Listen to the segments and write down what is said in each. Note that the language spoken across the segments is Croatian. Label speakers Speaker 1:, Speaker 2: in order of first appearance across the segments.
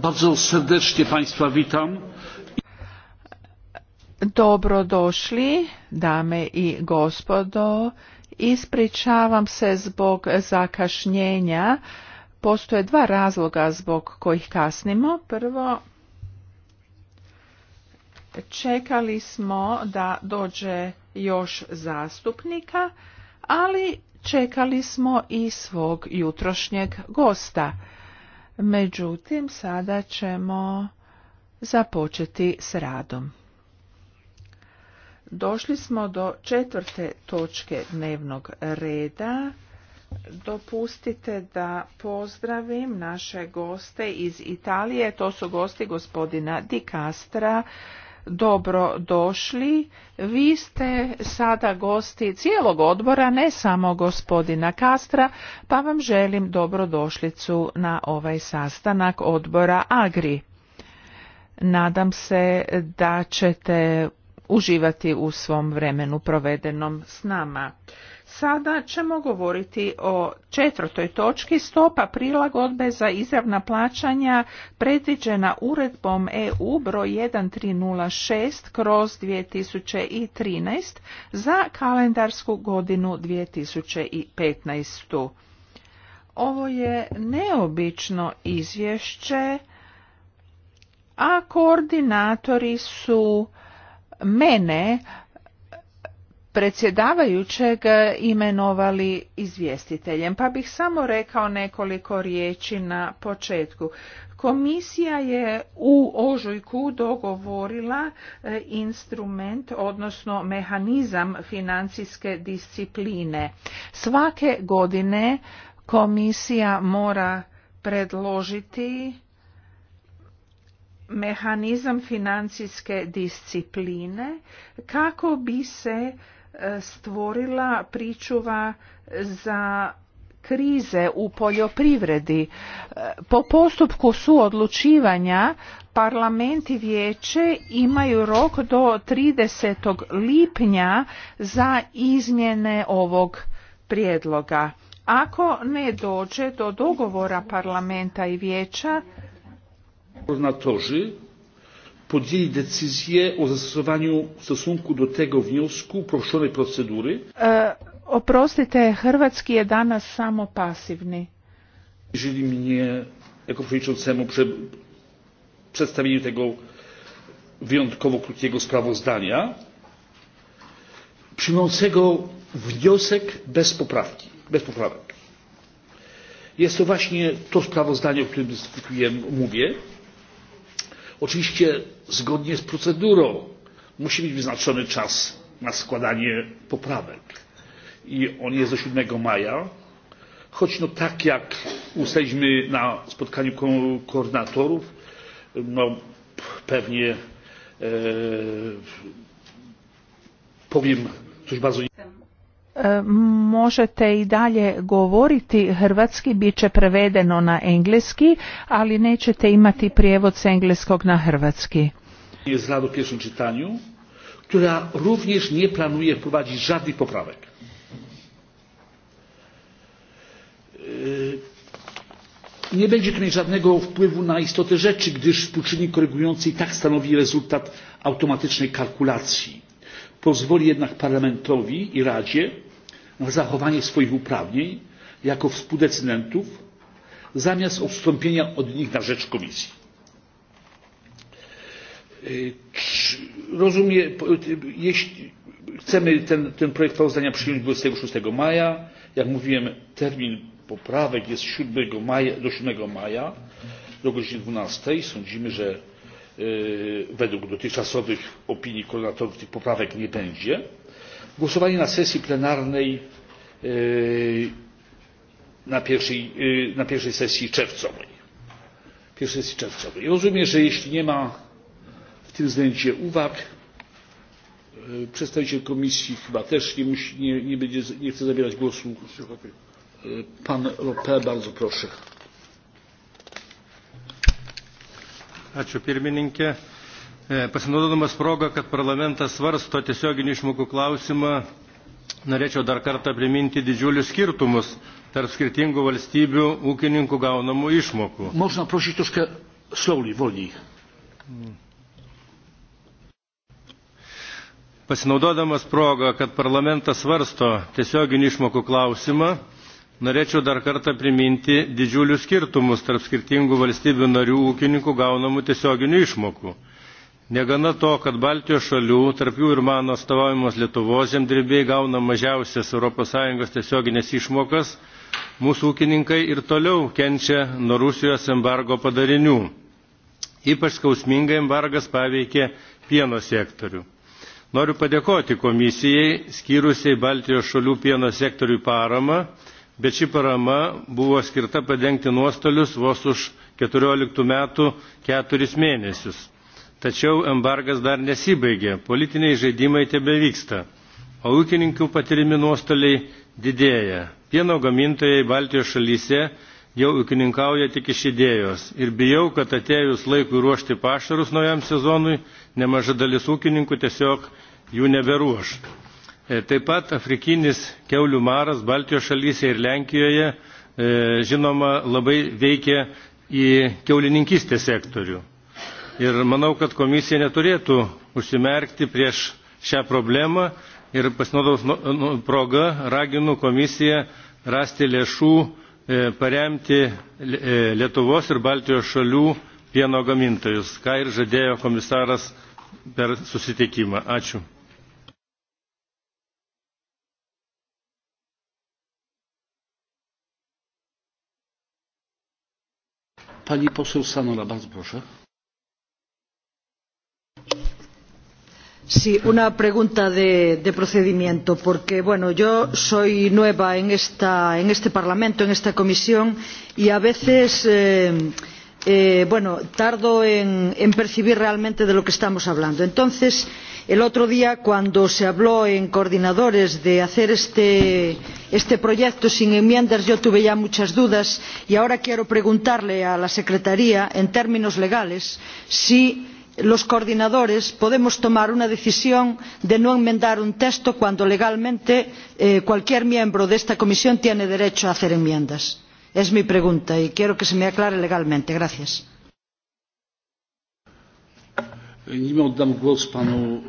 Speaker 1: Bardzo
Speaker 2: Dobrodošli, dame i gospodo. Ispričavam se zbog zakašnjenja. Postoje dva razloga zbog kojih kasnimo. Prvo, čekali smo da dođe još zastupnika, ali čekali smo i svog jutrošnjeg gosta. Međutim, sada ćemo započeti s radom. Došli smo do četvrte točke dnevnog reda. Dopustite da pozdravim naše goste iz Italije. To su gosti gospodina Di Castra, dobro došli. Vi ste sada gosti cijelog odbora, ne samo gospodina Kastra, pa vam želim dobrodošlicu na ovaj sastanak odbora Agri. Nadam se da ćete uživati u svom vremenu provedenom s nama. Sada ćemo govoriti o četvrtoj točki stopa prilagodbe za izravna plaćanja predviđena uredbom EU broj 1306 kroz 2013 za kalendarsku godinu 2015. Ovo je neobično izvješće, a koordinatori su mene predsjedavajućeg e, imenovali izvjestiteljem, pa bih samo rekao nekoliko riječi na početku. Komisija je u ožujku dogovorila e, instrument, odnosno mehanizam financijske discipline. Svake godine komisija mora predložiti mehanizam financijske discipline kako bi se stvorila pričuva za krize u poljoprivredi. E, po postupku suodlučivanja parlament i vijeće imaju rok do 30. lipnja za izmjene ovog prijedloga. Ako ne dođe do dogovora parlamenta i vijeća,
Speaker 1: podjęli decyzję o zastosowaniu w stosunku do tego wniosku uproszczonej procedury.
Speaker 2: E, oprostite, hrvatski je danas samo pasivni.
Speaker 1: Jeżeli mnie jako przewodniczącemu prze, przedstawieniu tego wyjątkowo krótkiego sprawozdania przyjmującego wniosek bez poprawki, bez poprawek. Jest to właśnie to sprawozdanie, o którym dyskutujemy, mówię Oczywiście zgodnie z procedurą musi być wyznaczony czas na składanie poprawek i on jest do 7 maja, choć no tak jak ustaliśmy na spotkaniu ko koordynatorów, no pewnie e, powiem coś bardzo
Speaker 2: E, možete i dalje govoriti hrvatski, bit će prevedeno na engleski, ali nećete imati prijevod s engleskog na hrvatski.
Speaker 1: Je zna u pierwszym czytaniu, która również nie planuje wprowadzić žadnih popravek. E, nie będzie to mieć żadnego wpływu na istotę rzeczy, gdyż współczynnik korygujący i tak stanowi rezultat automatycznej kalkulacji pozwoli jednak parlamentowi i radzie na zachowanie swoich uprawnień jako współdecydentów zamiast odstąpienia od nich na rzecz komisji. Rozumiem, jeśli chcemy ten, ten projekt sprawozdania przyjąć 26 maja, jak mówiłem termin poprawek jest 7 do 7 maja do godziny 12. Sądzimy, że E, według dotychczasowych opinii koordynatorów tych poprawek nie będzie. głosowanie na sesji plenarnej e, e, na pierwszej, sesji czerwcowej. Pierwszej sesji czerwcowej. rozumiem że jeśli nie ma w tym względzie uwag przedstawiciel komisji chyba też nie, nie, będzie, nie chce zabierać głosu. pan Lopez, bardzo proszę.
Speaker 3: Ačiū pirmininkė. E, pasinaudodamas proga kad parlamentas svarsto tiesioginių išmokų klausimą, norėčiau dar kartą priminti didžiulius skirtumus tarp skirtingų valstybių ūkininkų gaunamų išmokų. Pasinaudodamas proga kad parlamentas svarsto tiesioginių išmokų klausimą, norėčiau dar kartą priminti didžiulius skirtumus tarp skirtingų valstybių narių ūkininkų gaunamų tiesioginių išmokų. negana to kad baltijos šalių tarp jų ir mano atstovaujamos lietuvos žemdirbiai gauna mažiausias europos sąjungos išmokas mūsų ūkininkai ir toliau kenčia nuo rusijos embargo padarinių. ypač skausmingai embargas paveikė pieno sektorių. noriu padėkoti komisijai skyrusiai baltijos šalių pieno sektoriui paramą bet ši parama buvo skirta padengti nuostolius vos už keturioliktų metų keturis mėnesius. tačiau embargas dar nesibaigė politiniai žaidimai tebevyksta o ūkininkų patiriami nuostoliai didėja. pieno gamintojai baltijos šalyse jau ūkininkauja tik iš idėjos ir bijau kad atėjus laikui ruošti pašarus naujam sezonui nemaža dalis ūkininkų tiesiog jų neberuoš. E, taip pat afrikinis kiaulių maras baltijos šalyse ir lenkijoje e, žinoma labai veikia į kiaulininkystės sektorių ir manau kad komisija neturėtų užsimerkti prieš šią problemą ir pasnodaus proga raginu komisiją rasti lėšų e, paremti lietuvos ir baltijos šalių pieno gamintojus ką ir žadėjo komisaras per susitikimą. ačiū.
Speaker 4: Pani poseł Sanola, bardzo proszę.
Speaker 5: Sí, una pregunta de, de procedimiento porque bueno, yo soy nueva en, esta, en este parlamento en esta comisión y a veces eh, Eh, bueno tardo en, percibir realmente de lo que estamos hablando. entonces el otro día cuando se habló en coordinadores de hacer este, proyecto sin enmiendas yo tuve ya muchas dudas y ahora quiero preguntarle a la secretaría en términos legales si los coordinadores podemos tomar una decisión de no enmendar un texto cuando legalmente eh, cualquier miembro de esta comisión tiene derecho a hacer enmiendas es mi pregunta y quiero que se me aclare legalmente. Gracias.
Speaker 1: Nim oddam głos panu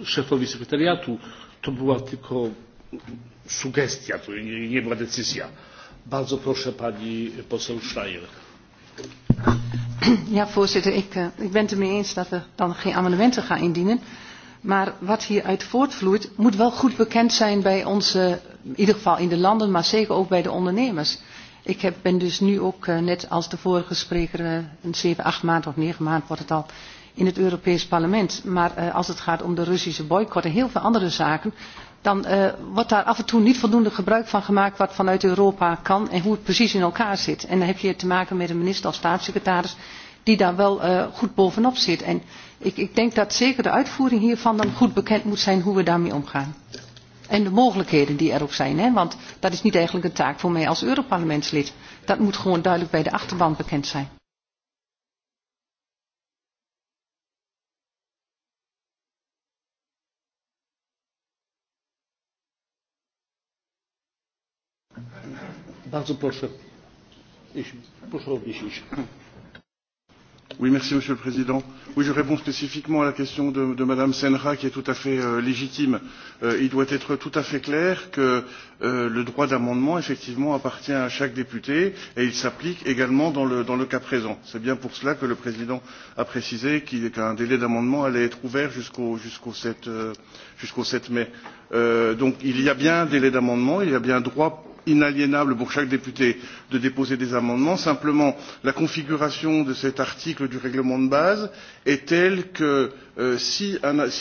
Speaker 1: e, szefowi sekretariatu, to była tylko sugestia, to nie, nie była decyzja. Bardzo proszę pani poseł Schreier.
Speaker 6: Ja, voorzitter, ik, e, ik ben het mee eens dat we er dan geen amendementen gaan indienen. Maar wat hieruit voortvloeit, moet wel goed bekend zijn bij onze, in ieder geval in de landen, maar zeker ook bij de ondernemers. Ik heb, ben dus nu ook, eh, net als de vorige spreker, eh, een zeven, acht maand of negen maand wordt het al in het Europees parlement. Maar eh, als het gaat om de Russische boycott en heel veel andere zaken, dan wordt daar af en toe niet voldoende gebruik van gemaakt wat vanuit Europa kan en hoe het precies in elkaar zit. En dan heb je te maken met een minister als staatssecretaris die daar wel goed bovenop zit. En ik, ik denk dat zeker de uitvoering hiervan dan goed bekend moet zijn hoe we daarmee omgaan en de mogelijkheden die er ook zijn. Hè? Want dat is niet eigenlijk een taak voor mij als Europarlementslid. Dat moet gewoon duidelijk bij de achterban
Speaker 7: bekend zijn.
Speaker 8: Bardzo proszę. Proszę merci Monsieur le Président. Oui, je réponds spécifiquement à la question de, Mme Madame Senra, qui est tout à fait euh, légitime. Euh, il doit être tout à fait clair que euh, le droit d'amendement, effectivement, appartient à chaque député et il s'applique également dans le, cas présent. C'est bien pour cela que le Président a précisé qu'un délai d'amendement allait être ouvert jusqu'au sept 7, mai. donc il y a bien un délai d'amendement, il y a bien droit inaliénable pour chaque député de déposer des amendements simplement la configuration de cet article du règlement de base est telle que euh, si,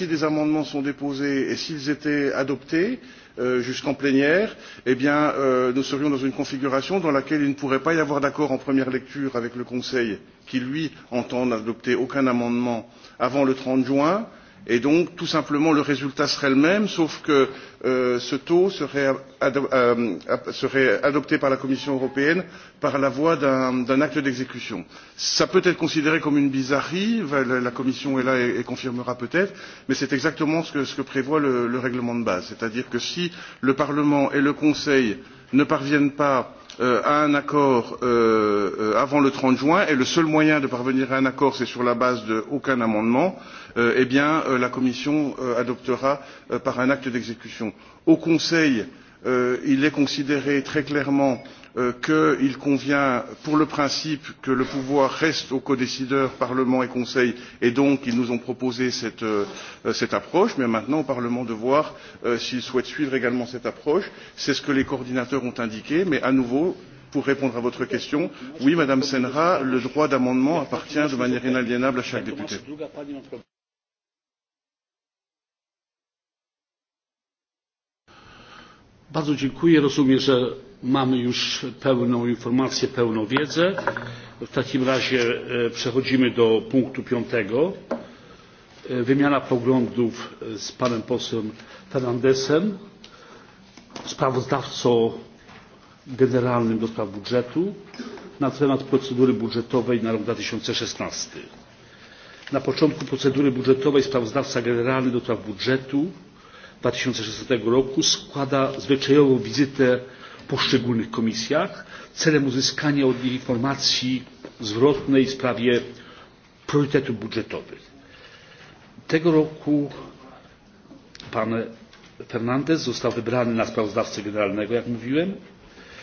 Speaker 8: des amendements sont déposés et s'ils étaient adoptés euh, jusqu'en plénière eh euh, nous serions dans une configuration dans laquelle il ne pourrait pas y avoir d'accord en première lecture avec le conseil qui lui entend n'adopter aucun amendement avant le trente juin et donc tout simplement le résultat serait le même sauf que euh, ce taux euh, euh, serait, adopté par la commission européenne par la voie d'un acte d'exécution. cela peut être considéré comme une bizarrerie la commission est là et, confirmera peut être mais c'est exactement ce que, prévoit le règlement de base c'est à dire que si le parlement et le conseil ne parviennent pas Euh, à un accord euh, euh, avant le trente juin et le seul moyen de parvenir à un accord c'est sur la base d'aucun amendement eh bien la commission adoptera par un acte d'exécution. au conseil Euh, il est considéré très clairement euh, qu'il convient pour le principe que le pouvoir reste aux codécideurs parlement et conseil et donc ils nous ont proposé cette, euh, approche mais maintenant au parlement de voir s'il souhaite suivre également cette approche. c'est ce que les coordinateurs ont indiqué mais à nouveau pour répondre à votre question oui madame senra le droit d'amendement appartient de manière inaliénable à chaque député.
Speaker 1: Bardzo dziękuję. Rozumiem, że mamy już pełną informację, pełną wiedzę. W takim razie e, przechodzimy do punktu piątego. E, wymiana poglądów z panem posłem Fernandesem, sprawozdawcą generalnym do spraw budżetu na temat procedury budżetowej na rok 2016. Na początku procedury budżetowej sprawozdawca generalny do spraw budżetu dwa roku składa zwyczajową wizytę w poszczególnych komisjach celem uzyskania od niej informacji zwrotnej w sprawie priorytetów budżetowych. tego roku pan Fernandez został wybrany na sprawozdawcę generalnego jak mówiłem.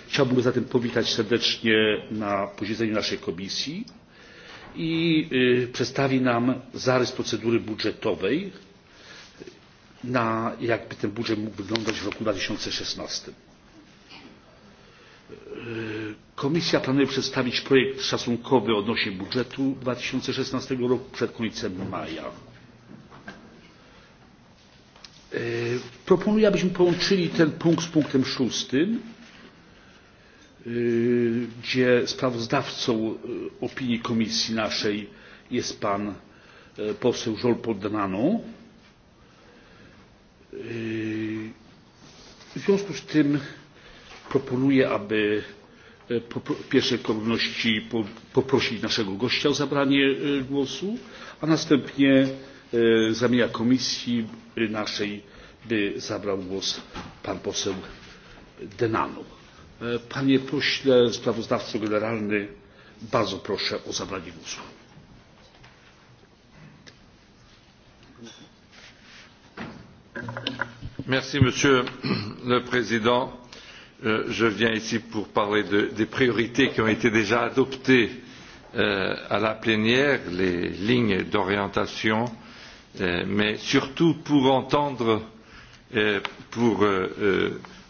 Speaker 1: chciałbym go zatem powitać serdecznie na posiedzeniu naszej komisji i przedstawi nam zarys procedury budżetowej na jakby ten budżet mógł wyglądać w roku 2016. E, Komisja planuje przedstawić projekt szacunkowy odnośnie budżetu 2016 roku przed końcem maja. E, proponuję, abyśmy połączyli ten punkt z punktem szóstym, e, gdzie sprawozdawcą opinii komisji naszej jest pan poseł Jean Paul E, w związku z tym proponuję, aby w e, pierwszej kolejności poprosić naszego gościa o zabranie e, głosu, a następnie z komisji naszej by zabrał głos pan poseł Denano. Panie pośle sprawozdawco generalny, bardzo proszę o zabranie głosu.
Speaker 9: Merci, monsieur le président euh, je viens ici pour parler des priorités qui ont été déjà adoptées euh, à la plénière les lignes d'orientation euh, mais surtout pour entendre et pour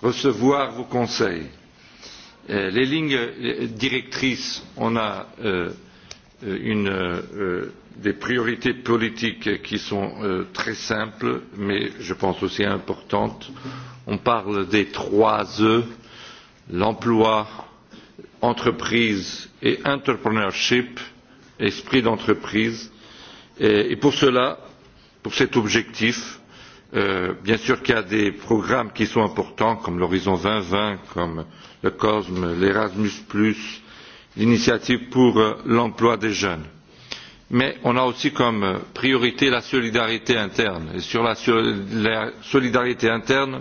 Speaker 9: recevoir vos conseils. les lignes directrices on a une, euh, des priorités politiques qui sont euh, très simples mais je pense aussi importantes. on parle des trois e l'emploi entreprise et entrepreneurship esprit d'entreprise et pour cela pour cet objectif euh, bien sûr qu'il y a des programmes qui sont importants comme l'horizon deux mille vingt comme le cosme l'erasmus l'initiative pour euh, l'emploi des jeunes. Mais on a aussi comme euh, priorité la solidarité interne. Et sur la, solidarité interne,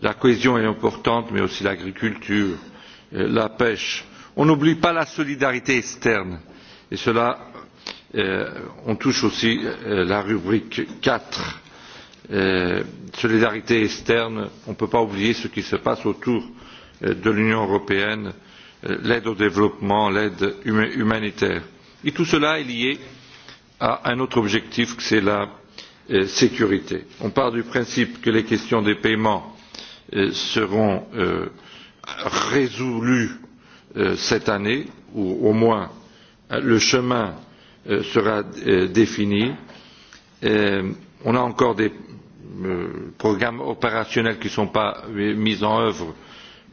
Speaker 9: la cohésion est importante, mais aussi l'agriculture, euh, la pêche. On n'oublie pas la solidarité externe. Et cela, on touche aussi la rubrique 4. Euh, solidarité externe, on ne peut pas oublier ce qui se passe autour de l'Union européenne Euh, l'aide au développement, l'aide humanitaire. Et tout cela est lié à un autre objectif, c'est la euh, sécurité. On part du principe que les questions des paiements euh, seront résolues cette année, ou au moins le chemin sera défini. On a encore des programmes opérationnels qui ne sont pas mis en œuvre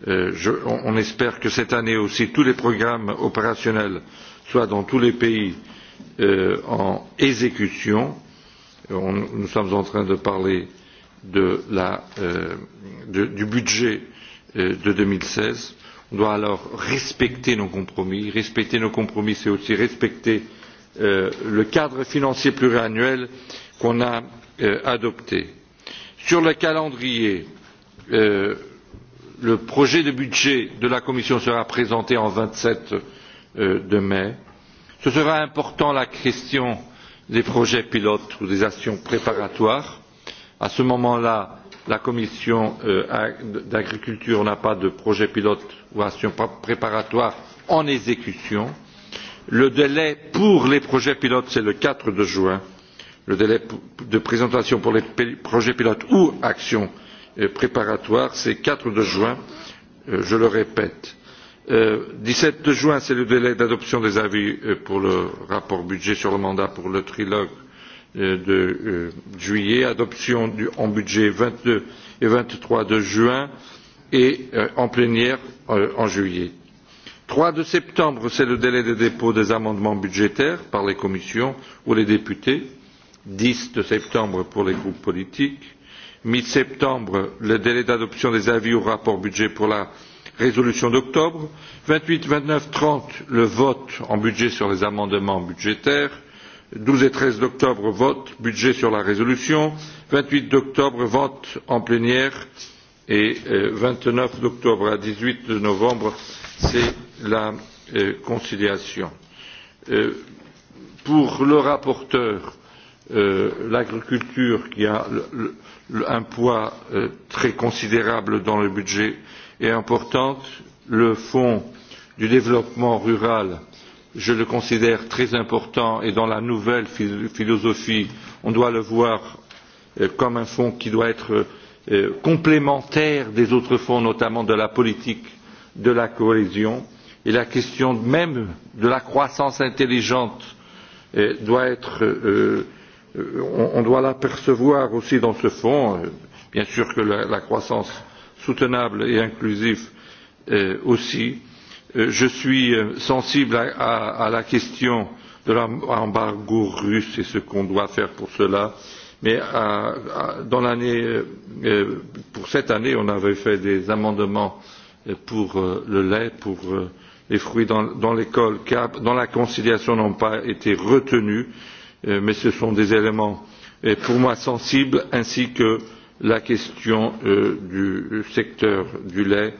Speaker 9: Euh, on, espère que cette année aussi tous les programmes opérationnels soient dans tous les pays euh, en exécution. nous sommes en train de parler euh, du budget de deux mille seize on doit alors respecter nos compromis respecter nos compromis c'est aussi respecter le cadre financier pluriannuel qu'on a adopté. sur le calendrier le projet de budget de la commission sera présenté le vingt sept euh, mai. ce sera important la question des projets pilotes ou des actions préparatoires. à ce moment là la commission euh, de l'agriculture n'a pas de projet pilote ou action préparatoire en exécution. le délai pour les projets pilotes c'est le quatre juin le délai de présentation pour les projets pilotes ou actions préparatoire c'est quatre juin euh, je le répète. Euh, dix sept juin c'est le délai d'adoption des avis euh, pour le rapport budget sur le mandat pour le trilogue de juillet adoption du, en budget vingt deux et vingt trois juin et en plénière en juillet. trois septembre c'est le délai de dépôt des amendements budgétaires par les commissions ou les députés dix septembre pour les groupes politiques mi septembre le délai d'adoption des avis au rapport budget pour la résolution d'octobre vingt huit vingt neuf trente le vote en budget sur les amendements budgétaires douze et treize octobre vote budget sur la résolution vingt huit octobre vote en plénière et euh, vingt neuf octobre à dix huit novembre c'est la euh, conciliation. Euh, pour le rapporteur l'agriculture qui a un poids euh, très considérable dans le budget et importante. Le fonds du développement rural, je le considère très important et dans la nouvelle philosophie, on doit le voir euh, comme un fonds qui doit être euh, complémentaire des autres fonds, notamment de la politique de la cohésion. Et la question même de la croissance intelligente doit être Euh, on doit l'apercevoir aussi dans ce fonds. Bien sûr que la, croissance soutenable et inclusive aussi. Euh, je suis euh, sensible à, la question de l'embargo russe et ce qu'on doit faire pour cela, mais pour cette année, on avait fait des amendements pour le lait, pour les fruits dans, l'école, dont dans la conciliation n'ont pas été retenus Euh, mais ce sont des éléments euh, pour moi sensibles ainsi que la question euh, du secteur du lait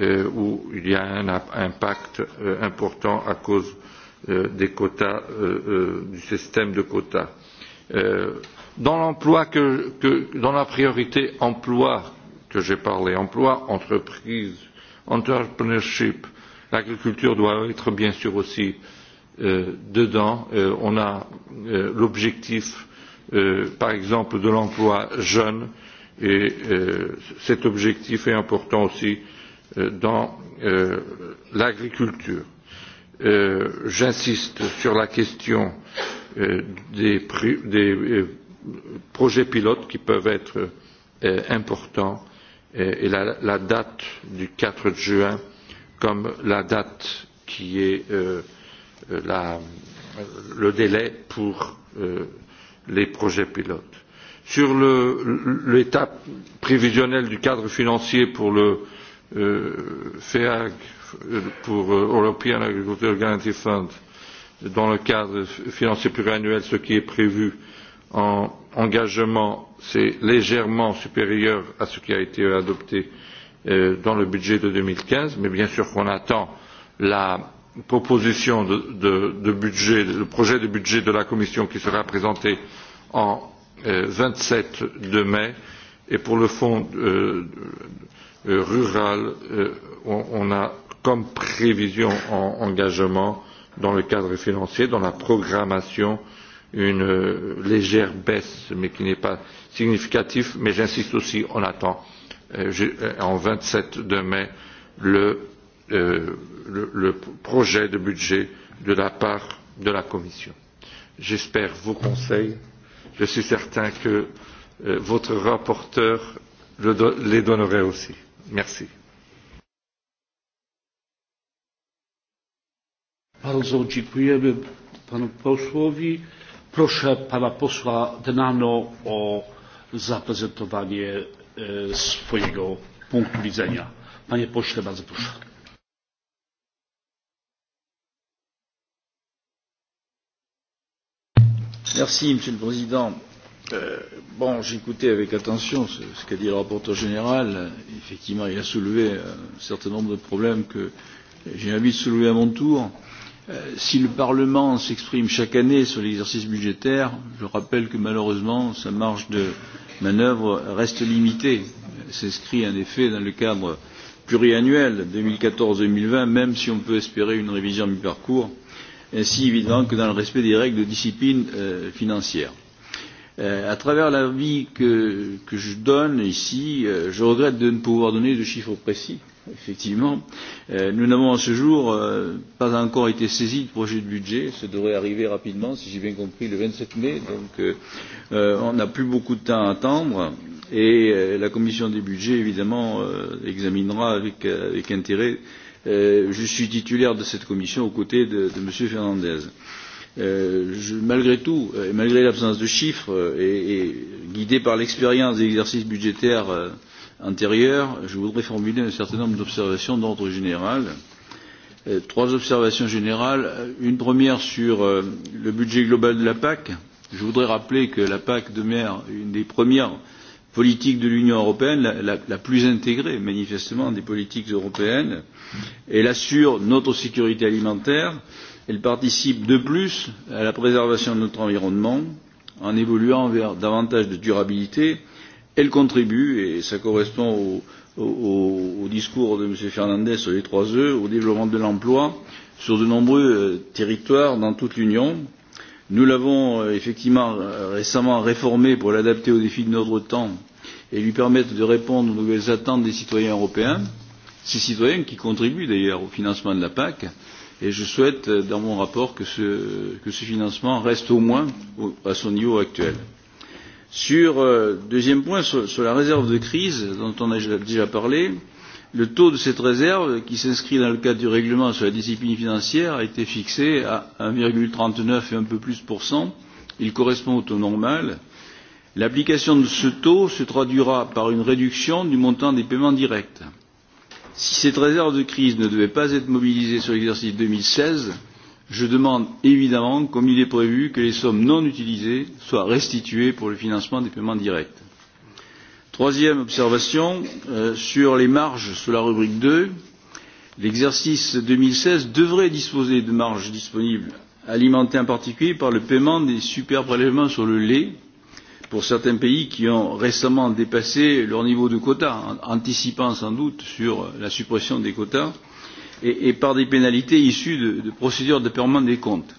Speaker 9: où il y a un impact important à cause des quotas du système de quotas. dans l'emploi dans la priorité emploi que j'ai parlé emploi entreprise entrepreneurship l'agriculture doit être bien sûr aussi Euh, dedans euh, on a euh, l'objectif par exemple de l'emploi jeune et cet objectif est important aussi dans l'agriculture. j'insiste sur la question des, des projets pilotes qui peuvent être importants et la, la date du 4 juin comme la date qui est Euh, la, le délai pour euh, les projets pilotes. Sur l'étape prévisionnelle du cadre financier pour le euh, FEAG, pour European Agriculture Guarantee Fund, dans le cadre financier pluriannuel, ce qui est prévu en engagement, c'est légèrement supérieur à ce qui a été adopté dans le budget de 2015, mais bien sûr qu'on attend la proposition de, budget, le projet de budget de la Commission qui sera présenté en euh, vingt sept mai et pour le fonds euh, euh, rural on, a comme prévision en engagement dans le cadre financier dans la programmation une légère baisse mais qui n'est pas significative mais j'insiste aussi on attend le en vingt sept mai le Euh, le, projet de budget de la part de la commission. j'espère vos conseils je suis certain que euh, votre rapporteur les donnerait aussi. merci.
Speaker 1: Bardzo dziękujemy panu posłowi. Proszę pana posła Denano o zaprezentowanie e, swojego punktu widzenia. Panie pośle, bardzo proszę.
Speaker 10: Merci, Monsieur le Président. Euh, j'ai écouté avec attention ce, ce qu'a dit le rapporteur général. Effectivement, il a soulevé euh, un certain nombre de problèmes que j'ai envie de soulever à mon tour. Euh, si le Parlement s'exprime chaque année sur l'exercice budgétaire, je rappelle que malheureusement, sa marge de manœuvre reste limitée. S'inscrit en effet dans le cadre pluriannuel 2014-2020, même si on peut espérer une révision mi-parcours ainsi évidemment que dans le respect des règles de discipline euh, financière. Euh, à travers l'avis que, que je donne ici, euh, je regrette de ne pouvoir donner de chiffres précis. Effectivement, euh, nous n'avons à ce jour euh, pas encore été saisis de projet de budget. Ce devrait arriver rapidement, si j'ai bien compris, le 27 mai. Donc, euh, on n'a plus beaucoup de temps à attendre. Et la commission des budgets, évidemment, examinera avec, avec intérêt Euh, je suis titulaire de cette commission aux côtés de, de m. fernandez. Euh, je, malgré tout euh, et malgré l'absence de chiffres et, et guidé par l'expérience des exercices budgétaires antérieurs je voudrais formuler un certain nombre d'observations d'ordre général trois observations générales une première sur le budget global de la pac je voudrais rappeler que la pac demeure une des premières politique de l'Union européenne la, la, plus intégrée, manifestement, des politiques européennes. Elle assure notre sécurité alimentaire, elle participe de plus à la préservation de notre environnement, en évoluant vers davantage de durabilité, elle contribue, et ça correspond au, au, au discours de M. Fernandez sur les trois E, au développement de l'emploi sur de nombreux euh, territoires dans toute l'Union, Nous l'avons euh, effectivement euh, récemment réformé pour l'adapter aux défis de notre temps et lui permettre de répondre aux nouvelles attentes des citoyens européens, ces citoyens qui contribuent d'ailleurs au financement de la PAC. Et je souhaite euh, dans mon rapport que ce, que ce financement reste au moins à son niveau actuel. Sur, deuxième point, sur, la réserve de crise dont on a déjà parlé, le taux de cette réserve qui s'inscrit dans le cadre du règlement sur la discipline financière a été fixé à un trente neuf et un peu plus pour cent il correspond au taux normal l'application de ce taux se traduira par une réduction du montant des paiements directs si cette réserve de crise ne devait pas être mobilisée sur l'exercice 2016 je demande évidemment comme il est prévu que les sommes non utilisées soient restituées pour le financement des paiements directs troisième observation euh, sur les marges sous la rubrique deux l'exercice deux mille seize devrait disposer de marges disponibles alimentées en particulier par le paiement des super prélèvements sur le lait pour certains pays qui ont récemment dépassé leur niveau de quotas, anticipant sans doute sur la suppression des quotas et, par des pénalités issues de, procédures de paiement des comptes.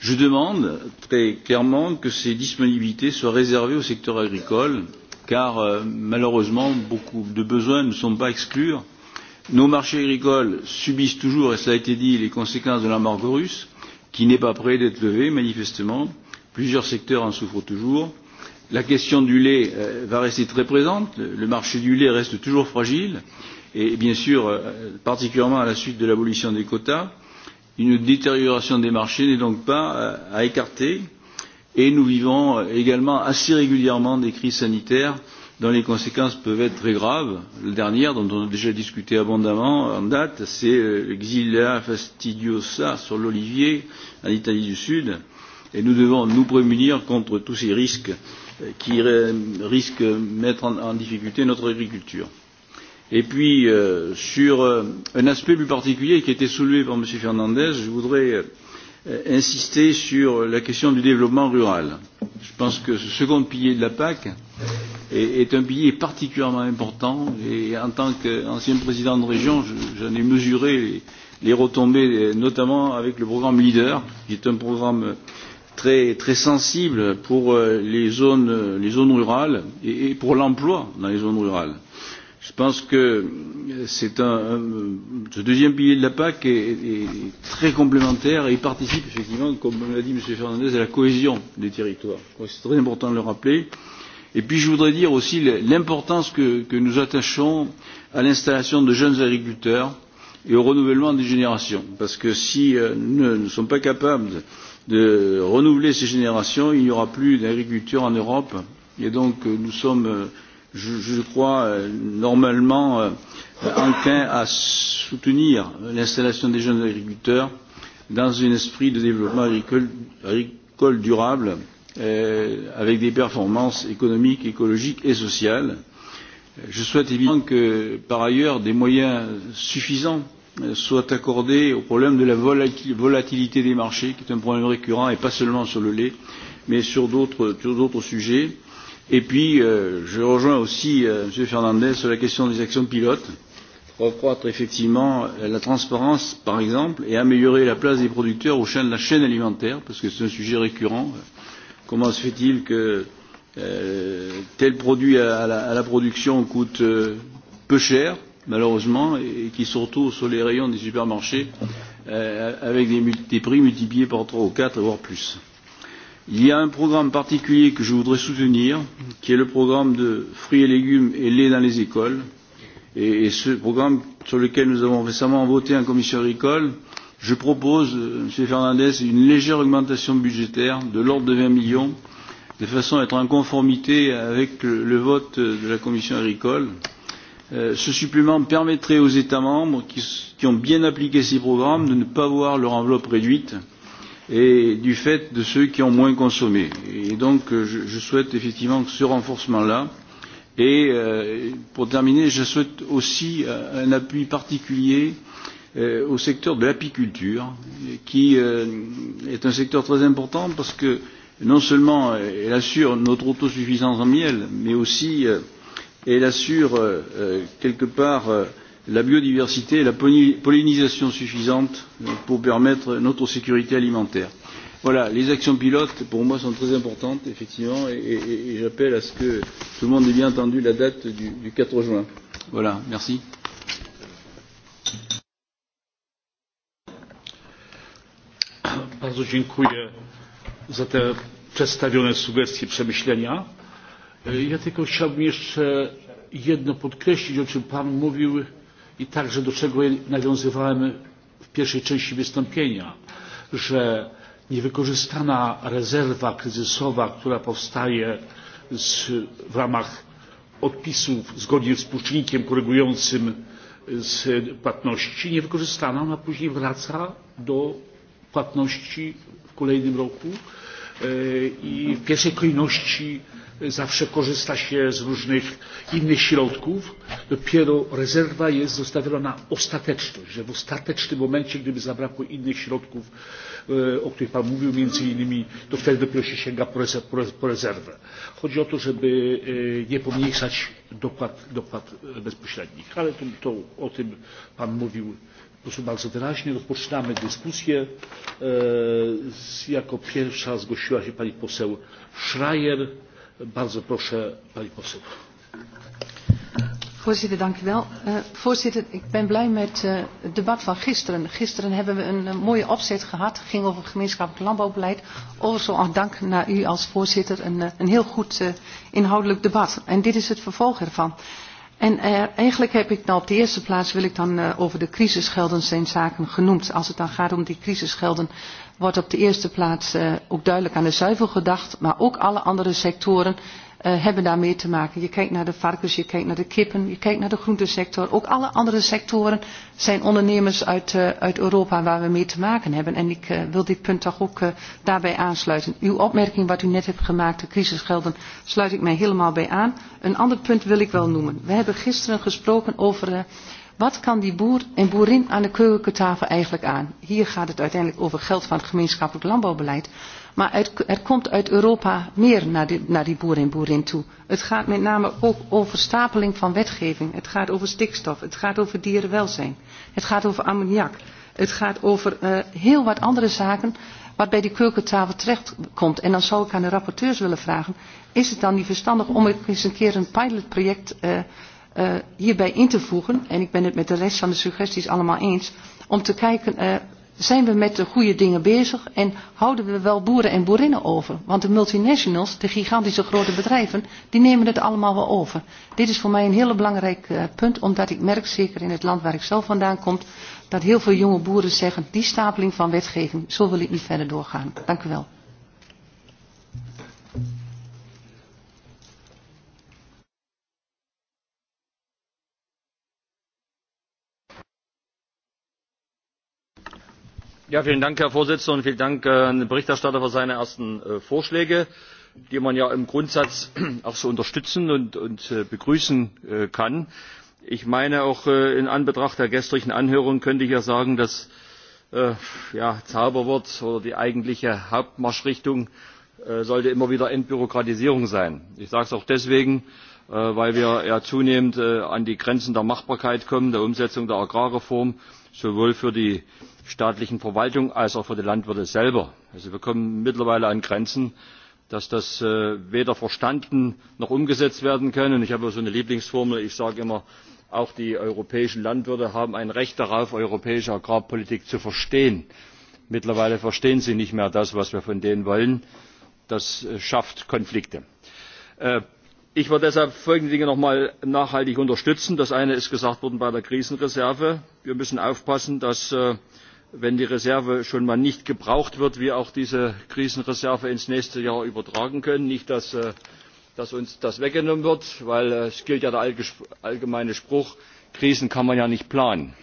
Speaker 10: je demande très clairement que ces disponibilités soient réservées au secteur agricole car euh, malheureusement beaucoup de besoins ne sont pas exclus. Nos marchés agricoles subissent toujours, et cela a été dit, les conséquences de l'embargo russe, qui n'est pas prêt d'être levée, manifestement. Plusieurs secteurs en souffrent toujours. La question du lait euh, va rester très présente. Le marché du lait reste toujours fragile. Et bien sûr, euh, particulièrement à la suite de l'abolition des quotas, une détérioration des marchés n'est donc pas à écarter et nous vivons euh, également assez régulièrement des crises sanitaires dont les conséquences peuvent être très graves. La dernière, dont on a déjà discuté abondamment en date, c'est euh, Xylella fastidiosa sur l'olivier en Italie du Sud. Et nous devons nous prémunir contre tous ces risques euh, qui risquent de mettre en difficulté notre agriculture. Et puis, sur un aspect plus particulier qui a été soulevé par M. Fernandez, je voudrais Euh, insister sur la question du développement rural. Je pense que ce second pilier de la PAC est, est un pilier particulièrement important et en tant qu'ancien président de région, j'en ai mesuré les, les retombées, notamment avec le programme LEADER, qui est un programme très, très sensible pour euh, les zones, les zones rurales et, et pour l'emploi dans les zones rurales je pense que c'est un, ce deuxième pilier de la PAC est, est très complémentaire et il participe effectivement, comme l'a dit M. Fernandez, à la cohésion des territoires. C'est très important de le rappeler. Et puis je voudrais dire aussi l'importance que, que nous attachons à l'installation de jeunes agriculteurs et au renouvellement des générations. Parce que si euh, nous ne sommes pas capables de renouveler ces générations, il n'y aura plus d'agriculture en Europe. Et donc euh, nous sommes euh, je, je crois euh, normalement euh, enclin à soutenir l'installation des jeunes agriculteurs dans un esprit de développement agricole, agricole durable euh, avec des performances économiques, écologiques et sociales. Je souhaite évidemment que, par ailleurs, des moyens suffisants soient accordés au problème de la volatilité des marchés, qui est un problème récurrent, et pas seulement sur le lait, mais sur d'autres sujets Et puis, euh, je rejoins aussi euh, M. Fernandez sur la question des actions pilotes pour effectivement la transparence, par exemple, et améliorer la place des producteurs au sein de la chaîne alimentaire, parce que c'est un sujet récurrent. Comment se fait-il que euh, tel produit à la, à la production coûte euh, peu cher, malheureusement, et, et qui se retrouve sur les rayons des supermarchés euh, avec des, des prix multipliés par trois ou quatre, voire plus Il y a un programme particulier que je voudrais soutenir, qui est le programme de fruits et légumes et lait dans les écoles. Et, et ce programme sur lequel nous avons récemment voté en commission agricole, je propose, euh, Monsieur Fernandez, une légère augmentation budgétaire de l'ordre de 20 millions, de façon à être en conformité avec le, vote de la commission agricole. Euh, ce supplément permettrait aux États membres qui, qui ont bien appliqué ces programmes de ne pas voir leur enveloppe réduite et du fait de ceux qui ont moins consommé. Et donc euh, je, souhaite effectivement que ce renforcement là et euh, pour terminer, je souhaite aussi euh, un appui particulier au secteur de l'apiculture, qui est un secteur très important parce que non seulement elle assure notre autosuffisance en miel, mais aussi elle assure quelque part la biodiversité et la pollinisation suffisante pour permettre notre sécurité alimentaire. Voilà, les actions pilotes pour moi sont très importantes, effectivement, et, et, et j'appelle à ce que tout le monde ait bien entendu la date du, du 4 juin. Voilà, merci.
Speaker 1: Bardzo dziękuję za te przedstawione sugestie, przemyślenia. Ja tylko chciałbym jeszcze jedno podkreślić, o czym Pan mówił i także do czego nawiązywałem w pierwszej części wystąpienia, że niewykorzystana rezerwa kryzysowa, która powstaje w ramach odpisów zgodnie z współczynnikiem korygującym z płatności niewykorzystana, ona później wraca do płatności w kolejnym roku e, i w pierwszej kolejności zawsze korzysta się z różnych innych środków. Dopiero rezerwa jest zostawiona na ostateczność, że w ostatecznym momencie, gdyby zabrakło innych środków, e, o których Pan mówił, między innymi, to wtedy dopiero się sięga po rezerwę. Chodzi o to, żeby e, nie pomniejszać dopłat, dopłat e, bezpośrednich. Ale to, o tym Pan mówił sposób bardzo wyraźny. Rozpoczynamy dyskusję. Jako pierwsza zgłosiła się pani poseł Schreier. Eh,
Speaker 6: voorzitter, ik ben blij met eh, het debat van gisteren. Gisteren hebben we een, eh, mooie opzet gehad. Het ging over het gemeenschappelijk landbouwbeleid. Overigens al dank naar u als voorzitter. Een, heel goed inhoudelijk debat. En dit is het vervolg ervan. En eigenlijk heb ik nou op de eerste plaats wil ik dan over de crisisgelden zijn zaken genoemd. Als het dan gaat om die crisisgelden wordt op de eerste plaats eh, ook duidelijk aan de zuivel gedacht, maar ook alle andere sectoren eh, hebben daarmee te maken. Je kijkt naar de varkens, je kijkt naar de kippen, je kijkt naar de groentesector. Ook alle andere sectoren zijn ondernemers uit, eh, uit Europa waar we mee te maken hebben. En ik wil dit punt toch ook daarbij aansluiten. Uw opmerking wat u net hebt gemaakt, de crisisgelden, sluit ik mij helemaal bij aan. Een ander punt wil ik wel noemen. We hebben gisteren gesproken over Wat kan die boer en boerin aan de keukentafel eigenlijk aan? Hier gaat het uiteindelijk over geld van het gemeenschappelijk landbouwbeleid. Maar er komt uit Europa meer naar die, naar die boer en boerin toe. Het gaat met name ook over stapeling van wetgeving. Het gaat over stikstof. Het gaat over dierenwelzijn. Het gaat over ammoniak. Het gaat over eh, heel wat andere zaken wat bij die keukentafel terecht En dan zou ik aan de rapporteurs willen vragen, is het dan niet verstandig om eens een keer een pilotproject uh, Eh, hierbij in te voegen, en ik ben het met de rest van de suggesties allemaal eens, om te kijken, eh, zijn we met de goede dingen bezig en houden we wel boeren en boerinnen over? Want de multinationals, de gigantische grote bedrijven, die nemen het allemaal wel over. Dit is voor mij een heel belangrijk eh, punt, omdat ik merk, zeker in het land waar ik zelf vandaan kom, dat heel veel jonge boeren zeggen, die stapeling van wetgeving, zo wil ik niet verder doorgaan. Dank u wel.
Speaker 11: Herr Vorsitzender, und vielen Dank äh, an den Berichterstatter für seine ersten äh, Vorschläge, die man ja im Grundsatz auch so unterstützen und, äh, begrüßen kann. Ich meine auch in Anbetracht der gestrigen Anhörung könnte ich ja sagen, dass ja, Zauberwort oder die eigentliche Hauptmarschrichtung sollte immer wieder Entbürokratisierung sein. Ich sage es auch deswegen, weil wir ja zunehmend an die Grenzen der Machbarkeit kommen, der Umsetzung der Agrarreform, sowohl für die staatlichen Verwaltung als auch für die Landwirte selber. Also wir kommen mittlerweile an Grenzen, dass das äh, weder verstanden noch umgesetzt werden kann. ich habe so eine Lieblingsformel. Ich sage immer, auch die europäischen Landwirte haben ein Recht darauf, europäische Agrarpolitik zu verstehen. Mittlerweile verstehen sie nicht mehr das, was wir von denen wollen. Das äh, schafft Konflikte. Äh, ich werde deshalb folgende Dinge noch einmal nachhaltig unterstützen. Das eine ist gesagt worden bei der Krisenreserve. Wir müssen aufpassen, dass wenn die reserve schon mal nicht gebraucht wird wir auch diese krisenreserve ins nächste jahr übertragen können nicht dass, äh, uns das weggenommen wird weil äh, es gilt ja der allgemeine spruch krisen kann man ja nicht planen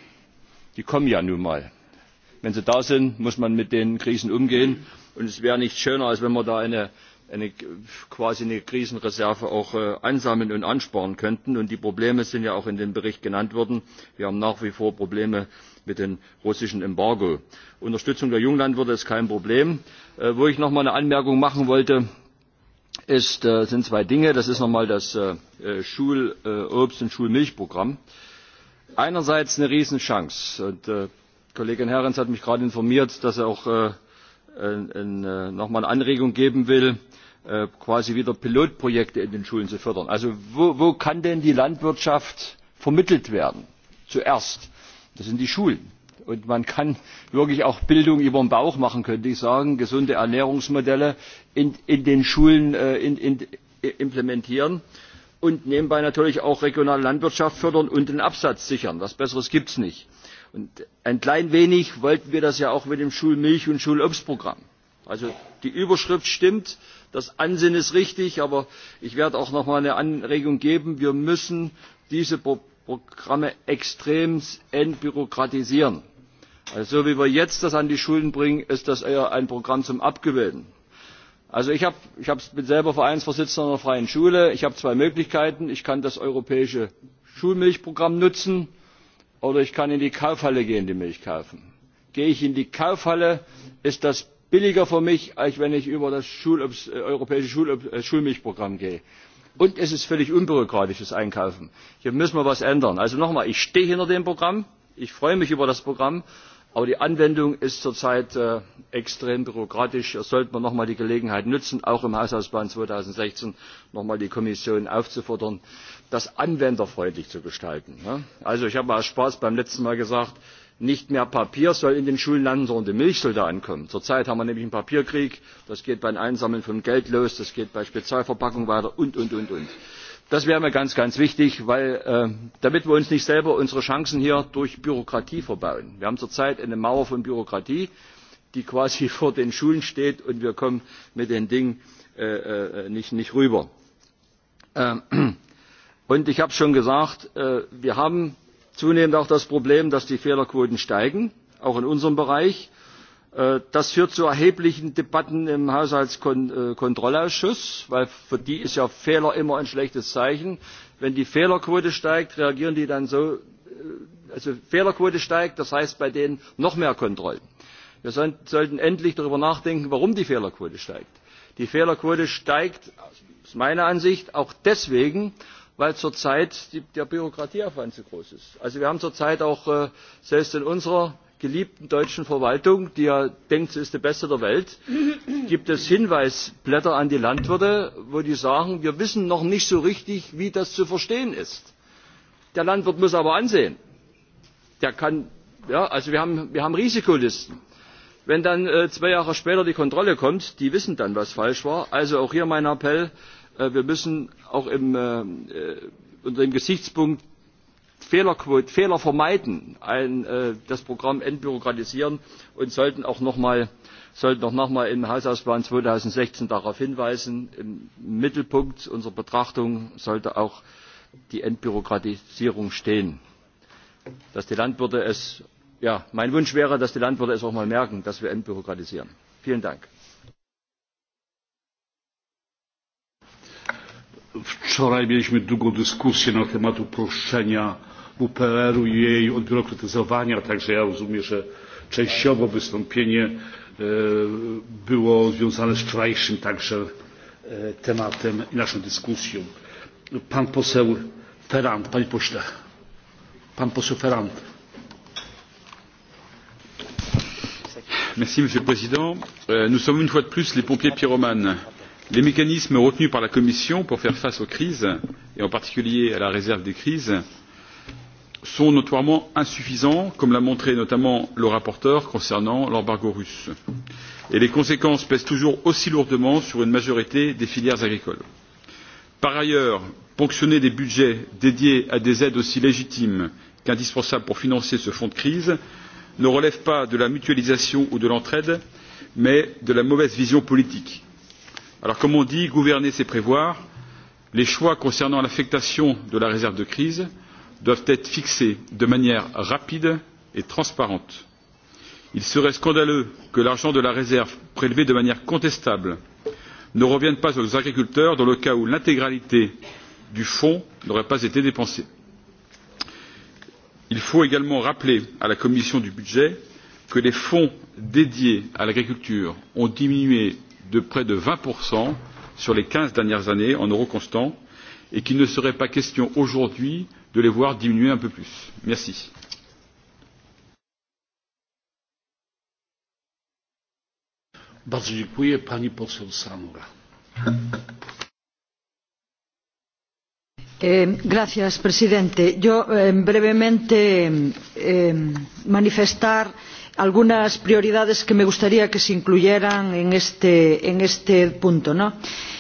Speaker 11: die kommen ja nun mal. wenn sie da sind muss man mit den krisen umgehen und es wäre nicht schöner als wenn wir da quasi eine krisenreserve auch äh, ansammeln und ansparen könnten und die probleme sind ja auch in dem bericht genannt worden wir haben nach wie vor probleme mit dem russischen embargo. unterstützung der junglandwirte ist kein problem. Äh, wo ich noch einmal eine anmerkung machen wollte äh, sind zwei dinge das ist noch einmal das äh, schulobst und schulmilchprogramm. einerseits eine riesenchance und kollegin herrens hat mich gerade informiert dass er auch noch einmal eine anregung geben will quasi wieder pilotprojekte in den schulen zu fördern. also wo kann denn die landwirtschaft vermittelt werden zuerst? das sind die schulen. und man kann wirklich auch bildung über den bauch machen könnte ich sagen gesunde ernährungsmodelle in, den schulen äh, implementieren und nebenbei natürlich auch regionale landwirtschaft fördern und den absatz sichern. was besseres gibt es nicht. Und ein klein wenig wollten wir das ja auch mit dem schulmilch und schulobstprogramm. also die überschrift stimmt das ansinnen ist richtig aber ich werde auch noch einmal eine anregung geben wir müssen diese programme extrem entbürokratisieren. Also, so wie wir jetzt das an die schulen bringen ist das eher ein programm zum abgewöhnen. Also ich, bin selber vereinsvorsitzender einer freien schule. ich habe zwei möglichkeiten ich kann das europäische schulmilchprogramm nutzen oder ich kann in die kaufhalle gehen die milch kaufen. gehe ich in die kaufhalle ist das billiger für mich als wenn ich über das äh, europäische äh, schulmilchprogramm gehe und es ist völlig unbürokratisches einkaufen. hier müssen wir etwas ändern. also nochmal ich stehe hinter dem programm ich freue mich über das programm aber die anwendung ist zurzeit äh, extrem bürokratisch. hier sollte man noch einmal die gelegenheit nutzen auch im haushaltsplan zweitausendsechzehn noch einmal die kommission aufzufordern das anwenderfreundlich zu gestalten. also ich habe mal aus spaß beim letzten mal gesagt nicht mehr Papier soll in den Schulen landen, sondern die Milch soll da ankommen. Zurzeit haben wir nämlich einen Papierkrieg, das geht beim Einsammeln von Geld los, das geht bei Spezialverpackungen weiter und, und, und, und. Das wäre mir ganz, ganz wichtig, äh, damit wir uns nicht selber unsere Chancen hier durch Bürokratie verbauen. Wir haben zurzeit eine Mauer von Bürokratie, die quasi vor den Schulen steht und wir kommen mit den Dingen äh, äh, nicht, nicht rüber. Ähm, und ich habe schon gesagt, wir haben zunehmend auch das problem dass die fehlerquoten steigen auch in unserem bereich. Äh, das führt zu erheblichen debatten im haushaltskontrollausschuss äh, weil für die ist ja fehler immer ein schlechtes zeichen. wenn die fehlerquote steigt reagieren die dann so äh, also fehlerquote steigt das heißt bei denen noch mehr kontrollen. wir sollten endlich darüber nachdenken warum die fehlerquote steigt. die fehlerquote steigt aus meiner ansicht auch deswegen weil zurzeit der bürokratieaufwand zu groß ist. also wir haben zurzeit auch äh, selbst in unserer geliebten deutschen verwaltung die ja denkt sie ist die beste der welt gibt es hinweisblätter an die landwirte wo die sagen wir wissen noch nicht so richtig wie das zu verstehen ist. der landwirt muss aber ansehen. Der kann, ja, also wir, haben, wir haben risikolisten. wenn dann äh, zwei jahre später die kontrolle kommt die wissen dann was falsch war. also auch hier mein appell Äh, wir müssen auch äh, unter dem gesichtspunkt Fehler vermeiden, äh, das Programm entbürokratisieren und sollten auch noch mal, noch mal im Haushaltsplan 2016 darauf hinweisen. Im Mittelpunkt unserer Betrachtung sollte auch die Entbürokratisierung stehen. Dass die Landwirte es, ja, mein Wunsch wäre, dass die Landwirte es auch mal merken, dass wir entbürokratisieren. Vielen Dank. Wczoraj
Speaker 1: mieliśmy długą dyskusję na temat uproszczenia WPR-u i jej odbiurokratyzowania, także ja rozumiem, że częściowo wystąpienie e, było związane z wczorajszym także e, tematem i naszą dyskusją. Pan poseł Ferrand, panie pośle. Pan poseł Ferrand.
Speaker 12: Merci, Monsieur le Président. Euh, nous sommes une fois de plus les pompiers pyromanes les mécanismes retenus par la commission pour faire face aux crises et en particulier à la réserve des crises sont notoirement insuffisants comme l'a montré notamment le rapporteur concernant l'embargo russe et les conséquences pèsent toujours aussi lourdement sur une majorité des filières agricoles. par ailleurs ponctionner des budgets dédiés à des aides aussi légitimes qu'indispensables pour financer ce fonds de crise ne relève pas de la mutualisation ou de l'entraide mais de la mauvaise vision politique comme on dit gouverner c'est prévoir les choix concernant l'affectation de la réserve de crise doivent être fixés de manière rapide et transparente. il serait scandaleux que l'argent de la réserve prélevé de manière contestable ne revienne pas aux agriculteurs dans le cas où l'intégralité du fonds n'aurait pas été dépensée. il faut également rappeler à la commission du budget que les fonds dédiés à l'agriculture ont diminué de près de vingt sur les quinze dernières années en euros constants et qu'il ne serait pas question aujourd'hui de les voir diminuer un peu plus. merci.
Speaker 1: Bardzo dziękuję. Pani poseł Samura.
Speaker 5: Eh, gracias, presidente. Yo brevemente manifestar algunas prioridades que me gustaría que se incluyeran en este, punto. ¿no?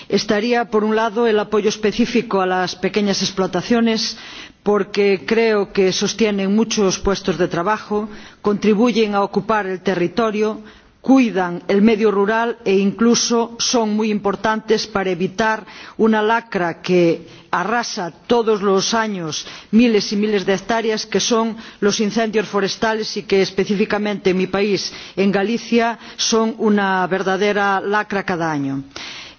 Speaker 5: estaría por un lado el apoyo específico a las pequeñas explotaciones porque creo que sostienen muchos puestos de trabajo contribuyen a ocupar el territorio cuidan el medio rural e incluso son muy importantes para evitar una lacra que arrasa todos los años miles y miles de hectáreas que son los incendios forestales y que específicamente en mi país en galicia son una verdadera lacra cada año.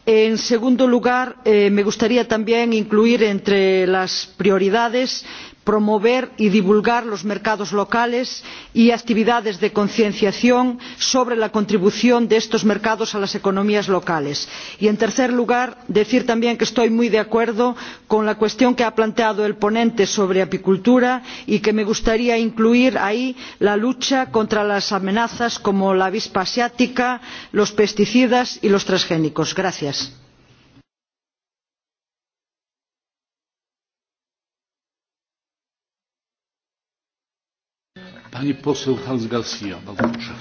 Speaker 5: en segundo lugar eh, me gustaría también incluir entre las prioridades promover y divulgar los mercados locales y actividades de concienciación sobre la contribución de estos mercados a las economías locales. y en tercer lugar decir también que estoy muy de acuerdo con la cuestión que ha planteado el ponente sobre apicultura y que me gustaría incluir ahí la lucha contra las amenazas como la avispa asiática los pesticidas y los transgénicos. gracias.
Speaker 1: Pani poseł Hans Garcia, bardzo proszę.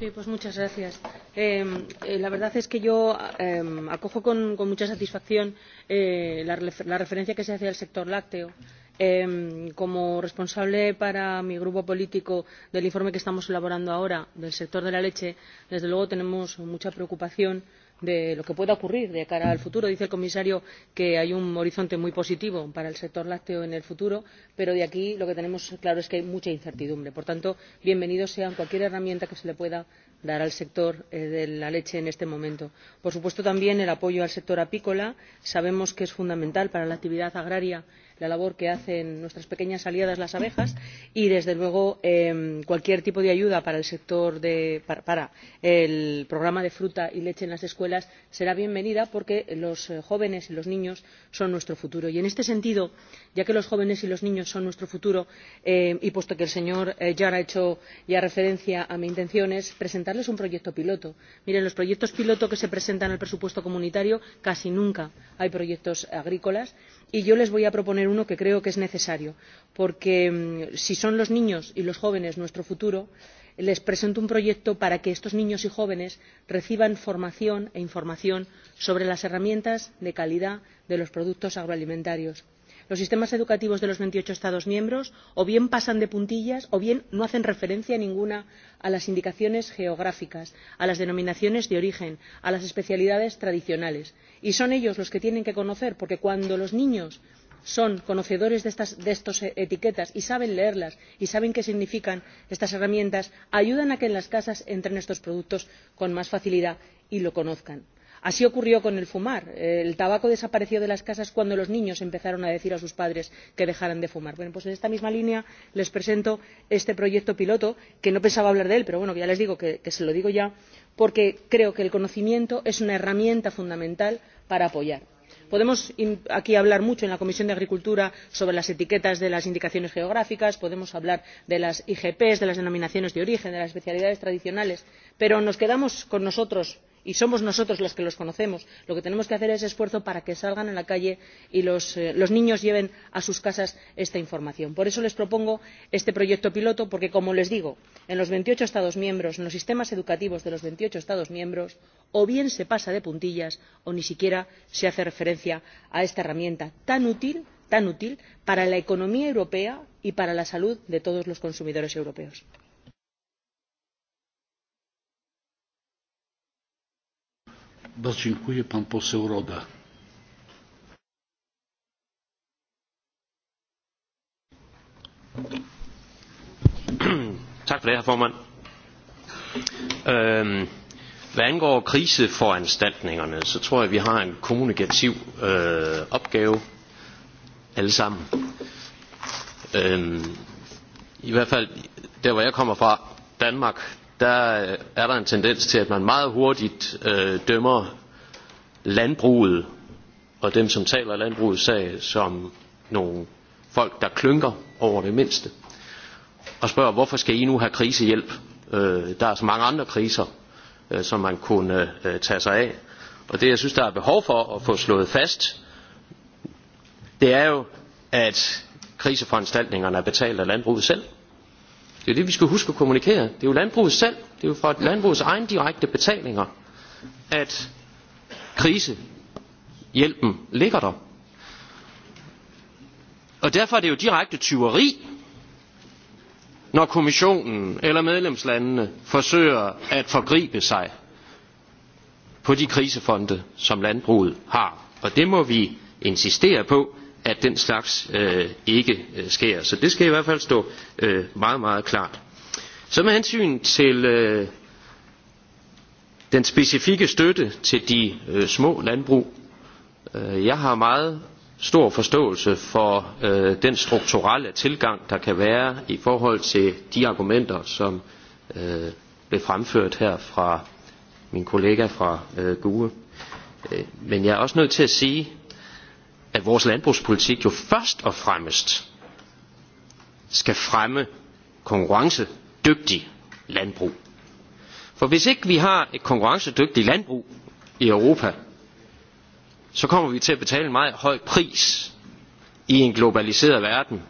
Speaker 13: Sí, pues muchas gracias. Eh, eh, la verdad es que yo eh, acojo con, con mucha satisfacción eh, la, la referencia que se hace al sector lácteo. Eh, como responsable para mi grupo político del informe que estamos elaborando ahora del sector de la leche desde luego tenemos mucha preocupación de lo que pueda ocurrir de cara al futuro. dice el comisario que hay un horizonte muy positivo para el sector lácteo en el futuro pero de aquí lo que tenemos claro es que hay mucha incertidumbre. por tanto bienvenida sea cualquier herramienta que se le pueda dar al sector eh, de la leche en este momento. por supuesto también el apoyo al sector apícola sabemos que es fundamental para la actividad agraria la labor que hacen nuestras pequeñas aliadas las abejas y desde luego cualquier tipo de ayuda para el sector para, el programa de fruta y leche en las escuelas será bienvenida porque los eh, jóvenes y los niños son nuestro futuro y en este sentido ya que los jóvenes y los niños son nuestro futuro y puesto que el señor eh, ya ha hecho ya referencia a mi intención es presentarles un proyecto piloto. miren los proyectos piloto que se presentan al presupuesto comunitario casi nunca hay proyectos agrícolas y yo les voy a proponer uno que creo que es necesario porque mm, si son los niños y los jóvenes nuestro futuro les presento un proyecto para que estos niños y jóvenes reciban formación e información sobre las herramientas de calidad de los productos agroalimentarios los sistemas educativos de los veintiocho estados miembros o bien pasan de puntillas o bien no hacen referencia ninguna a las indicaciones geográficas a las denominaciones de origen a las especialidades tradicionales y son ellos los que tienen que conocer porque cuando los niños son conocedores de estas e, etiquetas y saben leerlas y saben qué significan estas herramientas ayudan a que en las casas entren estos productos con más facilidad y lo conozcan así ocurrió con el fumar el tabaco desapareció de las casas cuando los niños empezaron a decir a sus padres que dejaran de fumar. Bueno pues, en esta misma línea les presento este proyecto piloto que no pensaba hablar de él pero bueno, ya les digo que se lo digo ya porque creo que el conocimiento es una herramienta fundamental para apoyar. podemos aquí hablar mucho en la comisión de agricultura sobre las etiquetas de las indicaciones geográficas podemos hablar de las igp de las denominaciones de origen de las especialidades tradicionales pero nos quedamos con nosotros mismos y somos nosotros los que los conocemos lo que tenemos que hacer es esfuerzo para que salgan a la calle y eh, los niños lleven a sus casas esta información. por eso les propongo este proyecto piloto porque como les digo en los veintiocho estados miembros en los sistemas educativos de los veintiocho estados miembros o bien se pasa de puntillas o ni siquiera se hace referencia a esta herramienta tan útil tan útil para la economía europea y para la salud de todos los consumidores europeos.
Speaker 1: Bardzo dziękuję. Pan poseł Roda.
Speaker 14: Tak for det, herr formand. Øhm, hvad angår kriseforanstaltningerne, så tror jeg, vi har en kommunikativ øh, opgave alle sammen. Øhm, I hvert fald der, hvor jeg kommer fra, Danmark, der er der en tendens til at man meget hurtigt øh, dømmer landbruget og dem som taler landbrugets sag som nogle folk der klynker over det mindste og spørger hvorfor skal I nu have krisehjælp øh, der er så mange andre kriser øh, som man kunne øh, tage sig af og det jeg synes der er behov for at få slået fast det er jo at kriseforanstaltningerne er betalt af landbruget selv Det er det, vi skal huske at kommunikere. Det er jo landbruget selv, det er jo fra landbrugets egen direkte betalinger, at krisehjælpen ligger der. Og derfor er det jo direkte tyveri, når kommissionen eller medlemslandene forsøger at forgribe sig på de krisefonde, som landbruget har. Og det må vi insistere på at den slags øh, ikke øh, sker. Så det skal i hvert fald stå øh, meget, meget klart. Så med hensyn til den specifikke støtte til de små landbrug. jeg har meget stor forståelse for den strukturelle tilgang, der kan være i forhold til de argumenter, som øh, blev fremført her fra min kollega fra øh, GUE. Men jeg er også nødt til at sige, at vores landbrugspolitik jo først og fremmest skal fremme konkurrencedygtig landbrug. For hvis ikke vi har et konkurrencedygtigt landbrug i Europa, så kommer vi til at betale en meget høj pris i en globaliseret verden,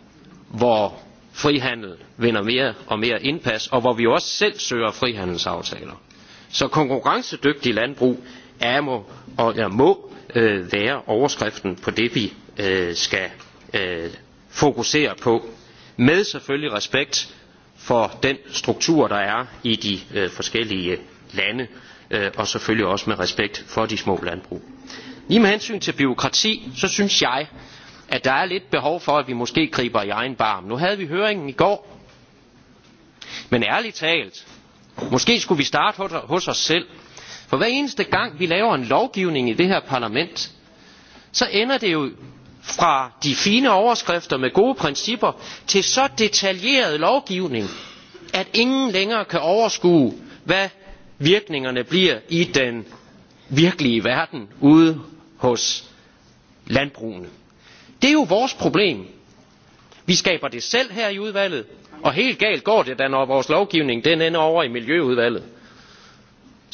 Speaker 14: hvor frihandel vinder mere og mere indpas, og hvor vi også selv søger frihandelsaftaler. Så konkurrencedygtig landbrug er må, og, ja, må Øh, være overskriften på det vi øh, skal øh, fokusere på med selvfølgelig respekt for den struktur der er i de forskellige lande og selvfølgelig også med respekt for de små landbrug. Lige med hensyn til byråkrati, så synes jeg, at der er lidt behov for, at vi måske griber i egen barm. Nu havde vi høringen i går, men ærligt talt, måske skulle vi starte hos os selv For hver eneste gang vi laver en lovgivning i det her parlament, så ender det jo fra de fine overskrifter med gode principper til så detaljeret lovgivning, at ingen længere kan overskue, hvad virkningerne bliver i den virkelige verden ude hos landbrugene. Det er jo vores problem. Vi skaber det selv her i udvalget, og helt galt går det da, når vores lovgivning den ender over i Miljøudvalget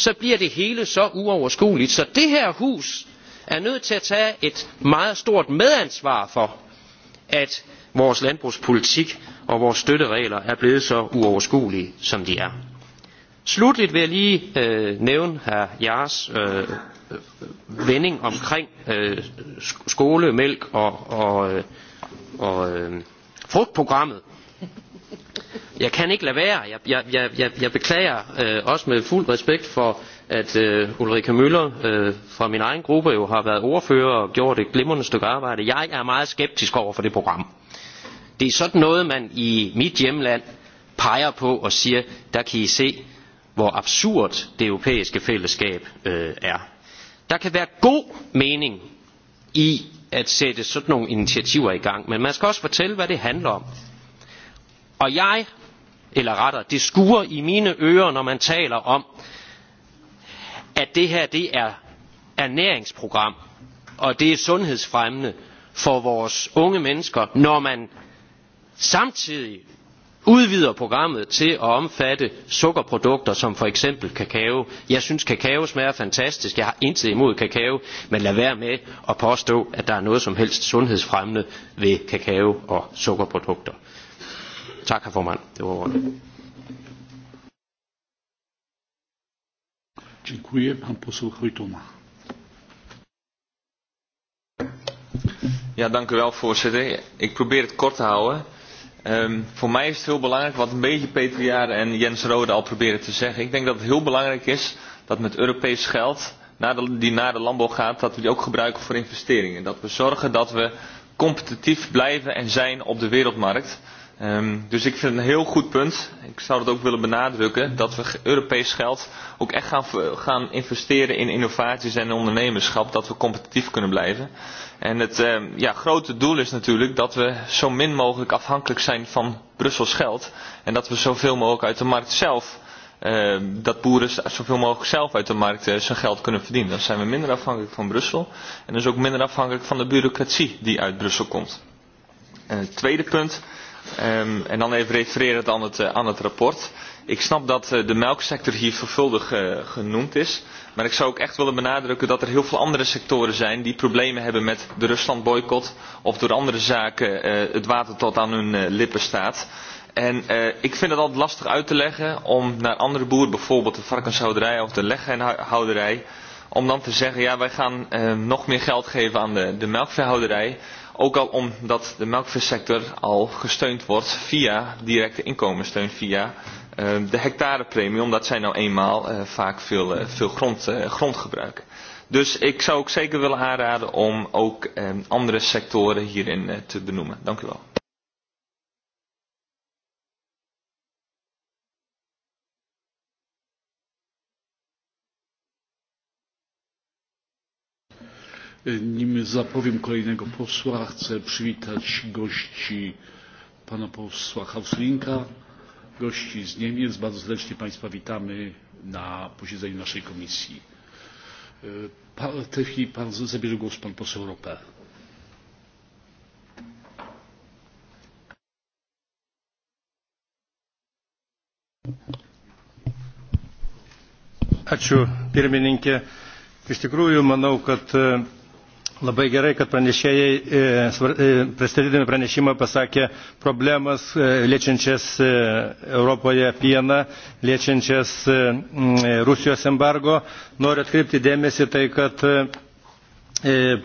Speaker 14: så bliver det hele så uoverskueligt så det her hus er nødt til at tage et meget stort medansvar for at vores landbrugspolitik og vores støtteregler er blevet så uoverskuelige som de er. Slutligt vil jeg lige øh, nævne herr Jars øh, vending omkring øh, skolemælk og, og, øh, og øh, frugtprogrammet jeg kan ikke lade være jeg, jeg, jeg, beklager øh, også med fuld respekt for at øh, Ulrike Møller øh, fra min egen gruppe jo har været ordfører og gjort et glimrende stykke arbejde. Jeg er meget skeptisk over for det program. Det er sådan noget, man i mit hjemland peger på og siger, der kan I se, hvor absurd det europæiske fællesskab øh, er. Der kan være god mening i at sætte sådan nogle initiativer i gang, men man skal også fortælle, hvad det handler om og jeg eller rettere det skuer i mine ører når man taler om at det her det er ernæringsprogram og det er sundhedsfremmende for vores unge mennesker når man samtidig udvider programmet til at omfatte sukkerprodukter som for eksempel kakao. Jeg synes kakao smager fantastisk, jeg har intet imod kakao, men lad være med at påstå, at der er noget som helst sundhedsfremmende ved kakao og sukkerprodukter. Tak, herr formand. Det var ordentligt.
Speaker 1: Dziękuję. Pan
Speaker 15: Ja, dank u wel, voorzitter. Ik probeer het kort te houden. Um, voor mij is het heel belangrijk, wat een beetje Peter en Jens Rode al proberen te zeggen. Ik denk dat het heel belangrijk is dat met Europees geld naar de, die naar de landbouw gaat, dat we die ook gebruiken voor investeringen. Dat we zorgen dat we competitief blijven en zijn op de wereldmarkt. Ehm, dus ik vind het een heel goed punt. Ik zou het ook willen benadrukken. Dat we Europees geld ook echt gaan, investeren in innovaties en ondernemerschap. Dat we competitief kunnen blijven. En het ehm, grote doel is natuurlijk dat we zo min mogelijk afhankelijk zijn van Brussels geld. En dat we zoveel mogelijk uit de markt zelf... Ehm, dat boeren zoveel mogelijk zelf uit de markt eh, zijn geld kunnen verdienen. Dan zijn we minder afhankelijk van Brussel. En dus ook minder afhankelijk van de bureaucratie die uit Brussel komt. ...en het tweede punt Ehm, en dan even refereren aan het, eh, aan het rapport. Ik snap dat eh, de melksector hier vervuldig eh, genoemd is. Maar ik zou ook echt willen benadrukken dat er heel veel andere sectoren zijn die problemen hebben met de Rusland boycott. Of door andere zaken het water tot aan hun uh, lippen staat. En ik vind het altijd lastig uit te leggen om naar andere boeren, bijvoorbeeld de varkenshouderij of de leghouderij. Om dan te zeggen, ja wij gaan nog meer geld geven aan de, de melkveehouderij Ook al omdat de melkveesector al gesteund wordt via directe inkomenssteun, via eh, de hectarepremie, omdat zij nou eenmaal eh, vaak veel, eh, veel grond, grond gebruiken. Dus ik zou ook zeker willen aanraden om ook andere sectoren hierin te benoemen. Dank u wel.
Speaker 1: E, nim zapowiem kolejnego posła, chcę przywitać gości pana posła Hauslinka, gości z Niemiec. Bardzo serdecznie Państwa witamy na posiedzeniu naszej komisji. E, pa, w tej chwili pan, zabierze głos pan poseł Europę.
Speaker 3: Ačiū pirmininkė. Iš tikrųjų, manau, kad e, labai gerai kad pranešėjai e, e, pristatydami pranešimą pasakė problemas e, liečiančias europoje pieną liečiančias rusijos embargo. noriu atkreipti dėmesį tai kad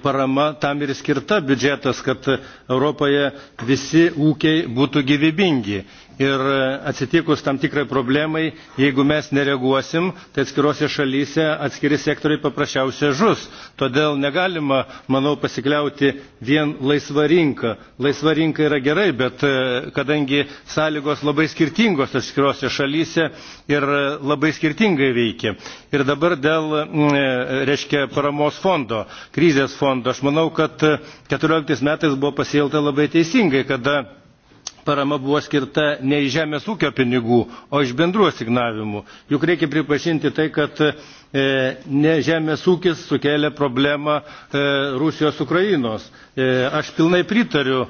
Speaker 3: parama tam ir skirta biudžetas kad europoje visi ūkiai būtų gyvybingi ir e, atsitikus tam tikrai problemai jeigu mes nereaguosim tai atskirose šalyse atskiri sektoriai paprasčiausiai žus todėl negalima manau pasikliauti vien laisva rinka laisva rinka yra gerai bet e, kadangi sąlygos labai skirtingos atskirose šalyse ir e, labai skirtingai veikia ir dabar dėl reiškia paramos fondo krizės fondo aš manau kad keturioliktais metais buvo pasielgta labai teisingai kada parama buvo skirta ne iš žemės ūkio pinigų o iš bendrų asignavimų juk reikia pripažinti tai kad e, ne žemės ūkis sukėlė problemą e, rusijos ukrainos. E, aš pilnai pritariu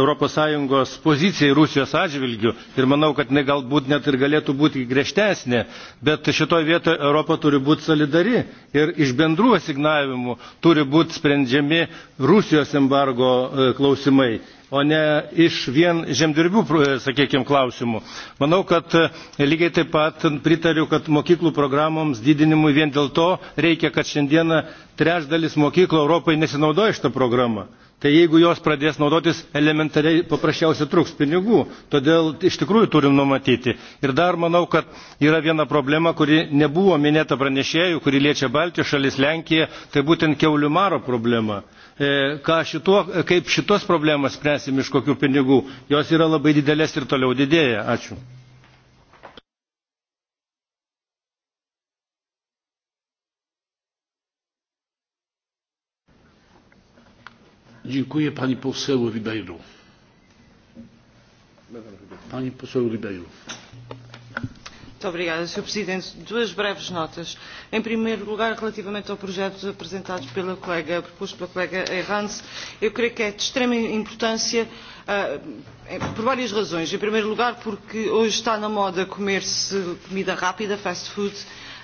Speaker 3: europos sąjungos pozicijai rusijos atžvilgiu ir manau kad jinai galbūt net ir galėtų būti griežtesnė bet šitoje vietoje europa turi būti solidari ir iš bendrų asignavimų turi būti sprendžiami rusijos embargo klausimai o ne iš vien žemdirbių sakykime klausimų. manau kad e, lygiai taip pat pritariu kad mokyklų programoms didinimui vien dėl to reikia kad šiandieną trečdalis mokyklų Europai nesinaudoja šita programa tai jeigu jos pradės naudotis elementariai paprasčiausiai trūks pinigų todėl iš tikrųjų turim numatyti. ir dar manau kad yra viena problema kuri nebuvo minėta pranešėjų kuri liečia baltijos šalis lenkiją tai būtent kiaulių maro problema. E, ką šituo, kaip šitos problemas spręsim iš kokių pinigų. Jos yra labai didelės ir toliau didėja. Ačiū.
Speaker 1: Dziękuję pani poseł Ribeiro. Pani poseł Ribeiro.
Speaker 7: Muito obrigada, Sr. Presidente. Duas breves notas. Em primeiro lugar, relativamente ao projeto apresentado pela colega, proposto pela colega Evans, eu creio que é de extrema importância uh, por várias razões. Em primeiro lugar, porque hoje está na moda comer-se comida rápida, fast food,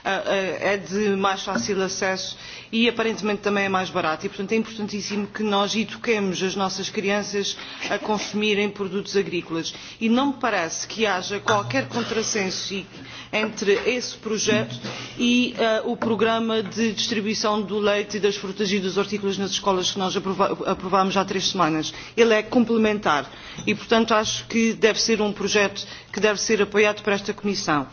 Speaker 7: ah, ah, é de mais fácil acesso e aparentemente também é mais barato e portanto é importantíssimo que nós eduquemos as nossas crianças a consumirem produtos agrícolas e não me parece que haja qualquer contrassenso e entre esse projeto e eh, o programa de distribuição do leite e das frutas e dos hortícolas nas escolas que nós aprovámos há três semanas. Ele é complementar e, portanto, acho que deve ser um projeto que deve ser apoiado por esta Comissão.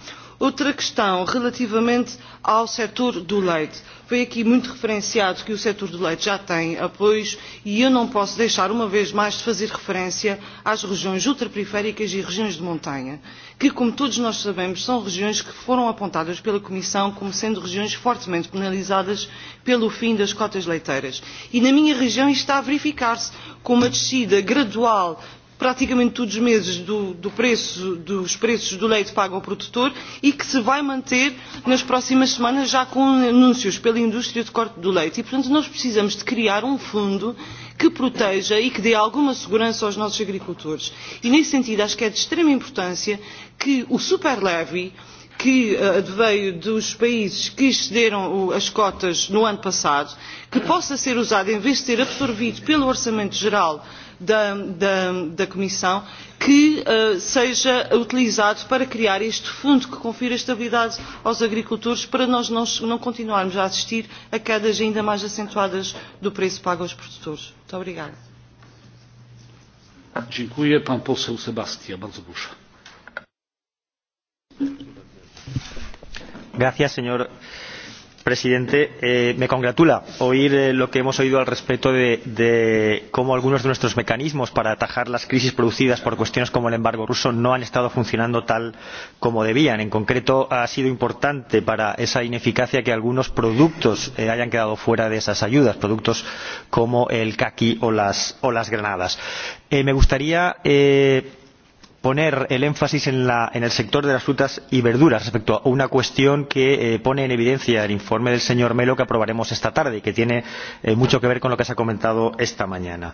Speaker 7: Outra questão relativamente ao setor do leite. Foi aqui muito referenciado que o setor do leite já tem apoios e eu não posso deixar uma vez mais de fazer referência às regiões ultraperiféricas e regiões de montanha, que como todos nós sabemos são regiões que foram apontadas pela Comissão como sendo regiões fortemente penalizadas pelo fim das cotas leiteiras. E na minha região isto está a verificar-se com uma descida gradual praticamente todos os meses do, do preço, dos preços do leite pago ao produtor e que se vai manter nas próximas semanas já com anúncios pela indústria de corte do leite. E, portanto, nós precisamos de criar um fundo que proteja e que dê alguma segurança aos nossos agricultores. E, nesse sentido, acho que é de extrema importância que o super levy que eh, veio dos países que excederam as cotas no ano passado, que possa ser usado, em vez de ser absorvido pelo Orçamento Geral da, da, da Comissão, que eh, seja utilizado para criar este fundo que confira estabilidade aos agricultores para nós não, não continuarmos a assistir a quedas ainda mais acentuadas do preço pago aos produtores. Muito obrigada.
Speaker 16: Dziękuję. Pan poseł Sebastian, bardzo Gracias, señor presidente eh, me congratula oír eh, lo que hemos oído al respecto de, de cómo algunos de nuestros mecanismos para atajar las crisis producidas por cuestiones como el embargo ruso no han estado funcionando tal como debían. en concreto ha sido importante para esa ineficacia que algunos productos eh, hayan quedado fuera de esas ayudas productos como el caqui o las, o las granadas. me gustaría poner el énfasis en, la, en el sector de las frutas y verduras respecto a una cuestión que eh, pone en evidencia el informe del señor melo que aprobaremos esta tarde y que tiene eh, mucho que ver con lo que se ha comentado esta mañana.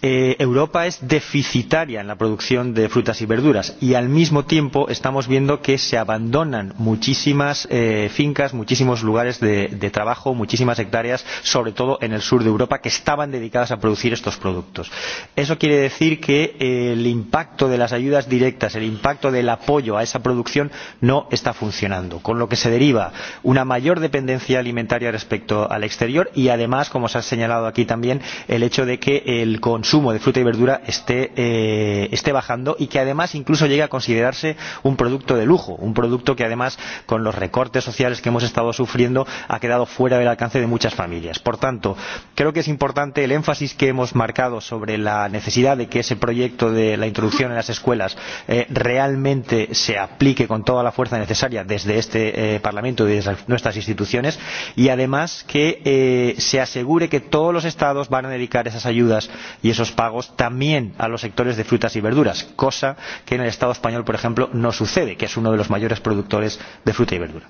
Speaker 16: Eh, europa es deficitaria en la producción de frutas y verduras y al mismo tiempo estamos viendo que se abandonan muchísimas fincas muchísimos lugares de trabajo muchísimas hectáreas sobre todo en el sur de europa que estaban dedicadas a producir estos productos. eso quiere decir que el impacto de las ayudas directas el impacto del apoyo a esa producción no está funcionando con lo que se deriva una mayor dependencia alimentaria respecto al exterior y además como se ha señalado aquí también el hecho de que el consumo de fruta y verdura esté, eh, esté bajando y que además incluso llegue a considerarse un producto de lujo un producto que además con los recortes sociales que hemos estado sufriendo ha quedado fuera del alcance de muchas familias. por tanto creo que es importante el énfasis que hemos marcado sobre la necesidad de que ese proyecto de la introducción en las escuelas eh, realmente se aplique con toda la fuerza necesaria desde este eh, Parlamento y desde nuestras instituciones y además que eh, se asegure que todos los Estados van a dedicar esas ayudas y esos pagos también a los sectores de frutas y verduras, cosa que en el Estado español, por ejemplo, no sucede, que es uno de los mayores productores de fruta y verdura.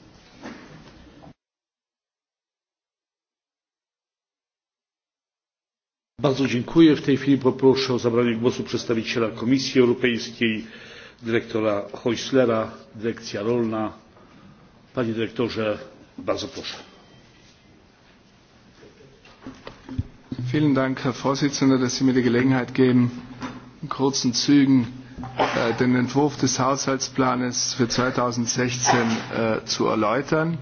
Speaker 1: Bardzo dziękuję. W tej chwili poproszę o zabranie głosu przedstawiciela Komisji Europejskiej, dyrektora Heuslera, dyrekcja rolna. Panie dyrektorze, bardzo proszę.
Speaker 17: Vielen Dank, Herr Vorsitzender, dass Sie mir die Gelegenheit geben, in kurzen Zügen äh, den Entwurf des Haushaltsplanes für 2016 äh, zu erläutern.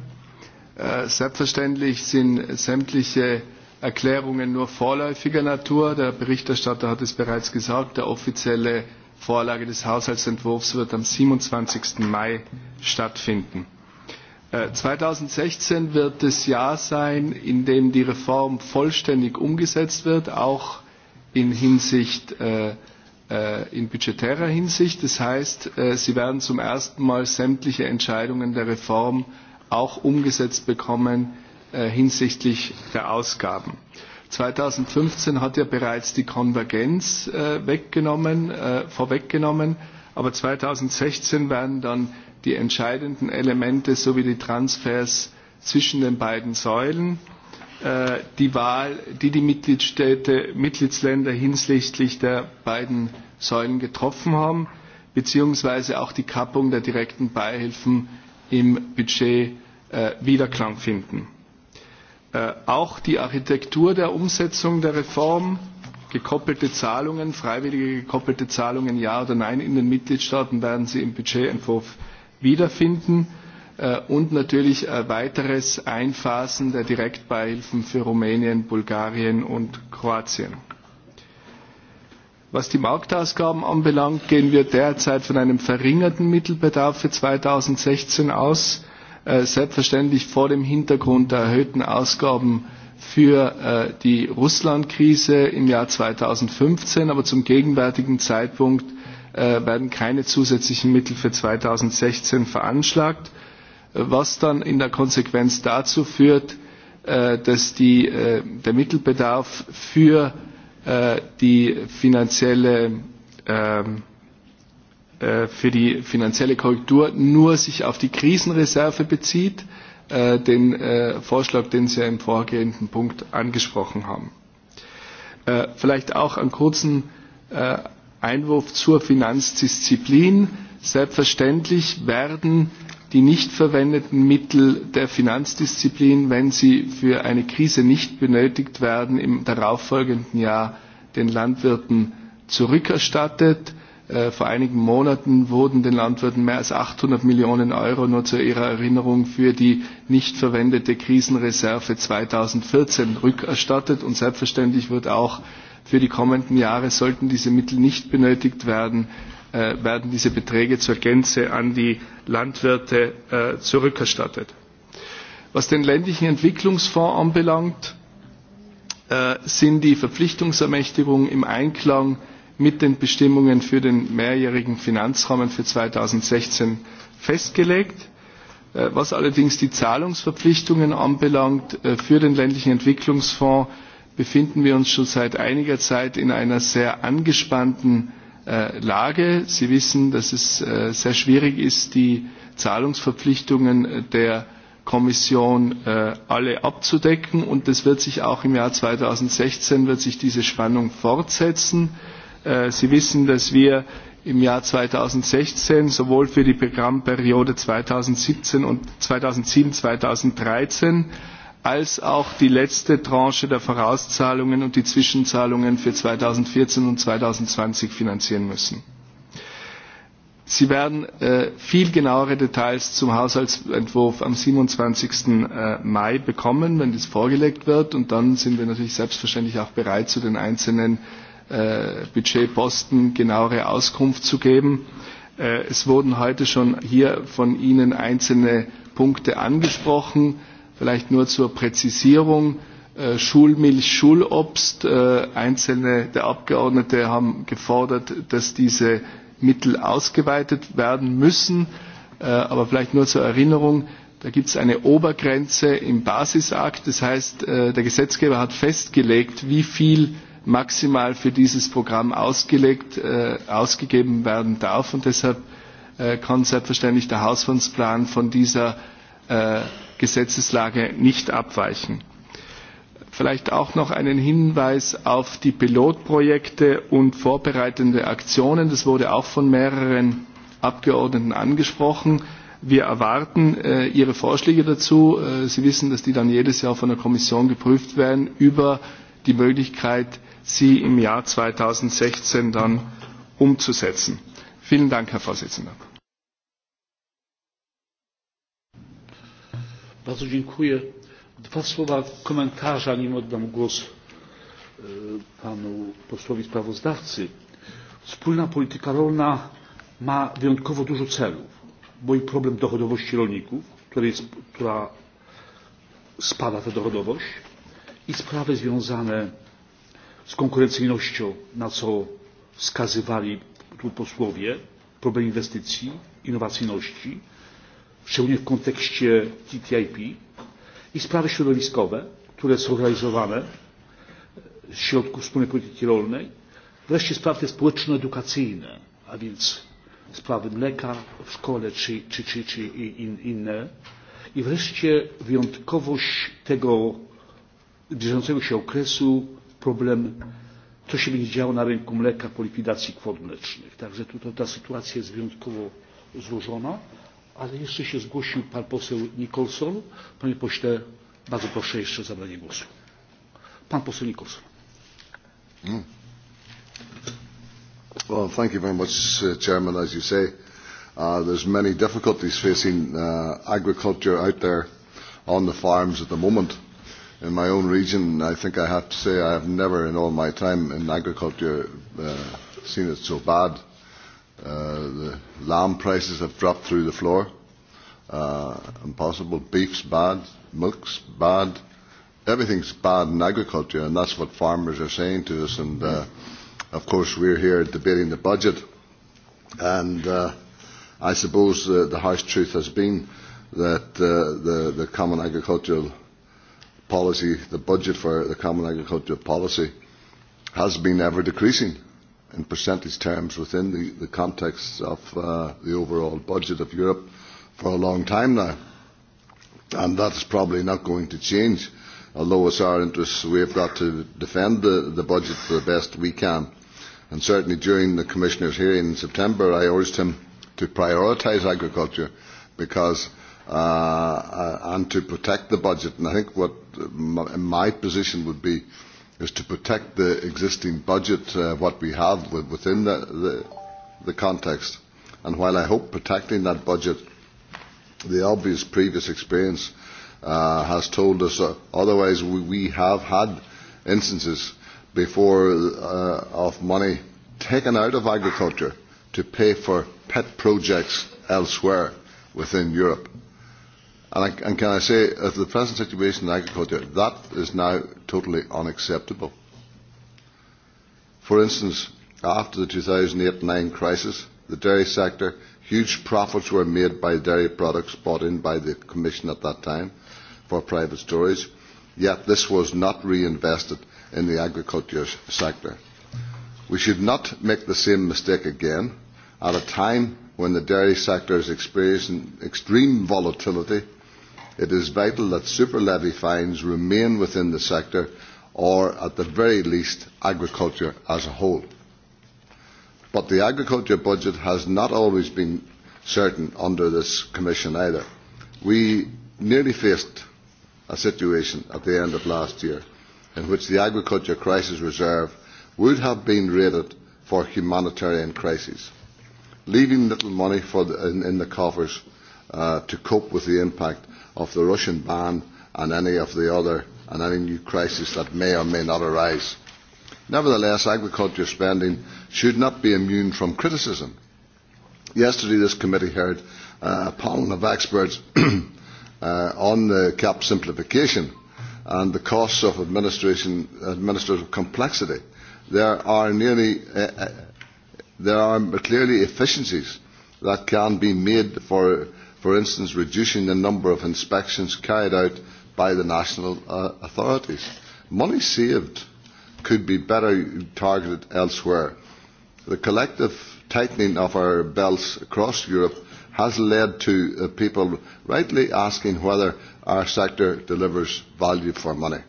Speaker 17: Äh, selbstverständlich sind sämtliche Erklärungen nur vorläufiger Natur. Der Berichterstatter hat es bereits gesagt, der offizielle Vorlage des Haushaltsentwurfs wird am 27. Mai stattfinden. 2016 äh, wird das Jahr sein, in dem die Reform vollständig umgesetzt wird, auch in Hinsicht äh, äh, in budgetärer Hinsicht. Das heißt, Sie werden zum ersten Mal sämtliche Entscheidungen der Reform auch umgesetzt bekommen, Äh, hinsichtlich der Ausgaben. 2015 hat ja bereits die Konvergenz äh, weggenommen, äh, vorweggenommen, aber 2016 werden dann die entscheidenden Elemente sowie die Transfers zwischen den beiden Säulen, die Wahl, die die Mitgliedstädte, Mitgliedsländer hinsichtlich der beiden Säulen getroffen haben, beziehungsweise auch die Kappung der direkten Beihilfen im Budget wiederklang finden. Äh, auch die Architektur der Umsetzung der Reform, gekoppelte Zahlungen, freiwillige gekoppelte Zahlungen, ja oder nein in den Mitgliedstaaten werden Sie im Budgetentwurf wiederfinden äh, und natürlich ein äh, weiteres Einphasen der Direktbeihilfen für Rumänien, Bulgarien und Kroatien. Was die Marktausgaben anbelangt, gehen wir derzeit von einem verringerten Mittelbedarf für 2016 aus. Äh, selbstverständlich vor dem Hintergrund der erhöhten Ausgaben für äh, die Russlandkrise im Jahr 2015, aber zum gegenwärtigen Zeitpunkt äh, werden keine zusätzlichen Mittel für 2016 veranschlagt, was dann in der Konsequenz dazu führt, dass die, der Mittelbedarf für die finanzielle ähm, Äh, für die finanzielle Korrektur nur sich auf die Krisenreserve bezieht, äh, den äh, Vorschlag, den Sie ja im vorgehenden Punkt angesprochen haben. Vielleicht auch einen kurzen Einwurf zur Finanzdisziplin. Selbstverständlich werden die nicht verwendeten Mittel der Finanzdisziplin, wenn sie für eine Krise nicht benötigt werden, im darauffolgenden Jahr den Landwirten zurückerstattet. Äh, vor einigen Monaten wurden den Landwirten mehr als 800 Millionen Euro nur zu ihrer Erinnerung für die nicht verwendete Krisenreserve 2014 rückerstattet. Und selbstverständlich wird auch für die kommenden Jahre, sollten diese Mittel nicht benötigt werden, äh, werden diese Beträge zur Gänze an die Landwirte äh, zurückerstattet. Was den ländlichen Entwicklungsfonds anbelangt, sind die Verpflichtungsermächtigungen im Einklang mit den Bestimmungen für den mehrjährigen Finanzrahmen für 2016 festgelegt. Äh, was allerdings die Zahlungsverpflichtungen anbelangt äh, für den ländlichen Entwicklungsfonds, befinden wir uns schon seit einiger Zeit in einer sehr angespannten äh, Lage. Sie wissen, dass es sehr schwierig ist, die Zahlungsverpflichtungen der Kommission alle abzudecken und das wird sich auch im Jahr 2016 wird sich diese Spannung fortsetzen. Äh, Sie wissen, dass wir im Jahr 2016 sowohl für die Programmperiode 2017 und 2007 2013 als auch die letzte Tranche der Vorauszahlungen und die Zwischenzahlungen für 2014 und 2020 finanzieren müssen. Sie werden äh, viel genauere Details zum Haushaltsentwurf am 27. Äh, Mai bekommen, wenn dies vorgelegt wird. Und dann sind wir natürlich selbstverständlich auch bereit, zu den einzelnen Äh, Budgetposten genauere Auskunft zu geben. Äh, es wurden heute schon hier von Ihnen einzelne Punkte angesprochen, vielleicht nur zur Präzisierung äh, Schulmilch, Schulobst. Einzelne der Abgeordnete haben gefordert, dass diese Mittel ausgeweitet werden müssen. Aber vielleicht nur zur Erinnerung Da gibt es eine Obergrenze im Basisakt, das heißt, der Gesetzgeber hat festgelegt, wie viel maximal für dieses Programm ausgelegt, äh, ausgegeben werden darf. Und deshalb äh, kann selbstverständlich der Hausfondsplan von dieser äh, Gesetzeslage nicht abweichen. Vielleicht auch noch einen Hinweis auf die Pilotprojekte und vorbereitende Aktionen. Das wurde auch von mehreren Abgeordneten angesprochen. Wir erwarten äh, Ihre Vorschläge dazu. Äh, Sie wissen, dass die dann jedes Jahr von der Kommission geprüft werden über die Möglichkeit, sie im Jahr 2016 dann umzusetzen. Vielen Dank, Herr Vorsitzender.
Speaker 1: Bardzo dziękuję. Dwa słowa komentarza, nim oddam głos e, panu posłowi sprawozdawcy. Wspólna polityka rolna ma wyjątkowo dużo celów, bo i problem dochodowości rolników, jest, która spada ta dochodowość, i sprawy związane z konkurencyjnością na co wskazywali tu posłowie problem inwestycji innowacyjności szczególnie w kontekście ttip i sprawy środowiskowe które są realizowane z środków wspólnej polityki rolnej wreszcie sprawy społeczno edukacyjne a więc sprawy mleka w szkole czy, czy, czy, czy inne i wreszcie wyjątkowość tego bieżącego się okresu problem, co się będzie działo na rynku mleka po likwidacji kwot mlecznych. Także tutaj ta sytuacja jest wyjątkowo złożona, ale jeszcze się zgłosił pan poseł Nicholson. Panie pośle, bardzo proszę jeszcze o zabranie głosu. Pan poseł Nicholson.
Speaker 18: Mm. Well, thank you very much, uh, Chairman. As you say, uh, there's many difficulties facing uh, agriculture out there on the farms at the moment in my own region, I think I have to say I have never in all my time in agriculture uh, seen it so bad. Uh, the lamb prices have dropped through the floor. Uh, impossible. Beef's bad. Milk's bad. Everything's bad in agriculture, and that's what farmers are saying to us. And uh, of course, we're here debating the budget. And uh, I suppose uh, the harsh truth has been that uh, the, the common agricultural policy, the budget for the common agricultural policy has been ever decreasing in percentage terms within the, the context of uh, the overall budget of Europe for a long time now. And that is probably not going to change, although it's our interest, have got to defend the, the budget the best we can. And certainly during the Commissioner's hearing in September, I urged him to prioritise agriculture because Uh, uh, and to protect the budget. And I think what my position would be is to protect the existing budget, uh, what we have within the, the, the context. And while I hope protecting that budget, the obvious previous experience uh, has told us uh, otherwise we, we have had instances before uh, of money taken out of agriculture to pay for pet projects elsewhere within Europe And, and can I say, as the present situation in agriculture, that is now totally unacceptable. For instance, after the 2008-9 crisis, the dairy sector, huge profits were made by dairy products bought in by the Commission at that time for private storage, yet this was not reinvested in the agriculture sector. We should not make the same mistake again at a time when the dairy sector is experiencing extreme volatility it is vital that super levy fines remain within the sector or at the very least agriculture as a whole. But the agriculture budget has not always been certain under this commission either. We nearly faced a situation at the end of last year in which the agriculture crisis reserve would have been rated for humanitarian crises, leaving little money in, the coffers uh, to cope with the impact of the Russian ban and any of the other and any new crisis that may or may not arise. Nevertheless, agriculture spending should not be immune from criticism. Yesterday this committee heard uh, a panel of experts uh, on the cap simplification and the costs of administration, administrative complexity. There are, nearly, uh, uh, there are clearly efficiencies that can be made for for instance reducing the number of inspections carried out by the national uh, authorities. Money saved could be better targeted elsewhere. The collective tightening of our belts across Europe has led to uh, people rightly asking whether our sector delivers value for money.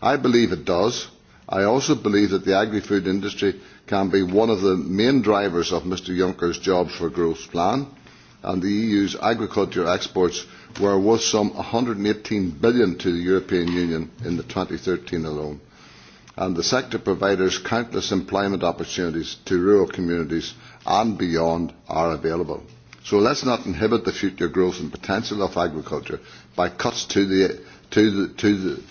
Speaker 18: I believe it does. I also believe that the agri-food industry can be one of the main drivers of Mr Juncker's jobs for growth plan and the EU's agricultural exports were worth some 118 billion to the European Union in the 2013 alone. And the sector providers countless employment opportunities to rural communities and beyond are available. So let's not inhibit the future growth and potential of agriculture by cuts to the, to the, to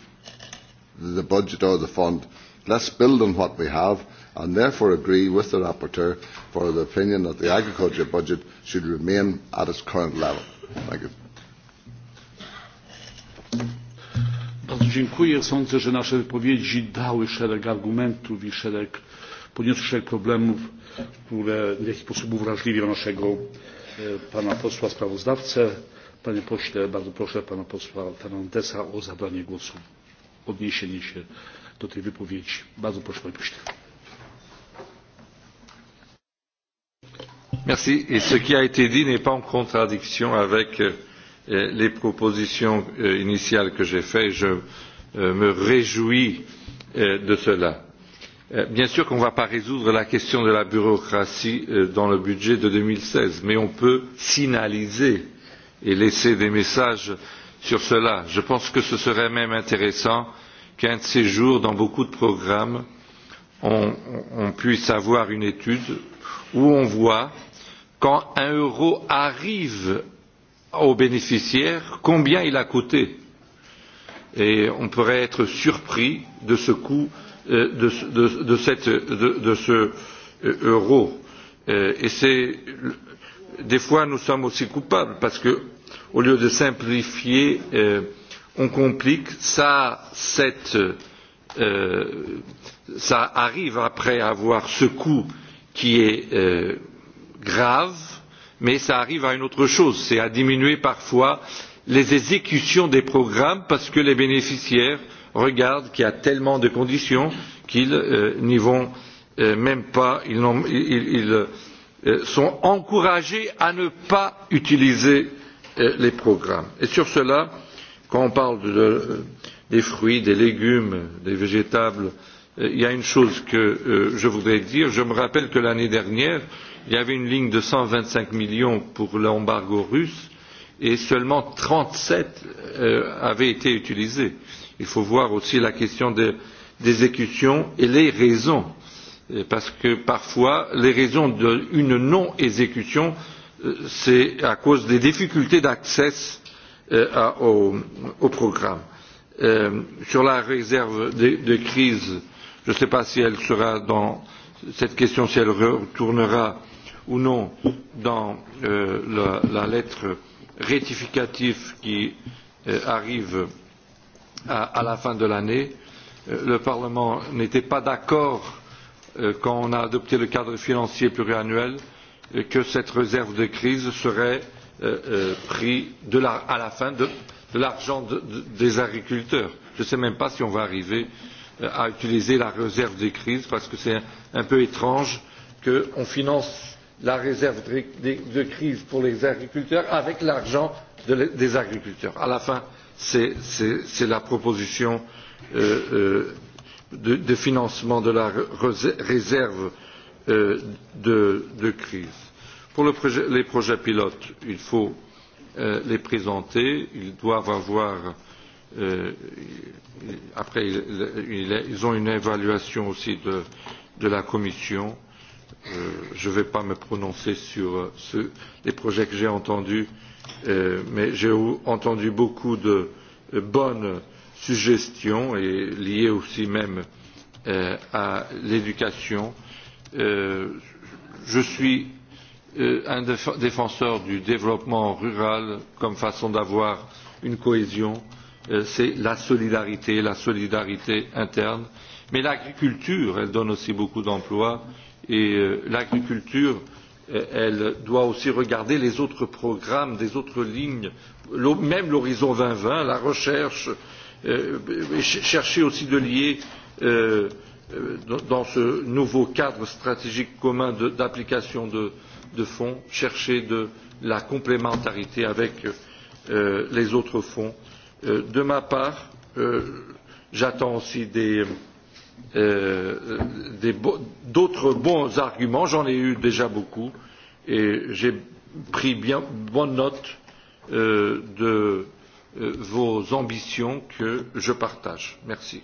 Speaker 18: the budget or the fund. Let's build on what we have and therefore agree with the rapporteur for the opinion that the agriculture budget should remain at its current level. Thank you.
Speaker 1: Bardzo dziękuję. Sądzę, że nasze wypowiedzi dały szereg argumentów i szereg, podniosły szereg problemów, które w jakiś sposób uwrażliwią naszego e, pana posła sprawozdawcę. Panie pośle, bardzo proszę pana posła Fernandesa o zabranie głosu, odniesienie się do tej wypowiedzi. Bardzo proszę, panie pośle.
Speaker 9: Merci. Et ce qui a été dit n'est pas en contradiction avec euh, euh, les propositions euh, initiales que j'ai faites. Je me réjouis de cela. Bien sûr qu'on ne va pas résoudre la question de la bureaucratie dans le budget de 2016, mais on peut signaliser et laisser des messages sur cela. Je pense que ce serait même intéressant qu'un de ces jours, dans beaucoup de programmes, on puisse avoir une étude où on voit quand un euro arrive aux bénéficiaires combien il a coûté et on pourrait être surpris de ce coût euh, de, de, de, cette, de ce euh, euro euh, et c'est des fois nous sommes aussi coupables parce que au lieu de simplifier on complique ça cette ça arrive après avoir ce coût qui est grave mais cela arrive à une autre chose c'est à diminuer parfois les exécutions des programmes parce que les bénéficiaires regardent qu'il y a tellement de conditions qu'ils euh, n'y vont euh, même pas ils, ils, euh, sont encouragés à ne pas utiliser les programmes. et sur cela quand on parle des fruits des légumes des végétables il y a une chose que je voudrais dire je me rappelle que l'année dernière il y avait une ligne de cent vingt cinq millions pour l'embargo russe et seulement trente sept euh, avaient été utilisés. il faut voir aussi la question de, des exécutions et les raisons euh, parce que parfois les raisons d'une non exécution euh, c'est à cause des difficultés d'accès au, programme. sur la réserve de, de crise je ne sais pas si elle sera dans cette question si elle retournera ou non dans euh, la, lettre rectificative qui euh, arrive à, la fin de l'année euh, le parlement n'était pas d'accord quand on a adopté le cadre financier pluriannuel que cette réserve de crise serait prise à la fin de, l'argent des agriculteurs. je ne sais même pas si on va arriver à utiliser la réserve de crise parce que c'est un, un peu étrange qu'on finance la réserve de crise pour les agriculteurs avec l'argent des agriculteurs. à la fin c'est la proposition euh, euh, de, financement de la réserve euh, de, crise. pour les projets pilotes il faut les présenter ils doivent avoir après ils ont une évaluation aussi de la commission Euh, je ne vais pas me prononcer sur euh, les projets que j'ai entendus, euh, mais j'ai entendu beaucoup de bonnes suggestions et liées aussi même à l'éducation. Je suis un défenseur du développement rural comme façon d'avoir une cohésion, c'est la solidarité, la solidarité interne, mais l'agriculture, elle donne aussi beaucoup d'emplois et euh, l'agriculture euh, elle doit aussi regarder les autres programmes des autres lignes même l'horizon deux mille vingt la recherche euh, chercher aussi de lier dans ce nouveau cadre stratégique commun d'application de fonds chercher de la complémentarité avec les autres fonds. de ma part j'attends aussi des Euh, d'autres bons arguments j'en ai eu déjà beaucoup et j'ai pris bien bonne note euh, de euh, vos ambitions que je partage. Merci.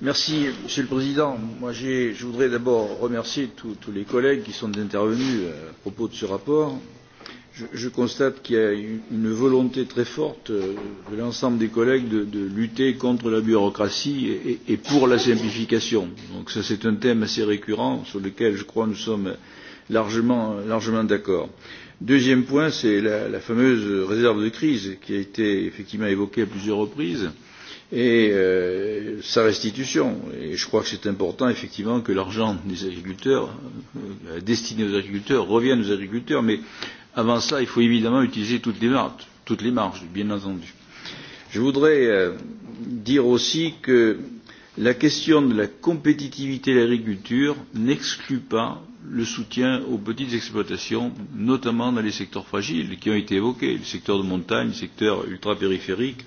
Speaker 1: Merci, Monsieur le Président. Moi, je voudrais
Speaker 10: d'abord remercier tous les collègues qui sont intervenus à propos de ce rapport je, constate qu'il y a une volonté très forte euh, de l'ensemble des collègues de, de lutter contre la bureaucratie et, et pour la simplification. Donc ça c'est un thème assez récurrent sur lequel je crois nous sommes largement, largement d'accord. Deuxième point, c'est la, la fameuse réserve de crise qui a été effectivement évoquée à plusieurs reprises et euh, sa restitution. Et je crois que c'est important, effectivement, que l'argent des agriculteurs, euh, destiné aux agriculteurs, revienne aux agriculteurs, mais Avant cela, il faut évidemment utiliser toutes les marges, toutes les marges bien entendu. Je voudrais euh, dire aussi que la question de la compétitivité de l'agriculture n'exclut pas le soutien aux petites exploitations, notamment dans les secteurs fragiles qui ont été évoqués, le secteur de montagne, le secteur ultra-périphérique.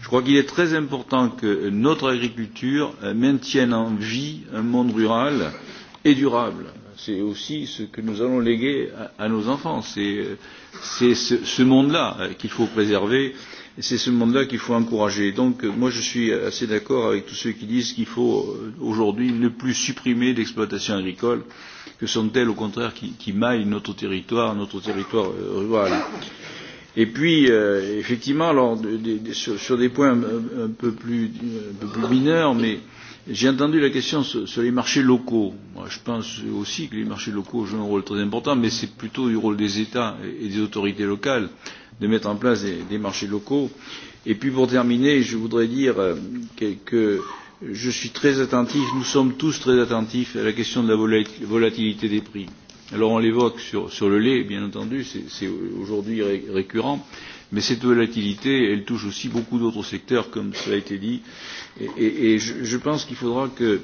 Speaker 10: Je crois qu'il est très important que notre agriculture euh, maintienne en vie un monde rural et durable c'est aussi ce que nous allons léguer à, à nos enfants. C'est ce, ce monde-là euh, qu'il faut préserver et c'est ce monde-là qu'il faut encourager. Donc euh, moi je suis assez d'accord avec tous ceux qui disent qu'il faut euh, aujourd'hui ne plus supprimer l'exploitation agricole, que sont-elles au contraire qui, qui maillent notre territoire, notre territoire rural. Et puis, euh, effectivement, alors, de, de, de, sur, sur des points un, un, peu plus, un peu plus mineurs, mais J'ai entendu la question sur, sur les marchés locaux. Moi, je pense aussi que les marchés locaux jouent un rôle très important, mais c'est plutôt du rôle des États et des autorités locales de mettre en place des, des marchés locaux. Et puis, pour terminer, je voudrais dire euh, que, que je suis très attentif, nous sommes tous très attentifs à la question de la volatilité des prix. Alors, on l'évoque sur, sur le lait, bien entendu, c'est aujourd'hui ré, récurrent mais cette volatilité elle touche aussi beaucoup d'autres secteurs comme cela a été dit et, et, et je, je pense qu'il faudra que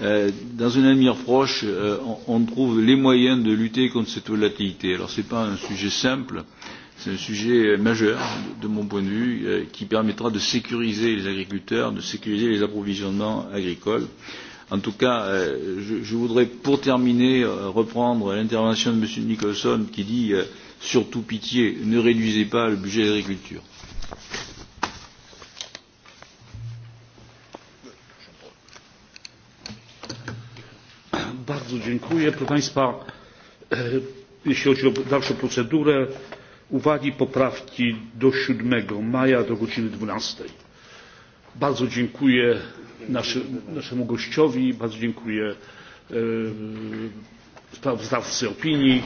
Speaker 10: euh, dans un avenir proche euh, on, on trouve les moyens de lutter contre cette volatilité. alors ce n'est pas un sujet simple c'est un sujet majeur de mon point de vue euh, qui permettra de sécuriser les agriculteurs de sécuriser les approvisionnements agricoles. en tout cas euh, je, je voudrais pour terminer euh, reprendre l'intervention de m. nicholson qui dit euh, surtout pitié ne réduisez pas le budget de l'agriculture.
Speaker 1: Bardzo dziękuję. Proszę Państwa, e, jeśli chodzi o dalszą procedurę, uwagi poprawki do 7 maja do godziny 12. Bardzo dziękuję naszy, naszemu gościowi, bardzo dziękuję e, sprawozdawcy opinii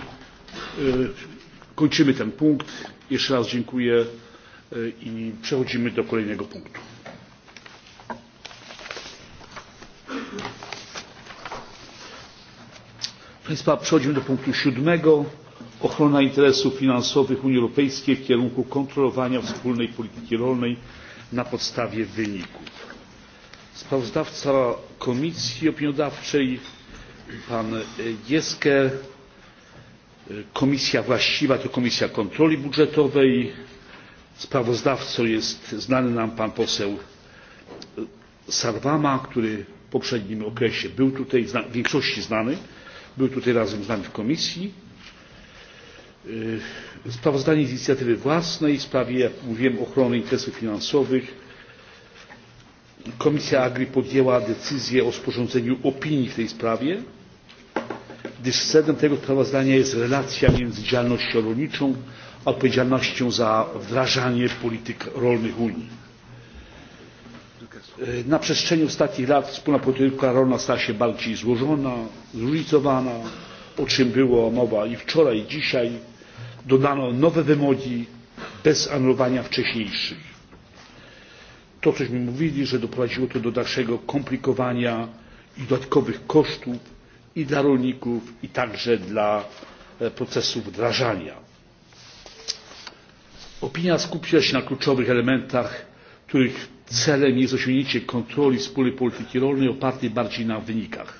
Speaker 1: e, kończymy ten punkt. Jeszcze raz dziękuję e, i przechodzimy do kolejnego punktu. Państwa, przechodzimy do punktu siódmego. Ochrona interesów finansowych Unii Europejskiej w kierunku kontrolowania wspólnej polityki rolnej na podstawie wyników. Sprawozdawca Komisji Opiniodawczej, pan Jeske komisja właściwa to komisja kontroli budżetowej sprawozdawcą jest znany nam pan poseł sarvamaa który w poprzednim okresie był tutaj w większości znany był tutaj razem z nami w komisji. E, sprawozdanie z inicjatywy własnej w sprawie jak mówiłem ochrony interesów finansowych komisja agri podjęła decyzję o sporządzeniu opinii w tej sprawie gdyż sednem tego sprawozdania jest relacja między działalnością rolniczą a odpowiedzialnością za wdrażanie polityk rolnych unii. E, na przestrzeni ostatnich lat wspólna polityka rolna stała się bardziej złożona zróżnicowana o czym była mowa i wczoraj i dzisiaj dodano nowe wymogi bez anulowania wcześniejszych. to cośmy mówili że doprowadziło to do dalszego komplikowania i dodatkowych kosztów i dla rolników i także dla e, procesu wdrażania. opinia skupia się na kluczowych elementach których celem jest osiągnięcie kontroli wspólnej polityki rolnej opartej bardziej na wynikach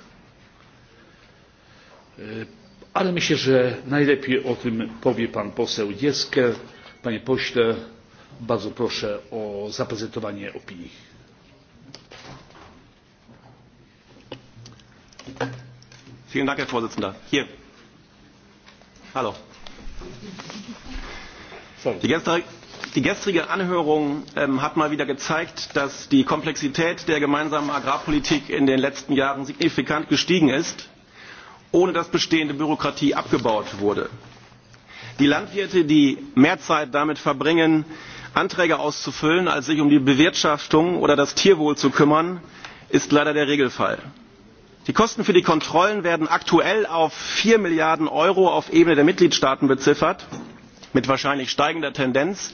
Speaker 1: e, ale myślę że najlepiej o tym powie pan poseł jezker. panie pośle bardzo proszę o zaprezentowanie opinii.
Speaker 19: Herr Präsident. Hallo. Die gestrige, Anhörung ähm, hat mal wieder gezeigt, dass die Komplexität der gemeinsamen Agrarpolitik in den letzten Jahren signifikant gestiegen ist, ohne dass bestehende Bürokratie abgebaut wurde. Die Landwirte, die mehr Zeit damit verbringen, Anträge auszufüllen, als sich um die Bewirtschaftung oder das Tierwohl zu kümmern, ist leider der Regelfall die kosten für die kontrollen werden aktuell auf vier milliarden euro auf ebene der mitgliedstaaten beziffert mit wahrscheinlich steigender tendenz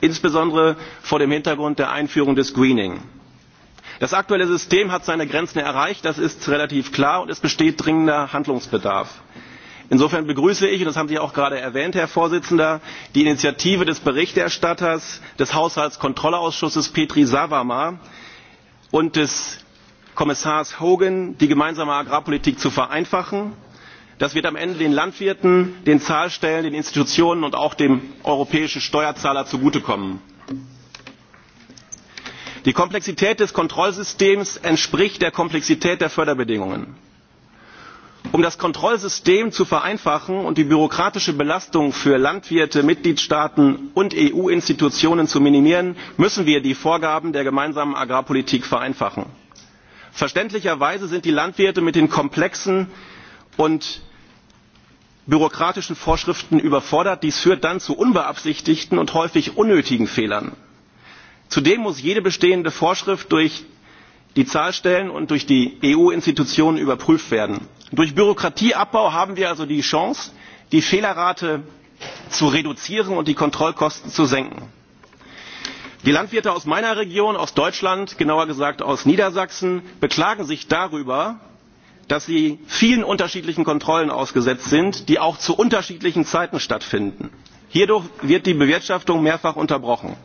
Speaker 19: insbesondere vor dem hintergrund der einführung des greening. das aktuelle system hat seine grenzen erreicht das ist relativ klar und es besteht dringender handlungsbedarf. insofern begrüße ich und das haben sie auch gerade erwähnt herr vorsitzender die initiative des berichterstatters des haushaltskontrollausschusses petri sarvamaa und des kommissars hogan die gemeinsame agrarpolitik zu vereinfachen. das wird am ende den landwirten den zahlstellen den institutionen und auch dem europäischen steuerzahler zugutekommen. die komplexität des kontrollsystems entspricht der komplexität der förderbedingungen. um das kontrollsystem zu vereinfachen und die bürokratische belastung für landwirte mitgliedstaaten und eu institutionen zu minimieren müssen wir die vorgaben der gemeinsamen agrarpolitik vereinfachen verständlicherweise sind die landwirte mit den komplexen und bürokratischen vorschriften überfordert. dies führt dann zu unbeabsichtigten und häufig unnötigen fehlern. zudem muss jede bestehende vorschrift durch die zahlstellen und durch die eu institutionen überprüft werden. durch bürokratieabbau haben wir also die chance die fehlerrate zu reduzieren und die kontrollkosten zu senken die landwirte aus meiner region aus deutschland genauer gesagt aus niedersachsen beklagen sich darüber dass sie vielen unterschiedlichen kontrollen ausgesetzt sind die auch zu unterschiedlichen zeiten stattfinden. hierdurch wird die bewirtschaftung mehrfach unterbrochen.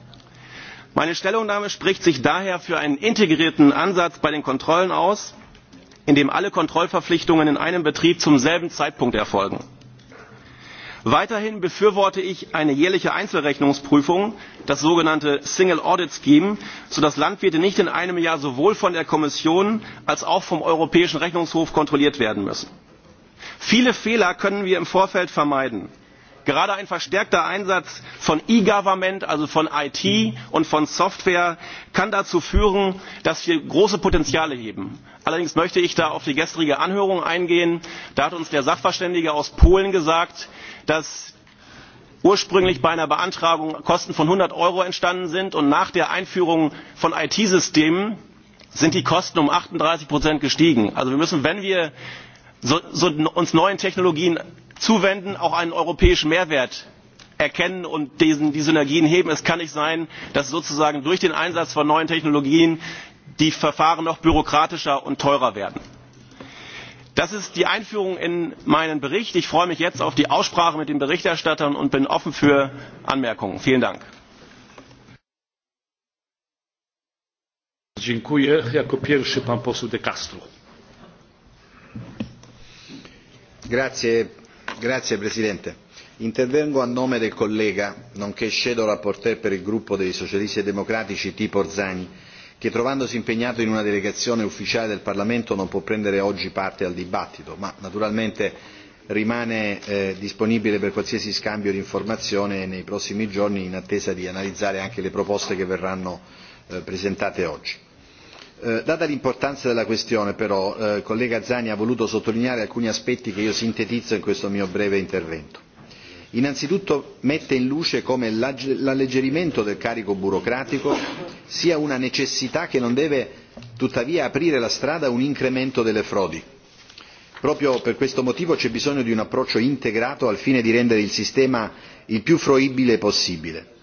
Speaker 19: meine stellungnahme spricht sich daher für einen integrierten ansatz bei den kontrollen aus in dem alle kontrollverpflichtungen in einem betrieb zum selben zeitpunkt erfolgen weiterhin befürworte ich eine jährliche einzelrechnungsprüfung das sogenannte single audit scheme sodass landwirte nicht in einem jahr sowohl von der kommission als auch vom europäischen rechnungshof kontrolliert werden müssen. viele fehler können wir im vorfeld vermeiden. gerade ein verstärkter einsatz von e government also von it und von software kann dazu führen dass wir große potenziale heben. allerdings möchte ich da auf die gestrige anhörung eingehen da hat uns der sachverständige aus polen gesagt dass ursprünglich bei einer beantragung kosten von einhundert euro entstanden sind und nach der einführung von it systemen sind die kosten um achtunddreißig gestiegen. also wir müssen wenn wir uns neuen technologien zuwenden auch einen europäischen mehrwert erkennen und die synergien heben. es kann nicht sein dass sozusagen durch den einsatz von neuen technologien die verfahren noch bürokratischer und teurer werden das ist die einführung in meinen bericht. ich freue mich jetzt auf die aussprache mit den berichterstattern und bin offen für
Speaker 3: anmerkungen. vielen dank! Dziękuję.
Speaker 20: Grazie, Presidente. Intervengo a nome del collega, nonché shadow rapporteur per il gruppo dei socialisti e democratici Tipo Zani che trovandosi impegnato in una delegazione ufficiale del Parlamento non può prendere oggi parte al dibattito, ma naturalmente rimane eh, disponibile per qualsiasi scambio di informazione nei prossimi giorni in attesa di analizzare anche le proposte che verranno eh, presentate oggi. Eh, data l'importanza della questione però il collega Zani ha voluto sottolineare alcuni aspetti che io sintetizzo in questo mio breve intervento innanzitutto mette in luce come l'alleggerimento del carico burocratico sia una necessità che non deve tuttavia aprire la strada a un incremento delle frodi. proprio per questo motivo c'è bisogno di un approccio integrato al fine di rendere il sistema il più fruibile possibile.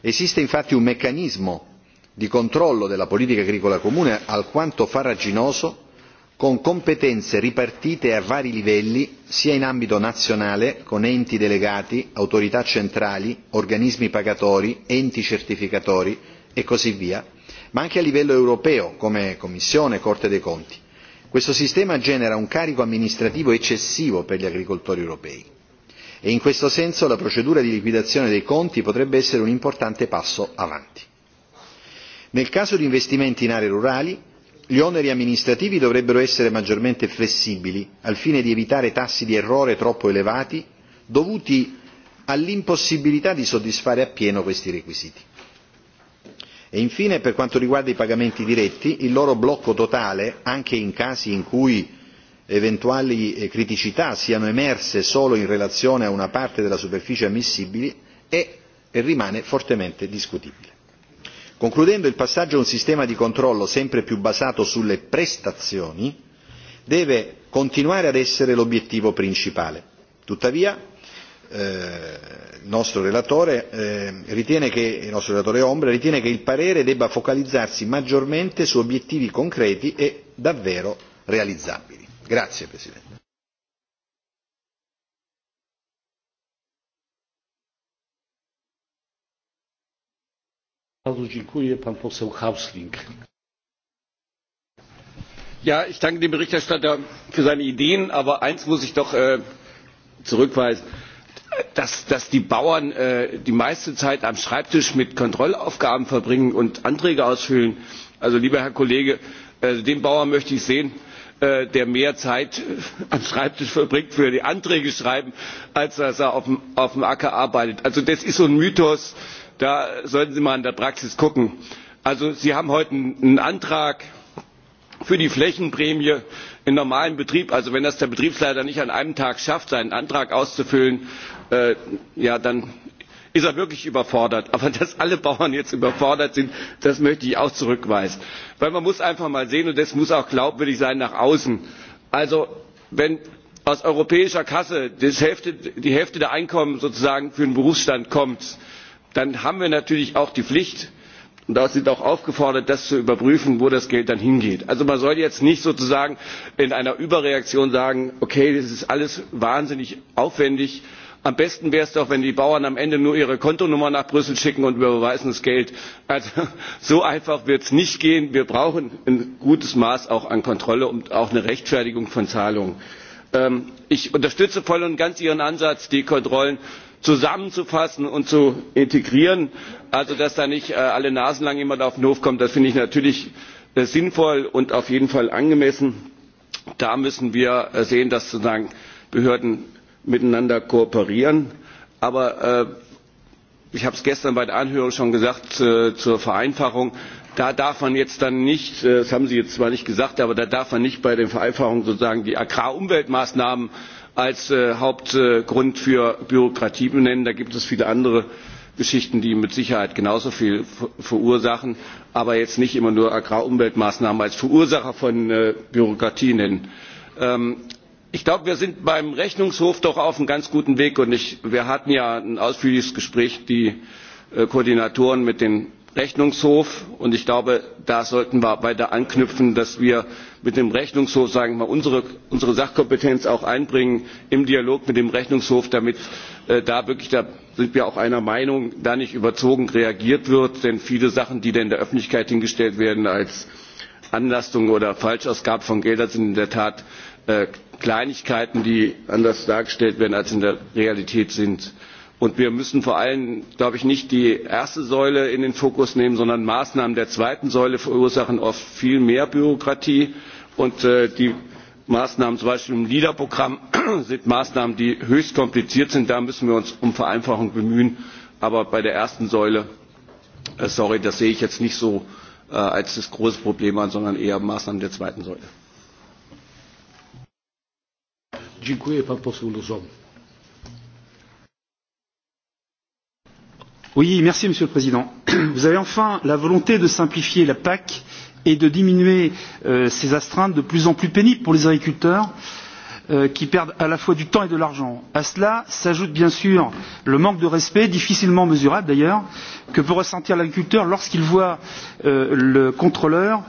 Speaker 20: esiste infatti un meccanismo di controllo della politica agricola comune alquanto farraginoso con competenze ripartite a vari livelli sia in ambito nazionale con enti delegati autorità centrali organismi pagatori enti certificatori e così via ma anche a livello europeo come commissione e corte dei conti. questo sistema genera un carico amministrativo eccessivo per gli agricoltori europei e in questo senso la procedura di liquidazione dei conti potrebbe essere un importante passo avanti. nel caso di investimenti in aree rurali gli oneri amministrativi dovrebbero essere maggiormente flessibili al fine di evitare tassi di errore troppo elevati dovuti all'impossibilità di soddisfare appieno questi requisiti e infine per quanto riguarda i pagamenti diretti il loro blocco totale anche in casi in cui eventuali eh, criticità siano emerse solo in relazione a una parte della superficie ammissibile è e rimane fortemente discutibile concludendo il passaggio a un sistema di controllo sempre più basato sulle prestazioni deve continuare ad essere l'obiettivo principale. tuttavia eh, il nostro relatore eh, ritiene che il nostro relatore ombra ritiene che il parere debba focalizzarsi maggiormente su obiettivi concreti e davvero realizzabili.
Speaker 11: Bardzo dziękuję. Pan poseł Hausling.
Speaker 21: Ja, ich danke dem Berichterstatter für seine Ideen, aber eins muss ich doch äh, zurückweisen. Dass, dass die Bauern äh, die meiste Zeit am Schreibtisch mit Kontrollaufgaben verbringen und Anträge ausfüllen. Also lieber Herr Kollege, äh, den Bauern möchte ich sehen, äh, der mehr Zeit äh, am Schreibtisch verbringt für die Anträge schreiben, als dass er auf dem, auf dem Acker arbeitet. Also das ist so ein Mythos da sollten sie mal in der praxis gucken. also sie haben heute einen antrag für die flächenprämie im normalen betrieb also wenn das der betriebsleiter nicht an einem tag schafft seinen antrag auszufüllen äh, ja, dann ist er wirklich überfordert. aber dass alle bauern jetzt überfordert sind das möchte ich auch zurückweisen. Denn man muss einfach mal sehen und das muss auch glaubwürdig sein nach außen also wenn aus europäischer kasse die hälfte der einkommen sozusagen für den berufsstand kommt dann haben wir natürlich auch die pflicht und da sind auch aufgefordert das zu überprüfen wo das geld dann hingeht. also man soll jetzt nicht sozusagen in einer überreaktion sagen okay das ist alles wahnsinnig aufwendig am besten wäre es doch wenn die bauern am ende nur ihre kontonummer nach brüssel schicken und wir überweisen das geld. also so einfach wird es nicht gehen. wir brauchen ein gutes maß auch an kontrolle und auch eine rechtfertigung von zahlungen. Ähm, ich unterstütze voll und ganz ihren ansatz die kontrollen zusammenzufassen und zu integrieren also dass da nicht äh, alle Nasenlang immer jemand auf den hof kommt das finde ich natürlich äh, sinnvoll und auf jeden fall angemessen. da müssen wir äh, sehen dass sozusagen behörden miteinander kooperieren. aber ich habe es gestern bei der anhörung schon gesagt zur vereinfachung da darf man jetzt dann nicht das haben sie jetzt zwar nicht gesagt aber da darf man nicht bei den vereinfachungen sozusagen die agrarumweltmaßnahmen als äh, hauptgrund für bürokratie benennen. da gibt es viele andere geschichten die mit sicherheit genauso viel verursachen aber jetzt nicht immer nur agrarumweltmaßnahmen als verursacher von äh, bürokratie nennen. Ähm, ich glaube wir sind beim rechnungshof doch auf einem ganz guten weg und wir hatten ja ein ausführliches gespräch die äh, koordinatoren mit den rechnungshof und ich glaube da sollten wir weiter anknüpfen dass wir mit dem rechnungshof unsere, sachkompetenz auch einbringen im dialog mit dem rechnungshof damit äh, da wirklich da sind wir auch einer meinung da nicht überzogen reagiert wird denn viele sachen die in der öffentlichkeit hingestellt werden als anlastung oder falschausgabe von geldern sind in der tat äh, kleinigkeiten die anders dargestellt werden als in der realität sind und wir müssen vor allem glaube ich nicht die erste säule in den fokus nehmen sondern maßnahmen der zweiten säule verursachen oft viel mehr bürokratie und äh, die maßnahmen zum beispiel im leader programm sind maßnahmen die höchst kompliziert sind da müssen wir uns um vereinfachung bemühen aber bei der ersten säule äh, sorry das sehe ich jetzt nicht so äh, als das große problem an sondern eher maßnahmen der zweiten säule.
Speaker 1: merci Monsieur le Président. Vous avez enfin la volonté de simplifier la PAC et de diminuer euh, ces astreintes de plus en plus pénibles pour les agriculteurs euh, qui perdent à la fois du temps et de l'argent. À cela s'ajoute bien sûr le manque de respect, difficilement mesurable d'ailleurs, que peut ressentir l'agriculteur lorsqu'il voit euh, le contrôleur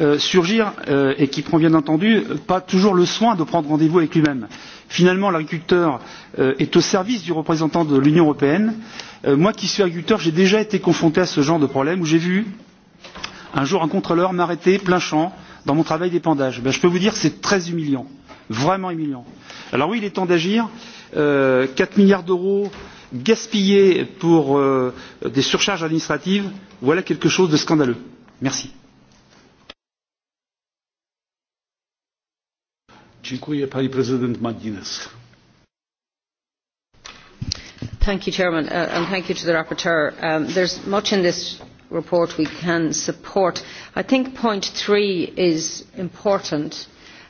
Speaker 1: Euh, surgir euh, et qui prend bien entendu euh, pas toujours le soin de prendre rendez vous avec lui même. finalement l'agriculteur est au service du représentant de l'union européenne. moi qui suis agriculteur j'ai déjà été confronté à ce genre de problème où j'ai vu un jour un contrôleur
Speaker 12: m'arrêter plein champ dans mon travail d'épandage. Ben, je peux vous dire que c'est très humiliant vraiment humiliant. alors oui il est temps d'agir. quatre milliards d'euros gaspillés
Speaker 1: pour des surcharges administratives voilà quelque chose de scandaleux. merci. Dziękuję. Pani prezydent
Speaker 22: Thank you, Chairman, uh, and thank you to the Rapporteur. Um, there's much in this report we can support. I think point three is important.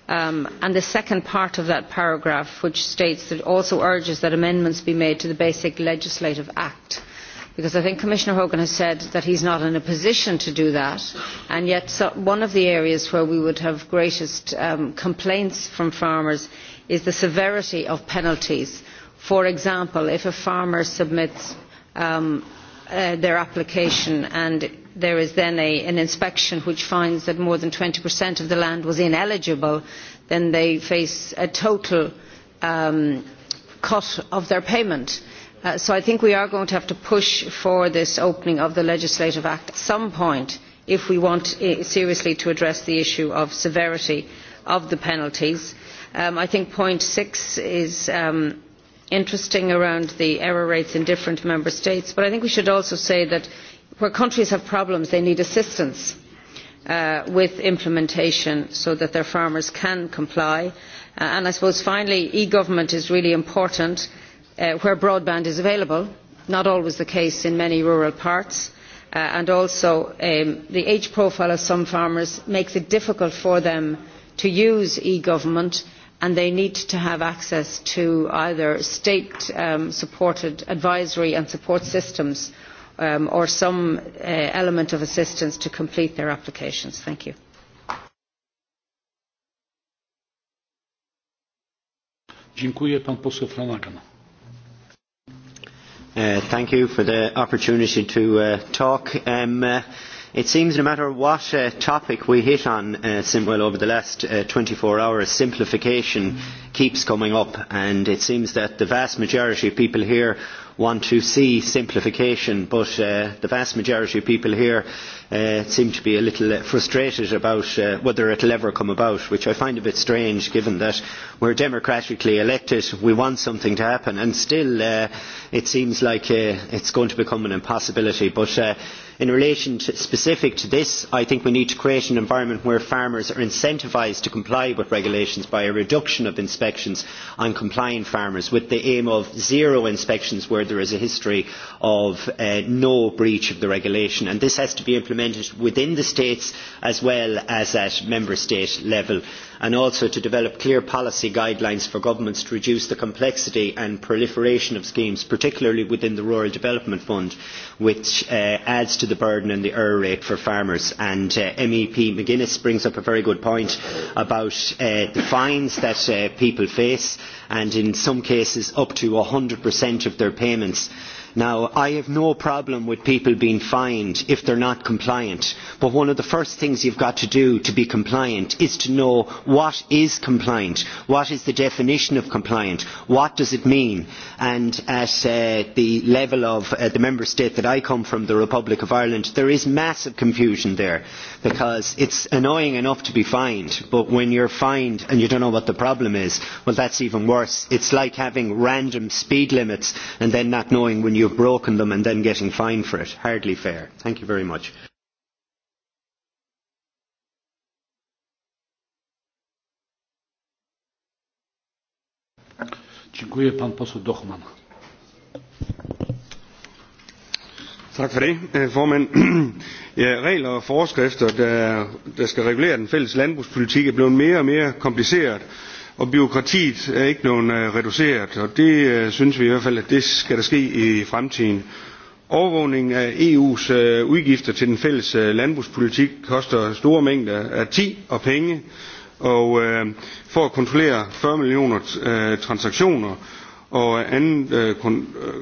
Speaker 22: Um, and the second part of that paragraph which states that it also urges that amendments be made to the basic legislative act because i think commissioner hogan has said that he is not in a position to do that and yet one of the areas where we would have greatest um, complaints from farmers is the severity of penalties. for example if a farmer submits um, uh, their application and there is then a, an inspection which finds that more than 20% of the land was ineligible then they face a total um, cut of their payment Uh, so i think we are going to have to push for this opening of the legislative act at some point if we want uh, seriously to address the issue of severity of the penalties. Um, i think point six is um, interesting around the error rates in different member states but i think we should also say that where countries have problems they need assistance uh, with implementation so that their farmers can comply and i suppose finally e government is really important. Uh, where broadband is available not always the case in many rural parts uh, and also um, the age profile of some farmers makes it difficult for them to use e government and they need to have access to either state um, supported advisory and support systems um, or some uh, element of assistance to complete their applications.
Speaker 1: Thank you. Dziękuję, pan
Speaker 23: Uh, thank you for the opportunity to uh, talk. Um, uh, it seems no matter what uh, topic we hit on uh, well, over the last twenty four hours, simplification keeps coming up and it seems that the vast majority of people here want to see simplification, but uh, the vast majority of people here uh, seem to be a little uh, frustrated about whether it will ever come about, which I find a bit strange given that we are democratically elected, we want something to happen, and still it seems like it is going to become an impossibility. But in relation specific to this i think we need to create an environment where farmers are incentivised to comply with regulations by a reduction of inspections on compliant farmers with the aim of zero inspections where there is a history of uh, no breach of the regulation and this has to be implemented within the states as well as at member state level and also to develop clear policy guidelines for governments to reduce the complexity and proliferation of schemes particularly within the rural development fund which uh, adds to the burden and the error rate for farmers and uh, mep mcguinness brings up a very good point about uh, the fines that people face and in some cases up to 100% of their payments Now, I have no problem with people being fined if they are not compliant, but one of the first things you have got to do to be compliant is to know what is compliant, what is the definition of compliant, what does it mean, and at uh, the level of uh, the Member State that I come from, the Republic of Ireland, there is massive confusion there because it is annoying enough to be fined, but when you are fined and you do not know what the problem is, well that is even worse. It is like having random speed limits and then not knowing when you you have broken them and then getting fined for it. Hardly fair. Thank you very much.
Speaker 1: Dziękuję pan poseł Dochman.
Speaker 24: Tak for det, eh, formand. Ja, regler og forskrifter, der, der skal regulere den fælles landbrugspolitik, er blevet mere og mere kompliceret og byråkratiet er ikke blevet øh, reduceret og det øh, synes vi i hvert fald at det skal der ske i fremtiden overvågningen af eus øh, udgifter til den fælles landbrugspolitik koster store mængder af tid og penge og for at kontrollere fyrre millioner transaktioner og andet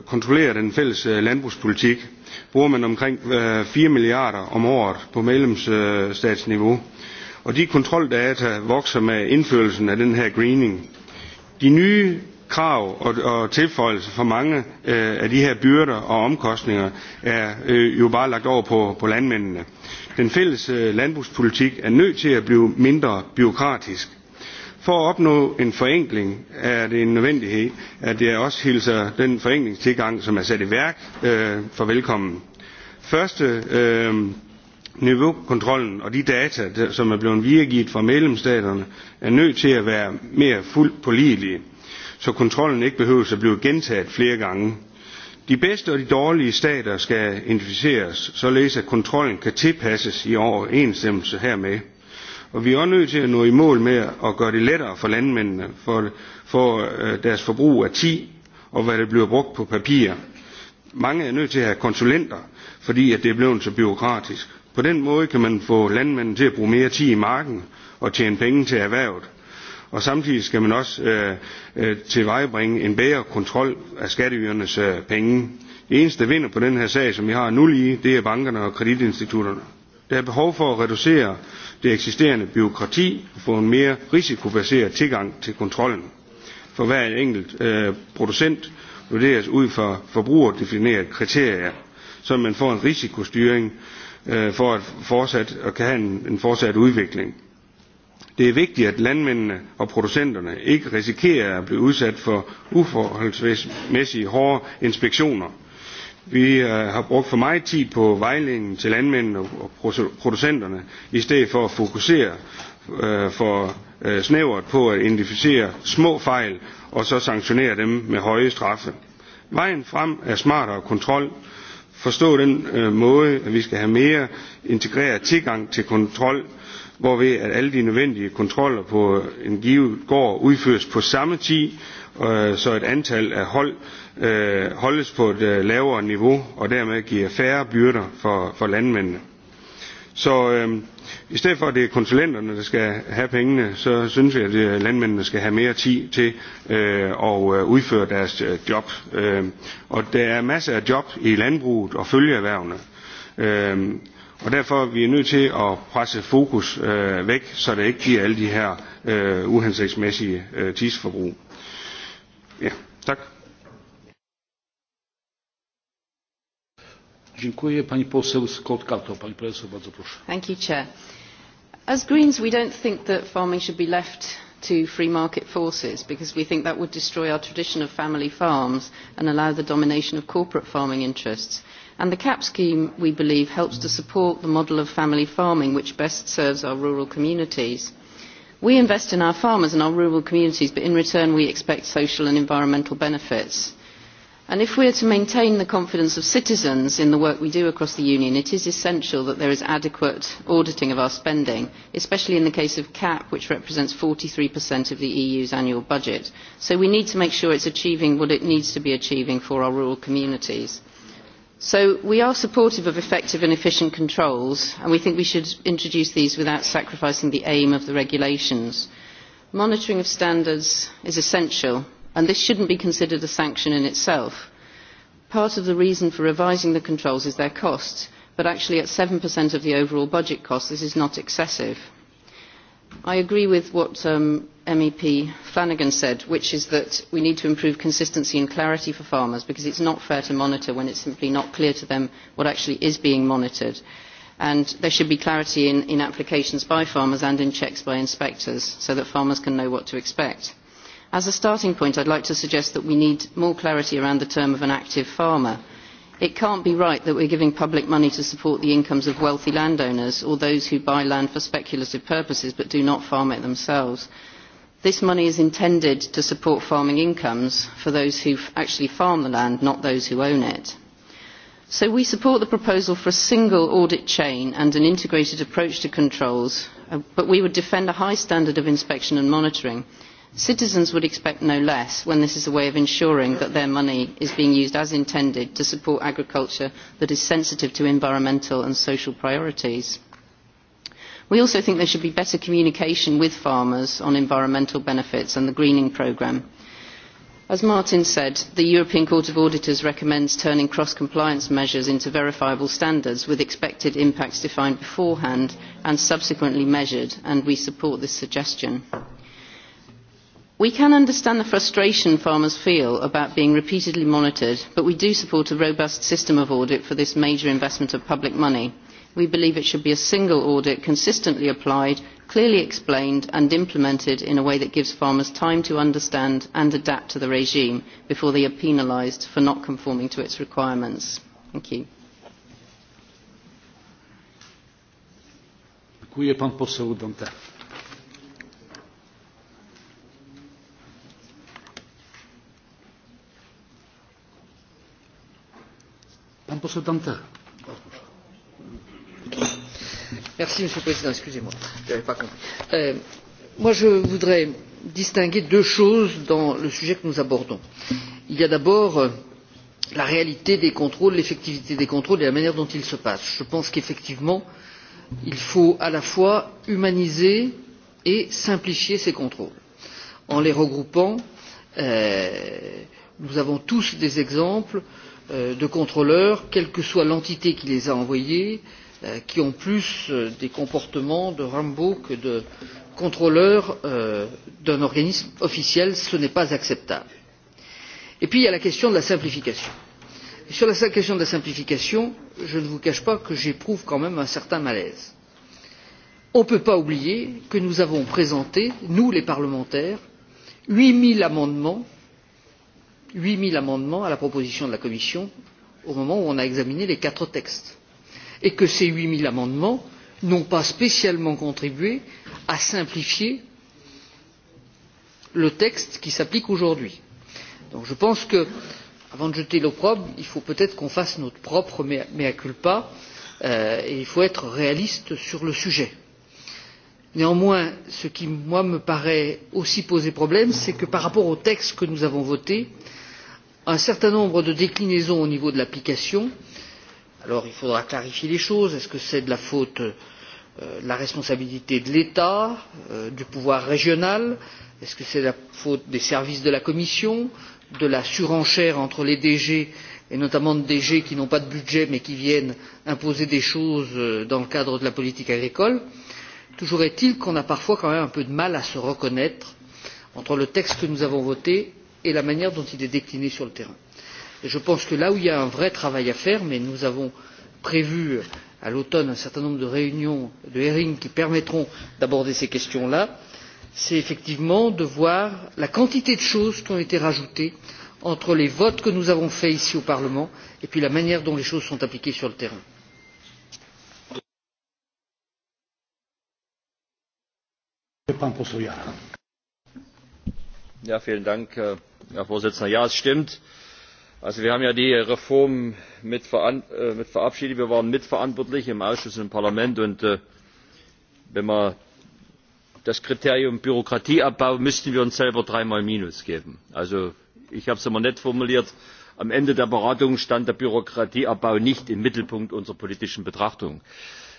Speaker 24: kontrollere den fælles landbrugspolitik bruger man omkring fire milliard om året på medlemsstatsniveau og de kontroldata vokser med indførelsen af den her greening. De nye krav og, og tilføjelser for mange øh, af de her byrder og omkostninger er øh, jo bare lagt over på, på landmændene. Den fælles øh, landbrugspolitik er nødt til at blive mindre byråkratisk. For at opnå en forenkling er det en nødvendighed, at jeg også hilser den forenklingstilgang, som er sat i værk, øh, for velkommen. Første øh, niveaukontrollen og de data som er blevet videregivet fra medlemsstaterne er nødt til at være mere fuldt pålidelige så kontrollen ikke behøver at blive gentaget flere gange de bedste og de dårlige stater skal identificeres således at kontrollen kan tilpasses i overensstemmelse hermed og vi er også nødt til at nå i mål med at gøre det lettere for landmændene for, for øh, deres forbrug af ti og hvad der bliver brugt på papir mange er nødt til at have konsulenter fordi det er blevet så bureaukratisk På den måde kan man få landmanden til at bruge mere tid i marken og tjene penge til erhvervet. Og samtidig skal man også øh, øh tilvejebringe en bedre kontrol af skatteydernes øh, penge. eneste, der vinder på den her sag, som vi har nu lige, det er bankerne og kreditinstitutterne. Der er behov for at reducere det eksisterende byråkrati og få en mere risikobaseret tilgang til kontrollen. For hver enkelt øh, producent vurderes ud fra forbrugerdefinerede kriterier, så man får en risikostyring Øh, for at, fortsat, kan have en, en fortsat udvikling. Det er vigtigt, at landmændene og producenterne ikke risikerer at blive udsat for uforholdsmæssigt hårde inspektioner. Vi øh, har brugt for meget tid på vejledningen til landmændene og producenterne, i stedet for at fokusere øh, for øh, snævert på at identificere små fejl og så sanktionere dem med høje straffe. Vejen frem er smartere kontrol, forstå den øh, måde, at vi skal have mere integreret tilgang til kontrol, hvorved at alle de nødvendige kontroller på en givet gård udføres på samme tid, øh, så et antal af hold øh, holdes på et øh, lavere niveau, og dermed giver færre byrder for, for landmændene. Så øh, i stedet for at det er konsulenterne der skal have pengene så synes jeg at øh, landmændene skal have mere tid til øh, at øh, udføre deres job og der er masser af job i landbruget og følgeerhvervene og derfor er vi nødt til at presse fokus væk så det ikke giver alle de her uhensigtsmæssige tidsforbrug
Speaker 1: tak Dziękuję. President,
Speaker 25: As Greens, we do not think that farming should be left to free market forces because we think that would destroy our tradition of family farms and allow the domination of corporate farming interests. the CAP scheme, we believe, helps to support the model of family farming which best serves our rural communities. We invest in our farmers and our rural communities, but in return we expect social and environmental benefits and if we are to maintain the confidence of citizens in the work we do across the union it is essential that there is adequate auditing of our spending especially in the case of cap which represents 43% of the eu's annual budget so we need to make sure it's achieving what it needs to be achieving for our rural communities so we are supportive of effective and efficient controls and we think we should introduce these without sacrificing the aim of the regulations monitoring of standards is essential and this should not be considered a sanction in itself. part of the reason for revising the controls is their cost but actually at 7% of the overall budget cost this is not excessive. i agree with what um, mep flanagan said which is that we need to improve consistency and clarity for farmers because it is not fair to monitor when it is simply not clear to them what actually is being monitored and there should be clarity in applications by farmers and in checks by inspectors so that farmers can know what to expect as a starting point i would like to suggest that we need more clarity around the term of an active farmer. it cannot be right that we are giving public money to support the incomes of wealthy landowners or those who buy land for speculative purposes but do not farm it themselves. this money is intended to support farming incomes for those who actually farm the land not those who own it. so we support the proposal for a single audit chain and an integrated approach to controls uh, but we would defend a high standard of inspection and monitoring Citizens would expect no less when this is a way of ensuring that their money is being used as intended to support agriculture that is sensitive to environmental and social priorities. We also think there should be better communication with farmers on environmental benefits and the greening programme. As Martin said, the European Court of Auditors recommends turning cross-compliance measures into verifiable standards with expected impacts defined beforehand and subsequently measured, and we support this suggestion we can understand the frustration farmers feel about being repeatedly monitored but we do support a robust system of audit for this major investment of public money. we believe it should be a single audit consistently applied clearly explained and implemented in a way that gives farmers time to understand and adapt to the regime before they are penalised for not conforming to its requirements. Thank you. Dziękuję pan
Speaker 1: poseł
Speaker 26: Merci, Monsieur le Président. Excusez-moi, je n'avais pas compris. Euh, je voudrais distinguer deux choses dans le sujet que nous abordons. Il y a d'abord euh, la réalité des contrôles, l'effectivité des contrôles et la manière dont ils se passent. Je pense qu'effectivement, il faut à la fois humaniser et simplifier ces contrôles. En les regroupant, euh, nous avons tous des exemples Euh, de contrôleurs quelle que soit l'entité qui les a envoyés euh, qui ont plus euh, des comportements de rambo que de contrôleurs d'un organisme officiel ce n'est pas acceptable. et puis il y a la question de la simplification. sur la question de la simplification je ne vous cache pas que j'éprouve quand même un certain malaise. on ne peut pas oublier que nous avons présenté nous les parlementaires huit zéro amendements huit amendements à la proposition de la commission au moment où on a examiné les quatre textes et que ces huit amendements n'ont pas spécialement contribué à simplifier le texte qui s'applique aujourd'hui. donc je pense que avant de jeter l'opprobre il faut peut être qu'on fasse notre propre mea culpa euh, et il faut être réaliste sur le sujet. néanmoins ce qui moi, me paraît aussi poser problème c'est que par rapport au texte que nous avons voté un certain nombre de déclinaisons au niveau de l'application alors il faudra clarifier les choses est ce que c'est de la faute euh, de la responsabilité de l'état euh, du pouvoir régional est ce que c'est de la faute des services de la commission de la surenchère entre les dg et notamment de dg qui n'ont pas de budget mais qui viennent imposer des choses euh, dans le cadre de la politique agricole? toujours est il qu'on a parfois quand même un peu de mal à se reconnaître entre le texte que nous avons voté et la manière dont il est décliné sur le terrain. je pense que là où il y a un vrai travail à faire mais nous avons prévu à l'automne un certain nombre de réunions de hearings qui permettront d'aborder ces questions là c'est effectivement de voir la quantité de choses qui ont été rajoutées entre les votes que nous avons faits ici au parlement et puis la manière dont les choses sont appliquées sur le terrain. Ja, vielen Dank,
Speaker 11: äh, herr präsident! ja es stimmt wir haben ja die reform äh, mit verabschiedet. wir waren mitverantwortlich im ausschuss und im parlament. und äh, wenn man das kriterium bürokratieabbau müssten wir uns selber dreimal minus geben. also ich habe es einmal nett formuliert am ende der beratungen stand der bürokratieabbau nicht im mittelpunkt unserer politischen betrachtung.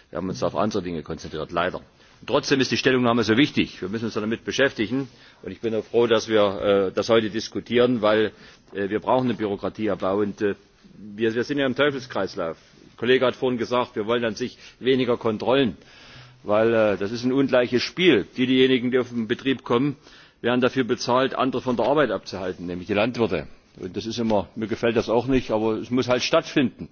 Speaker 11: wir haben uns auf andere dinge konzentriert leider trotzdem ist die stellungnahme so wichtig wir müssen uns damit beschäftigen und ich bin auch froh dass wir äh, das heute diskutieren weil äh, wir brauchen einen bürokratieabbau und äh, wir, wir sind ja im teufelskreislauf. ein kollege hat vorhin gesagt wir wollen an sich weniger kontrollen weil das ist ein ungleiches spiel diejenigen die auf den betrieb kommen werden dafür bezahlt andere von der arbeit abzuhalten nämlich die landwirte. Und das ist immer mir gefällt das auch nicht aber es muss halt stattfinden.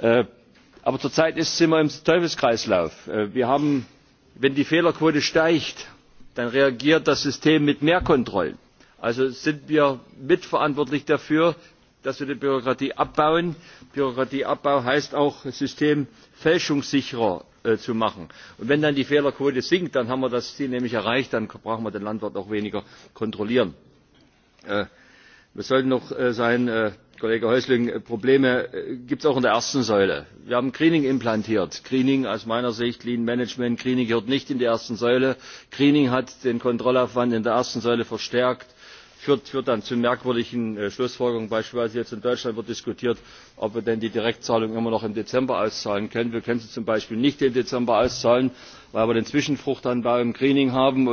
Speaker 11: aber zurzeit sind wir im teufelskreislauf. wir haben wenn die fehlerquote steigt dann reagiert das system mit mehr kontrollen. also sind wir mitverantwortlich dafür dass wir die bürokratie abbauen. bürokratieabbau heißt auch das system fälschungssicherer äh, zu machen. und wenn dann die fehlerquote sinkt dann haben wir das ziel nämlich erreicht dann brauchen wir den landwirt auch weniger kontrollieren. Äh, wir sollten noch äh, sein Kollege Häusling, äh, Probleme äh, gibt es auch in der ersten Säule. Wir haben Greening implantiert. Greening aus meiner Sicht, Lean Management, Greening gehört nicht in die ersten Säule. Greening hat den Kontrollaufwand in der ersten Säule verstärkt, führt, dann zu merkwürdigen äh, Schlussfolgerungen. Beispielsweise jetzt in Deutschland wird diskutiert, ob wir denn die Direktzahlung immer noch im Dezember auszahlen können. Wir können sie zum Beispiel nicht im Dezember auszahlen, weil wir den Zwischenfruchtanbau im Greening haben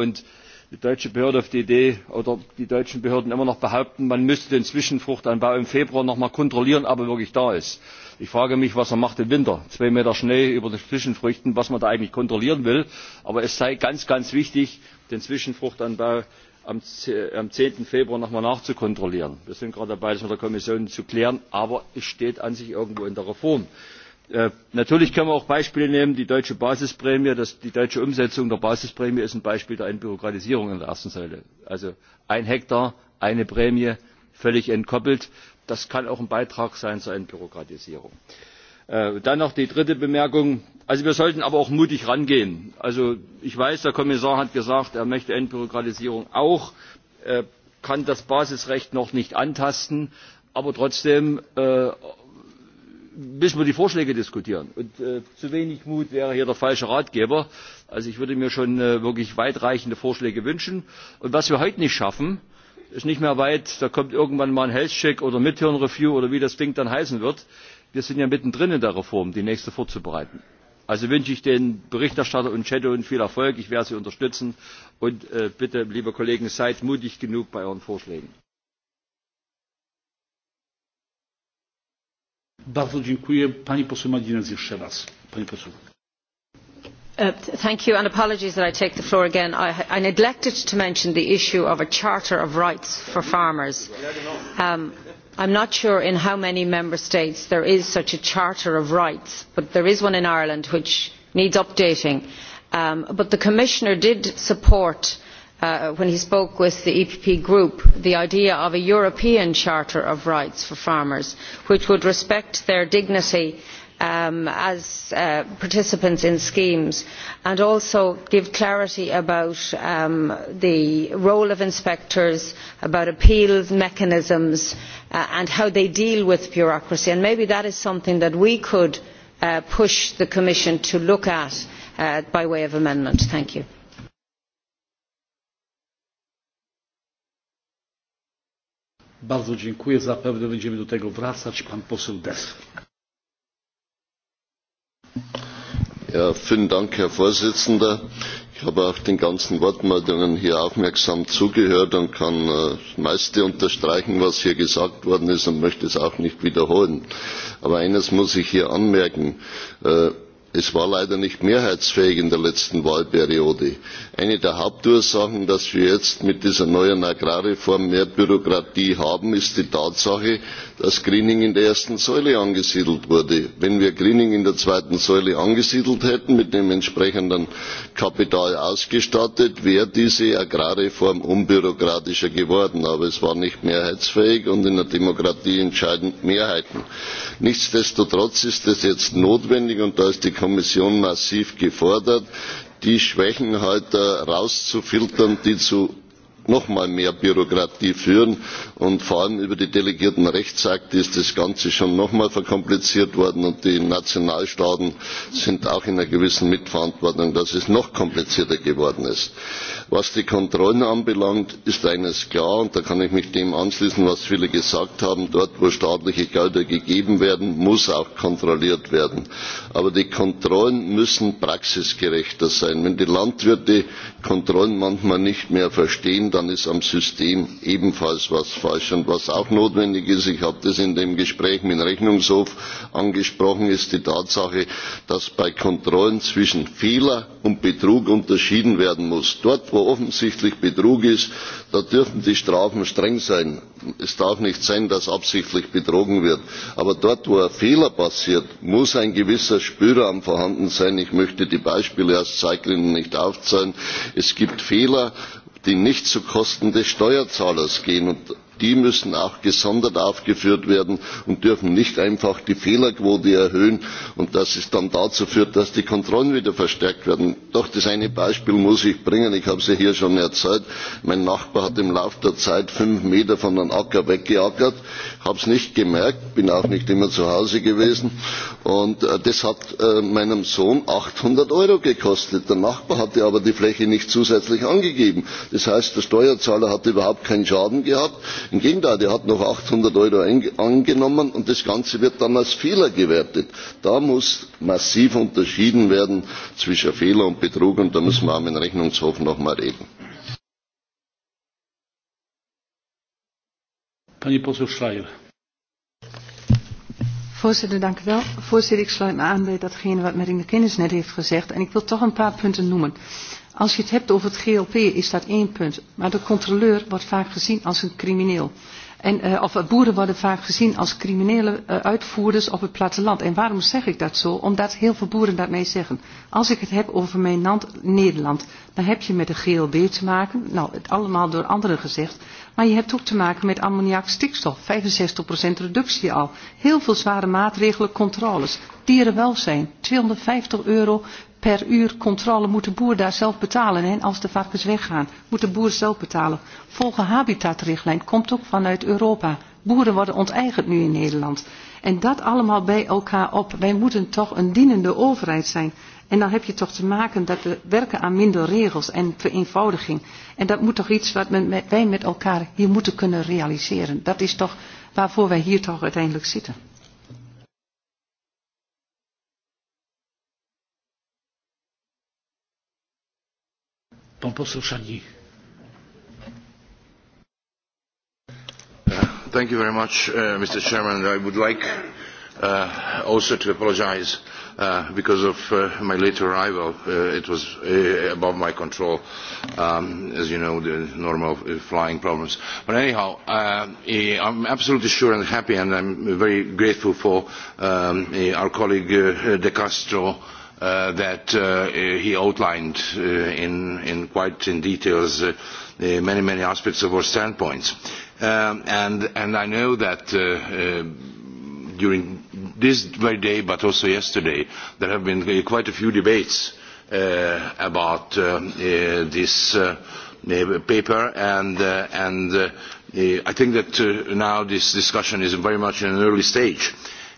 Speaker 11: die deutsche behörde auf die idee oder die deutschen behörden immer noch behaupten man müsse den zwischenfruchtanbau im februar noch einmal kontrollieren ob er wirklich da ist. ich frage mich was er macht im winter zwei meter schnee über den zwischenfrüchten was man da eigentlich kontrollieren will. aber es sei ganz ganz wichtig den zwischenfruchtanbau am. Äh, zehn februar noch einmal nachzukontrollieren. wir sind gerade dabei das mit der kommission zu klären aber es steht an sich irgendwo in der reform. Äh, natürlich können wir auch beispiele nehmen die deutsche basisprämie die deutsche umsetzung der basisprämie ist ein beispiel der entbürokratisierung in der ersten säule also ein hektar eine prämie völlig entkoppelt das kann auch ein beitrag sein zur entbürokratisierung. Äh, dann noch die dritte bemerkung also wir sollten aber auch mutig rangehen. Also ich weiß der kommissar hat gesagt er möchte entbürokratisierung auch äh, kann das basisrecht noch nicht antasten aber trotzdem müssen wir die vorschläge diskutieren und äh, zu wenig mut wäre hier der falsche ratgeber. also ich würde mir schon äh, wirklich weitreichende vorschläge wünschen. und was wir heute nicht schaffen ist nicht mehr weit da kommt irgendwann mal ein health check oder midterm review oder wie das ding dann heißen wird. wir sind ja mittendrin in der reform die nächste vorzubereiten. also wünsche ich den berichterstatter und shadows viel erfolg ich werde sie unterstützen und äh, bitte liebe kollegen seid mutig genug bei euren vorschlägen.
Speaker 1: Bardzo dziękuję. Pani poseł Madinez jeszcze raz. Pani poseł.
Speaker 22: Uh, thank you and apologies that i take the floor again. I, i neglected to mention the issue of a charter of rights for farmers. i am um, not sure in how many member states there is such a charter of rights but there is one in ireland which needs updating. Um, but the commissioner did support Uh, when he spoke with the epp group the idea of a european charter of rights for farmers which would respect their dignity um, as uh, participants in schemes and also give clarity about um, the role of inspectors about appeals mechanisms uh, and how they deal with bureaucracy maybe that is something that we could push the commission to look at by way of amendment. thank you.
Speaker 1: Bardzo dziękuję. Zapewne będziemy do tego wracać. Pan poseł Des.
Speaker 27: Ja, vielen Dank, Herr Vorsitzender. Ich habe auch den ganzen Wortmeldungen hier aufmerksam zugehört und kann das äh, meiste unterstreichen, was hier gesagt worden ist und möchte es auch nicht wiederholen. Aber eines muss ich hier anmerken. Äh, es war leider nicht mehrheitsfähig in der letzten wahlperiode. eine der hauptursachen dass wir jetzt mit dieser neuen agrarreform mehr bürokratie haben ist die tatsache dass greening in der ersten säule angesiedelt wurde. wenn wir greening in der zweiten säule angesiedelt hätten mit dem entsprechenden kapital ausgestattet wäre diese agrarreform unbürokratischer geworden. aber es war nicht mehrheitsfähig und in der demokratie entscheiden mehrheiten. nichtsdestotrotz ist es jetzt notwendig und da ist kommission massiv gefordert die schwächen heute herauszufiltern die zu noch mal mehr bürokratie führen und vor allem über die delegierten rechtsakte ist das ganze schon noch mal verkompliziert worden und die nationalstaaten sind auch in einer gewissen mitverantwortung dass es noch komplizierter geworden ist. was die kontrollen anbelangt ist eines klar und da kann ich mich dem anschließen was viele gesagt haben dort wo staatliche gelder gegeben werden muss auch kontrolliert werden. aber die kontrollen müssen praxisgerechter sein. wenn die landwirte kontrollen manchmal nicht mehr verstehen dann ist am System ebenfalls etwas falsch. Und was auch notwendig ist, ich habe das in dem Gespräch mit dem Rechnungshof angesprochen, ist die Tatsache, dass bei Kontrollen zwischen Fehler und Betrug unterschieden werden muss. Dort, wo offensichtlich Betrug ist, da dürfen die Strafen streng sein. Es darf nicht sein, dass absichtlich betrogen wird. Aber dort, wo ein Fehler passiert, muss ein gewisser spielraum vorhanden sein. Ich möchte die Beispiele aus Zeitgründen nicht aufzählen. Es gibt Fehler, die nicht zu kosten des steuerzahlers gehen und die müssen auch gesondert aufgeführt werden und dürfen nicht einfach die fehlerquote erhöhen und das dann dazu führt dass die kontrollen wieder verstärkt werden. doch das eine beispiel muss ich bringen ich habe es ja hier schon erzählt mein nachbar hat im laufe der zeit fünf meter von einem acker weggeackert habe es nicht gemerkt bin auch nicht immer zu hause gewesen und äh, das hat äh, meinem sohn 800 euro gekostet. der nachbar hatte aber die fläche nicht zusätzlich angegeben. das heißt der steuerzahler hat überhaupt keinen schaden gehabt. im gegenteil er hat noch 800 euro angenommen und das ganze wird dann als fehler gewertet. da muss massiv unterschieden werden zwischen fehler und betrug und da müssen wir auch mit dem rechnungshof noch einmal reden.
Speaker 1: Pani
Speaker 6: Voorzitter, dank u wel. Voorzitter, ik sluit me aan bij datgene wat de Kennis net heeft gezegd. En ik wil toch een paar punten noemen. Als je het hebt over het GLP is dat één punt. Maar de controleur wordt vaak gezien als een crimineel. En, uh, of er boeren worden vaak gezien als criminele uh, uitvoerders op het platteland. En waarom zeg ik dat zo? Omdat heel veel boeren daarmee zeggen. Als ik het heb over mijn land Nederland, dan heb je met de GLB te maken. Nou, het allemaal door anderen gezegd. Maar je hebt ook te maken met ammoniak stikstof. 65% reductie al. Heel veel zware maatregelen, controles. Dierenwelzijn. 250 euro per uur controle moet de boer daar zelf betalen. En als de varkens weggaan, moet de boer zelf betalen. Volgen habitatrichtlijn komt ook vanuit Europa. Boeren worden onteigend nu in Nederland. En dat allemaal bij elkaar op. Wij moeten toch een dienende overheid zijn. En dan heb je toch te maken dat we werken aan minder regels en vereenvoudiging. En dat moet toch iets wat wij met elkaar hier moeten kunnen realiseren. Dat is toch waarvoor wij hier toch uiteindelijk zitten.
Speaker 26: Pan poseł
Speaker 28: Thank you very much, uh, Mr. Chairman. I would like uh, also to apologize uh, because of uh, my late arrival. Uh, it was uh, above my control, um, as you know, the normal uh, flying problems. But anyhow, uh, eh, I'm absolutely sure and happy, and I'm very grateful for um, eh, our colleague uh, De Castro Uh, that uh, he outlined uh, in, in quite in details many many aspects of our standpoints um, and, i know that during this very day but also yesterday there have been quite a few debates about this paper and, and i think that now this discussion is very much in an early stage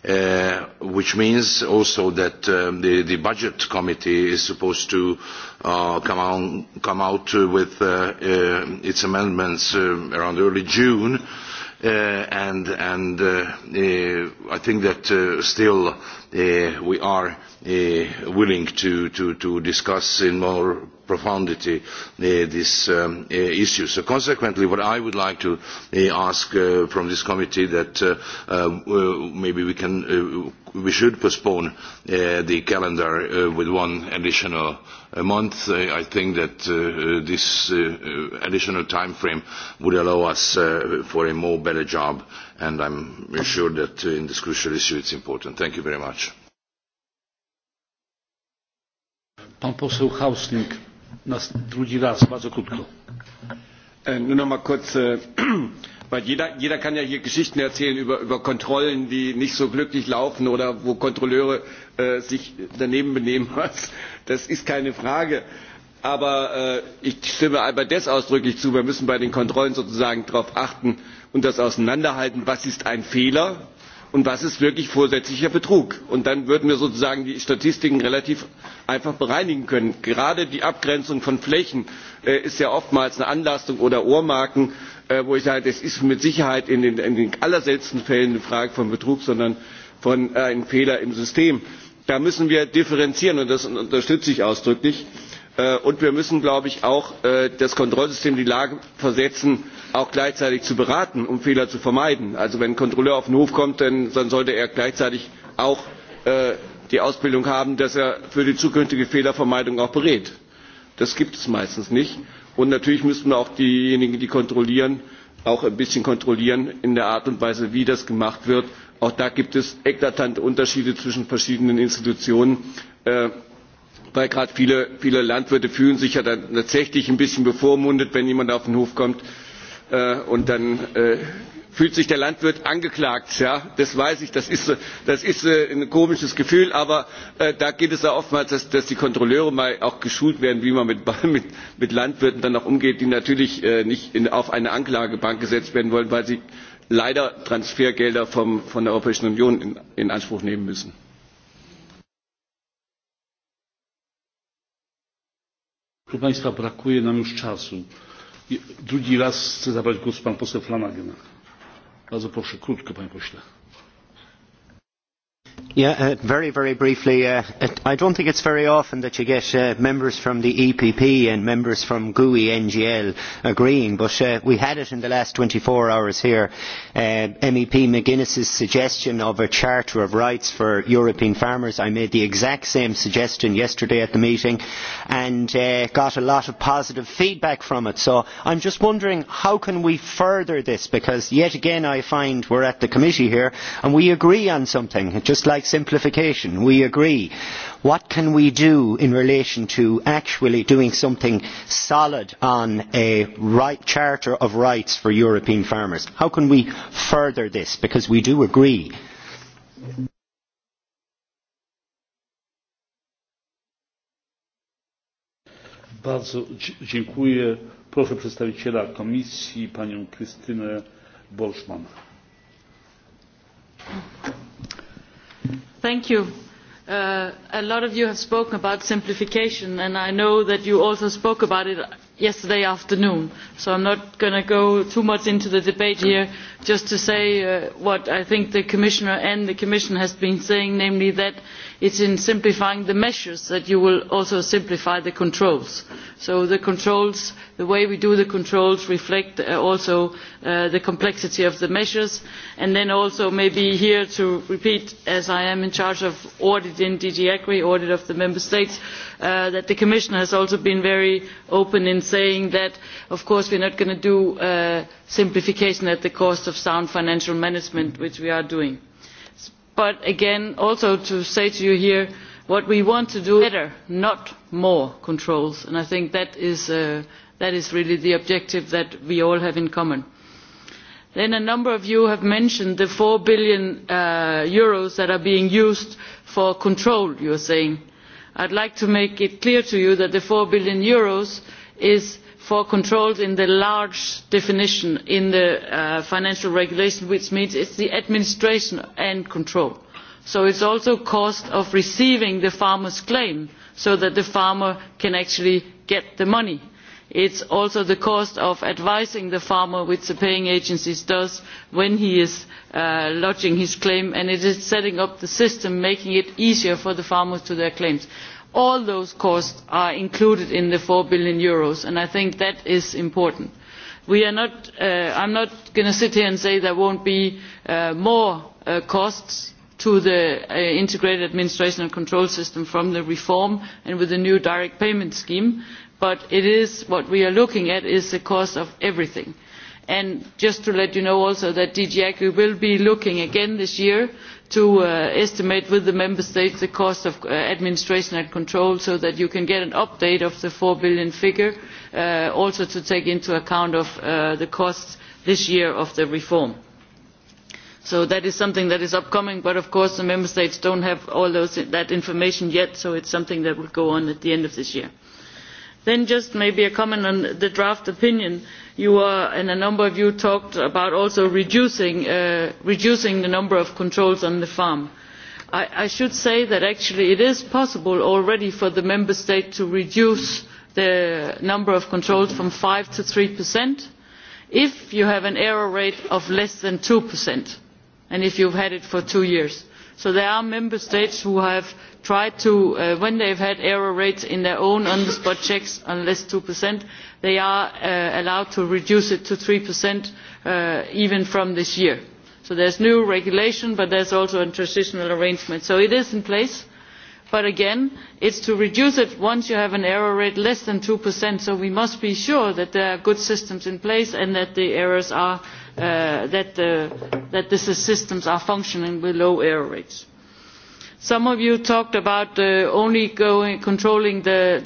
Speaker 28: Uh, which means also that um, the, the budget committee is supposed to uh, come, on, come out with uh, its amendments um, around early June and, and I think that still Uh, we are uh, willing to, discuss in more profundity uh, this um, issue. So consequently what I would like to ask from this committee that um, maybe we we should postpone the calendar with one additional month. I think that this additional time frame would allow us for a more better job and I'm sure that uh, in this crucial issue it's important. Thank
Speaker 1: you very much. Pan poseł Hausling,
Speaker 21: nas drugi raz, bardzo krótko. Äh, nur noch mal kurz, äh, weil jeder, jeder kann ja hier Geschichten erzählen über, über Kontrollen, die nicht so glücklich laufen oder wo Kontrolleure äh, sich daneben benehmen. Das ist keine Frage. Aber äh, ich stimme Albert Dess ausdrücklich zu, wir müssen bei den Kontrollen sozusagen darauf achten, und das auseinanderhalten was ist ein fehler und was ist wirklich vorsätzlicher betrug. und dann würden wir sozusagen die statistiken relativ einfach bereinigen können. gerade die abgrenzung von flächen äh, ist ja oftmals eine anlastung oder ohrmarken äh, wo ich sage es ist mit sicherheit in den, in den allerseltensten fällen eine frage von betrug sondern von äh, einem fehler im system. da müssen wir differenzieren und das unterstütze ich ausdrücklich. Äh, und wir müssen glaube ich auch äh, das kontrollsystem in die lage versetzen auch gleichzeitig zu beraten um fehler zu vermeiden. also wenn ein kontrolleur auf den hof kommt dann sollte er gleichzeitig auch äh, die ausbildung haben dass er für die zukünftige fehlervermeidung auch berät. das gibt es meistens nicht. und natürlich müssen auch diejenigen die kontrollieren auch ein bisschen kontrollieren in der art und weise wie das gemacht wird. auch da gibt es eklatante unterschiede zwischen verschiedenen institutionen weil gerade viele, landwirte fühlen sich ja dann tatsächlich ein bisschen bevormundet wenn jemand auf den hof kommt äh, und dann äh, fühlt sich der landwirt angeklagt ja das weiß ich das ist, das ist äh, ein komisches gefühl aber da geht es ja oftmals dass, dass die kontrolleure mal auch geschult werden wie man mit, mit, landwirten dann auch umgeht die natürlich nicht auf eine anklagebank gesetzt werden wollen weil sie leider transfergelder vom, von der europäischen union in anspruch nehmen müssen.
Speaker 1: Proszę Państwa, brakuje nam już czasu. Drugi raz chce zabrać głos pan poseł Flanagan. Bardzo proszę, krótko panie pośle.
Speaker 23: Yeah, uh, very, very briefly, uh, I don't think it's very often that you get uh, members from the EPP and members from GUI NGL agreeing, but we had it in the last 24 hours here. MEP McGuinness's suggestion of a Charter of Rights for European farmers, I made the exact same suggestion yesterday at the meeting and got a lot of positive feedback from it. So I'm just wondering how can we further this, because yet again I find we're at the committee here and we agree on something, just like like simplification we agree what can we do in relation to actually doing something solid on a right, charter of rights for european farmers? how can we further this because we do agree?
Speaker 1: Bardzo dziękuję. Proszę przedstawiciela komisji, panią Krystynę
Speaker 29: Bolszman. Thank you. Uh, a lot of you have spoken about simplification and I know that you also spoke about it yesterday afternoon so i am not going to go too much into the debate here just to say uh, what i think the commissioner and the commission have been saying namely that it is in simplifying the measures that you will also simplify the controls. so the controls the way we do the controls reflect uh, also uh, the complexity of the measures and then also maybe here to repeat as i am in charge of audit in dg agri audit of the member states that the commission has also been very open saying that of course we are not going to do uh, simplification at the cost of sound financial management which we are doing. but again also to say to you here what we want to do is better not more controls and i think that is, uh, that is really the objective that we all have in common. then a number of you have mentioned the eur four billion uh, Euros that are being used for control you are saying. i would like to make it clear to you that the eur four billion Euros is for controls in the large definition in the uh, financial regulation which means it is the administration and control so it is also the cost of receiving the farmer's claim so that the farmer can actually get the money. it is also the cost of advising the farmer which the paying agencies do when he is uh, lodging his claim and it is setting up the system making it easier for the farmers to their claims all those costs are included in the eur four billion Euros, and i think that is important. i am not, uh, going to sit here and say there will be uh, more uh, costs to the integrated administration and control system from the reform and with the new direct payment scheme but it is, what we are looking at is the cost of everything. just to let you know also that dg agri will be looking again this year to uh, estimate with the member states the cost of uh, administration and control so that you can get an update of the eur four billion figure uh, also to take into account of, the costs this year of the reform. so that is something that is upcoming but of course the member states do not have all that information yet so it is something that will go on at the end of this year. then just maybe a comment on the draft opinion you are, and a number of you talked about also reducing, uh, reducing the number of controls on the farm. I, i should say that actually it is possible already for the member state to reduce the number of controls from five to three if you have an error rate of less than two and if you have had it for two years so there are member states who have tried to uh, when they have had error rates in their own on the spot checks than two they are uh, allowed to reduce it to three uh, even from this year. so there is new regulation but there is also a transitional arrangement so it is in place but again it is to reduce it once you have an error rate less than two so we must be sure that there are good systems in place and that the errors are Uh, that, uh, that the systems are functioning with low error rates. Some of you talked about uh, only going, controlling the,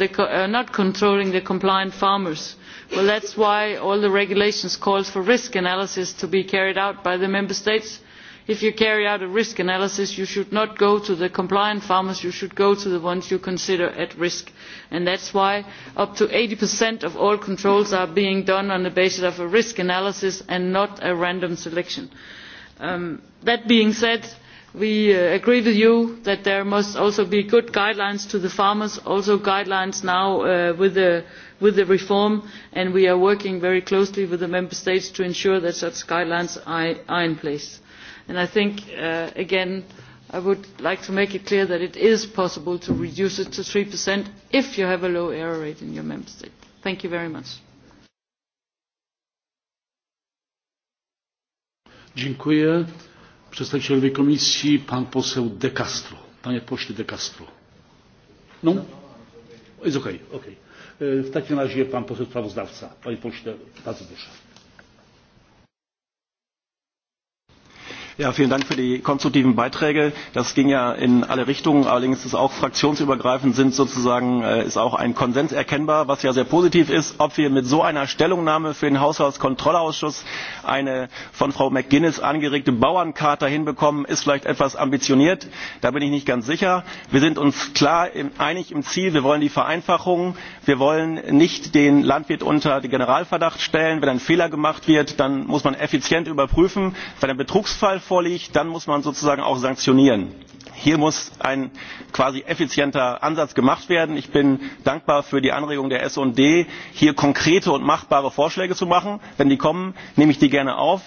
Speaker 29: not controlling the compliant farmers. Well, that's why all the regulations call for risk analysis to be carried out by the member states if you carry out a risk analysis you should not go to the compliant farmers you should go to the ones you consider at risk and that is why up to eighty of all controls are being done on the basis of a risk analysis and not a random selection. Um, that being said we uh, agree with you that there must also be good guidelines to the farmers also guidelines now uh, with, the, reform and we are working very closely with the member states to ensure that such guidelines are in place and i think uh, again i would like to make it clear that it is possible to reduce it to 3% if you have a low error rate in your member state. Thank you very much.
Speaker 1: Dziękuję. Przedstawicielowi komisji pan poseł De Castro. Panie pośle De Castro. No? Jest okej, okay, okej. Okay. E, w takim razie pan poseł sprawozdawca. Panie pośle, bardzo proszę.
Speaker 19: Ja, vielen Dank für die konstruktiven Beiträge. Das ging ja in alle Richtungen. Allerdings ist es auch fraktionsübergreifend sind sozusagen, äh, ist auch ein Konsens erkennbar, was ja sehr positiv ist. Ob wir mit so einer Stellungnahme für den Haushaltskontrollausschuss eine von Frau McGuinness angeregte Bauernkarte hinbekommen, ist vielleicht etwas ambitioniert. Da bin ich nicht ganz sicher. Wir sind uns klar einig im Ziel. Wir wollen die Vereinfachung. Wir wollen nicht den Landwirt unter den Generalverdacht stellen. Wenn ein Fehler gemacht wird, dann muss man effizient überprüfen. Wenn ein Betrugsfall vorliegt dann muss man sozusagen auch sanktionieren. hier muss ein quasi effizienter ansatz gemacht werden. ich bin dankbar für die anregung der sd hier konkrete und machbare vorschläge zu machen. wenn die kommen nehme ich die gerne auf.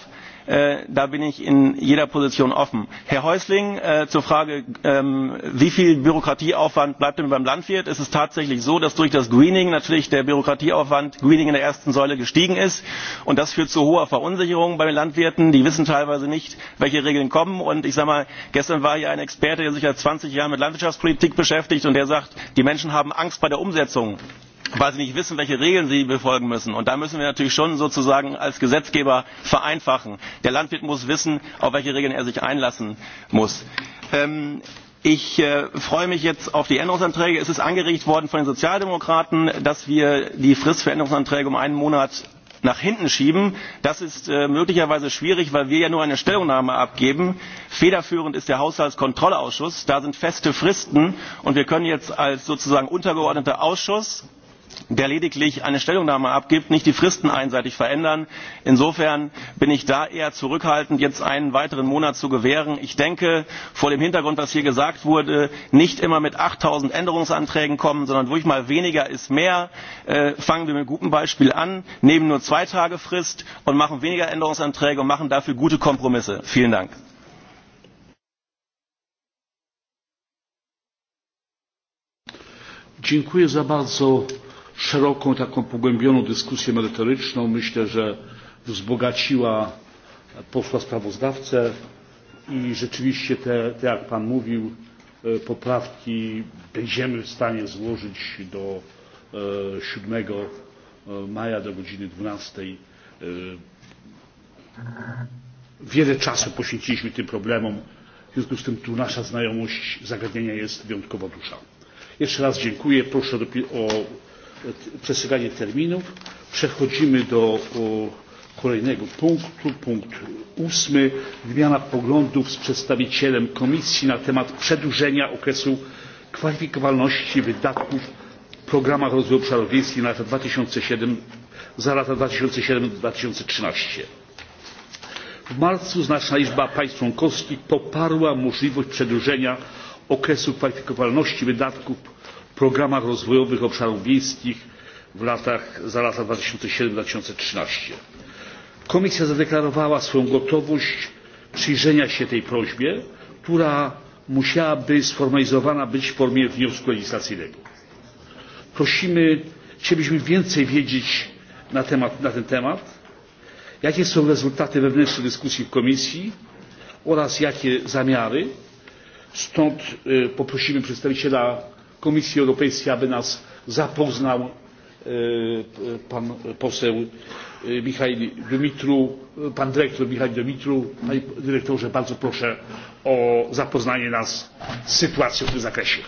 Speaker 19: Äh, da bin ich in jeder position offen. herr häusling äh, zur frage ähm, wie viel bürokratieaufwand bleibt denn beim landwirt es ist tatsächlich so dass durch das greening natürlich der bürokratieaufwand greening in der ersten säule gestiegen ist und das führt zu hoher verunsicherung bei den landwirten die wissen teilweise nicht welche regeln kommen und ich sage mal gestern war hier ein experte der sich seit zwanzig jahren mit landwirtschaftspolitik beschäftigt und der sagt die menschen haben angst bei der umsetzung weil sie nicht wissen welche regeln sie befolgen müssen. und da müssen wir natürlich schon sozusagen als gesetzgeber vereinfachen. der landwirt muss wissen auf welche regeln er sich einlassen muss. Ähm, ich äh, freue mich jetzt auf die änderungsanträge. es ist angeregt worden von den sozialdemokraten dass wir die frist für änderungsanträge um einen monat nach hinten schieben. das ist äh, möglicherweise schwierig weil wir ja nur eine stellungnahme abgeben. federführend ist der haushaltskontrollausschuss da sind feste fristen und wir können jetzt als sozusagen untergeordneter ausschuss der lediglich eine stellungnahme abgibt nicht die fristen einseitig verändern. insofern bin ich da eher zurückhaltend jetzt einen weiteren monat zu gewähren. ich denke vor dem hintergrund was hier gesagt wurde nicht immer mit acht änderungsanträgen kommen sondern ruhig mal weniger ist mehr. Äh, fangen wir mit gutem beispiel an nehmen nur zwei tage frist und machen weniger änderungsanträge und machen dafür gute kompromisse. vielen dank!
Speaker 1: szeroką, taką pogłębioną dyskusję merytoryczną. Myślę, że wzbogaciła e, posła sprawozdawcę i rzeczywiście te, jak Pan mówił, e, poprawki będziemy w stanie złożyć do 7 e, maja do godziny 12. Wiele czasu poświęciliśmy tym problemom, w związku z tym tu nasza znajomość zagadnienia jest wyjątkowo duża. Jeszcze raz dziękuję. Proszę o przestrzeganie terminów. Przechodzimy do kolejnego punktu, punkt ósmy, wymiana poglądów z przedstawicielem Komisji na temat przedłużenia okresu kwalifikowalności wydatków w programach rozwoju obszarów wiejskich na lata 2007, za lata 2007-2013. W marcu znaczna liczba państw członkowskich poparła możliwość przedłużenia okresu kwalifikowalności wydatków programach rozwojowych obszarów wiejskich w latach, za lata dwa tysiące siedem komisja zadeklarowała swoją gotowość przyjrzenia się tej prośbie która musiałaby sformalizowana być w formie wniosku legislacyjnego. prosimy chcielibyśmy więcej wiedzieć na, temat, na ten temat jakie są rezultaty wewnętrznych dyskusji w komisji oraz jakie zamiary stąd poprosimy przedstawiciela Komisji Europejskiej, aby nas zapoznał e, pan poseł e, michail Dmitru, pan dyrektor michail Dimitru Panie dyrektorze, bardzo proszę o zapoznanie nas z sytuacją w tym zakresie.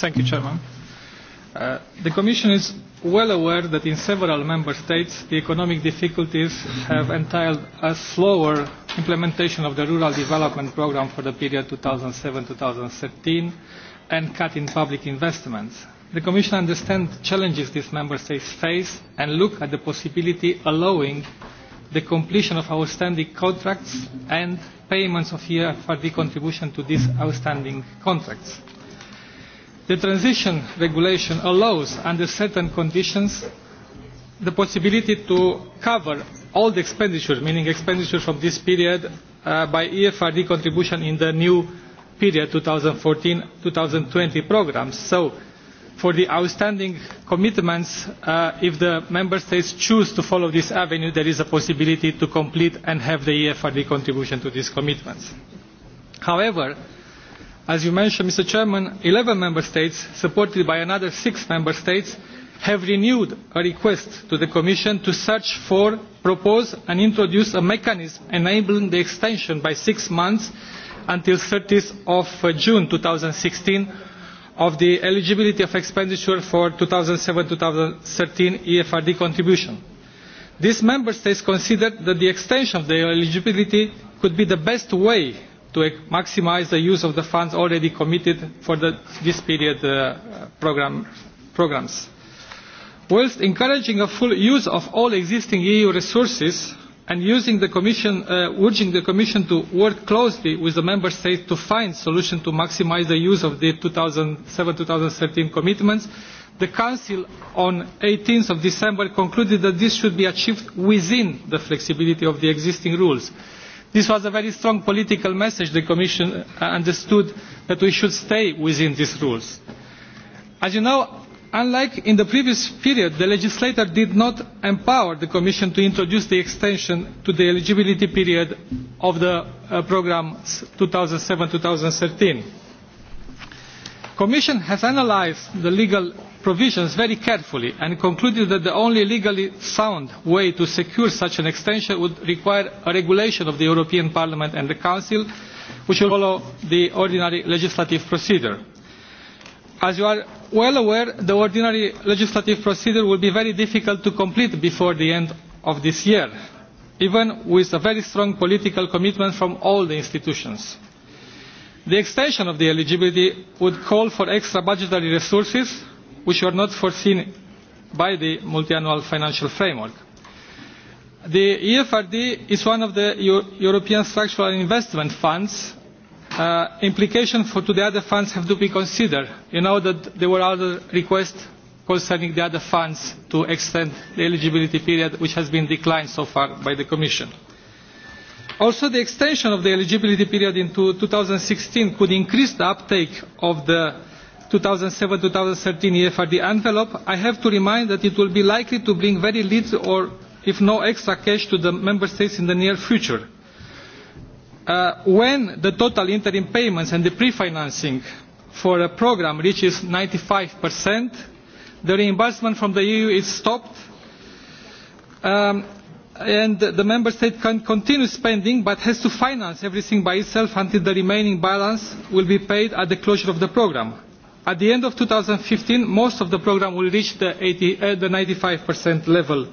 Speaker 30: Thank you, Chairman. Uh, well aware that in several member states the economic difficulties have entailed a slower implementation of the rural development programme for the period 2007 2013 and cut in public investments the commission understands the challenges these member states face and look at the possibility of allowing the completion of outstanding contracts and payments of EFRD contribution to these outstanding contracts the transition regulation allows under certain conditions the possibility to cover all the expenditure meaning expenditure from this period uh, by efrd contribution in the new period 2014 2020 programs so for the outstanding commitments uh, if the member states choose to follow this avenue there is a possibility to complete and have the efrd contribution to these commitments however as you mentioned mr chairman eleven member states supported by another six member states have renewed a request to the commission to search for propose and introduce a mechanism enabling the extension by six months until 30 uh, june of june and sixteen of the eligibility of expenditure for two thousand seven thirteen efrd contribution. these member states considered that the extension of the eligibility could be the best way to maximise the use of the funds already committed for this period uh, programmes. Whilst encouraging a full use of all existing EU resources and using the Commission, uh, urging the Commission to work closely with the Member States to find solutions to maximise the use of the 2007-2013 commitments, the Council on 18 December concluded that this should be achieved within the flexibility of the existing rules this was a very strong political message the commission uh, understood that we should stay within these rules. as you know unlike in the previous period the legislator did not empower the commission to introduce the extension to the eligibility period of the uh, programme two thousand and seven two thousand and thirteen the commission has analysed the legal provisions very carefully and concluded that the only legally sound way to secure such an extension would require a regulation of the european parliament and the council which will follow the ordinary legislative procedure. as you are well aware the ordinary legislative procedure will be very difficult to complete before the end of this year even with a very strong political commitment from all the institutions. the extension of the eligibility would call for extra budgetary resources which were not foreseen by the multiannual financial framework. The EFRD is one of the European structural investment funds. Uh, Implications for to the other funds have to be considered. You know that there were other requests concerning the other funds to extend the eligibility period which has been declined so far by the Commission. Also the extension of the eligibility period into 2016 could increase the uptake of the 2007-2013 seven efrd e envelope i have to remind that it will be likely to bring very little or if no extra cash to the member states in the near future. Uh, when the total interim payments and the pre financing for a program reaches 95%, the reimbursement from the eu is stopped um, and the member state can continue spending but has to finance everything by itself until the remaining balance will be paid at the closure of the programme At the end of 2015, most of the programme will reach the, 80, uh, the 95% level.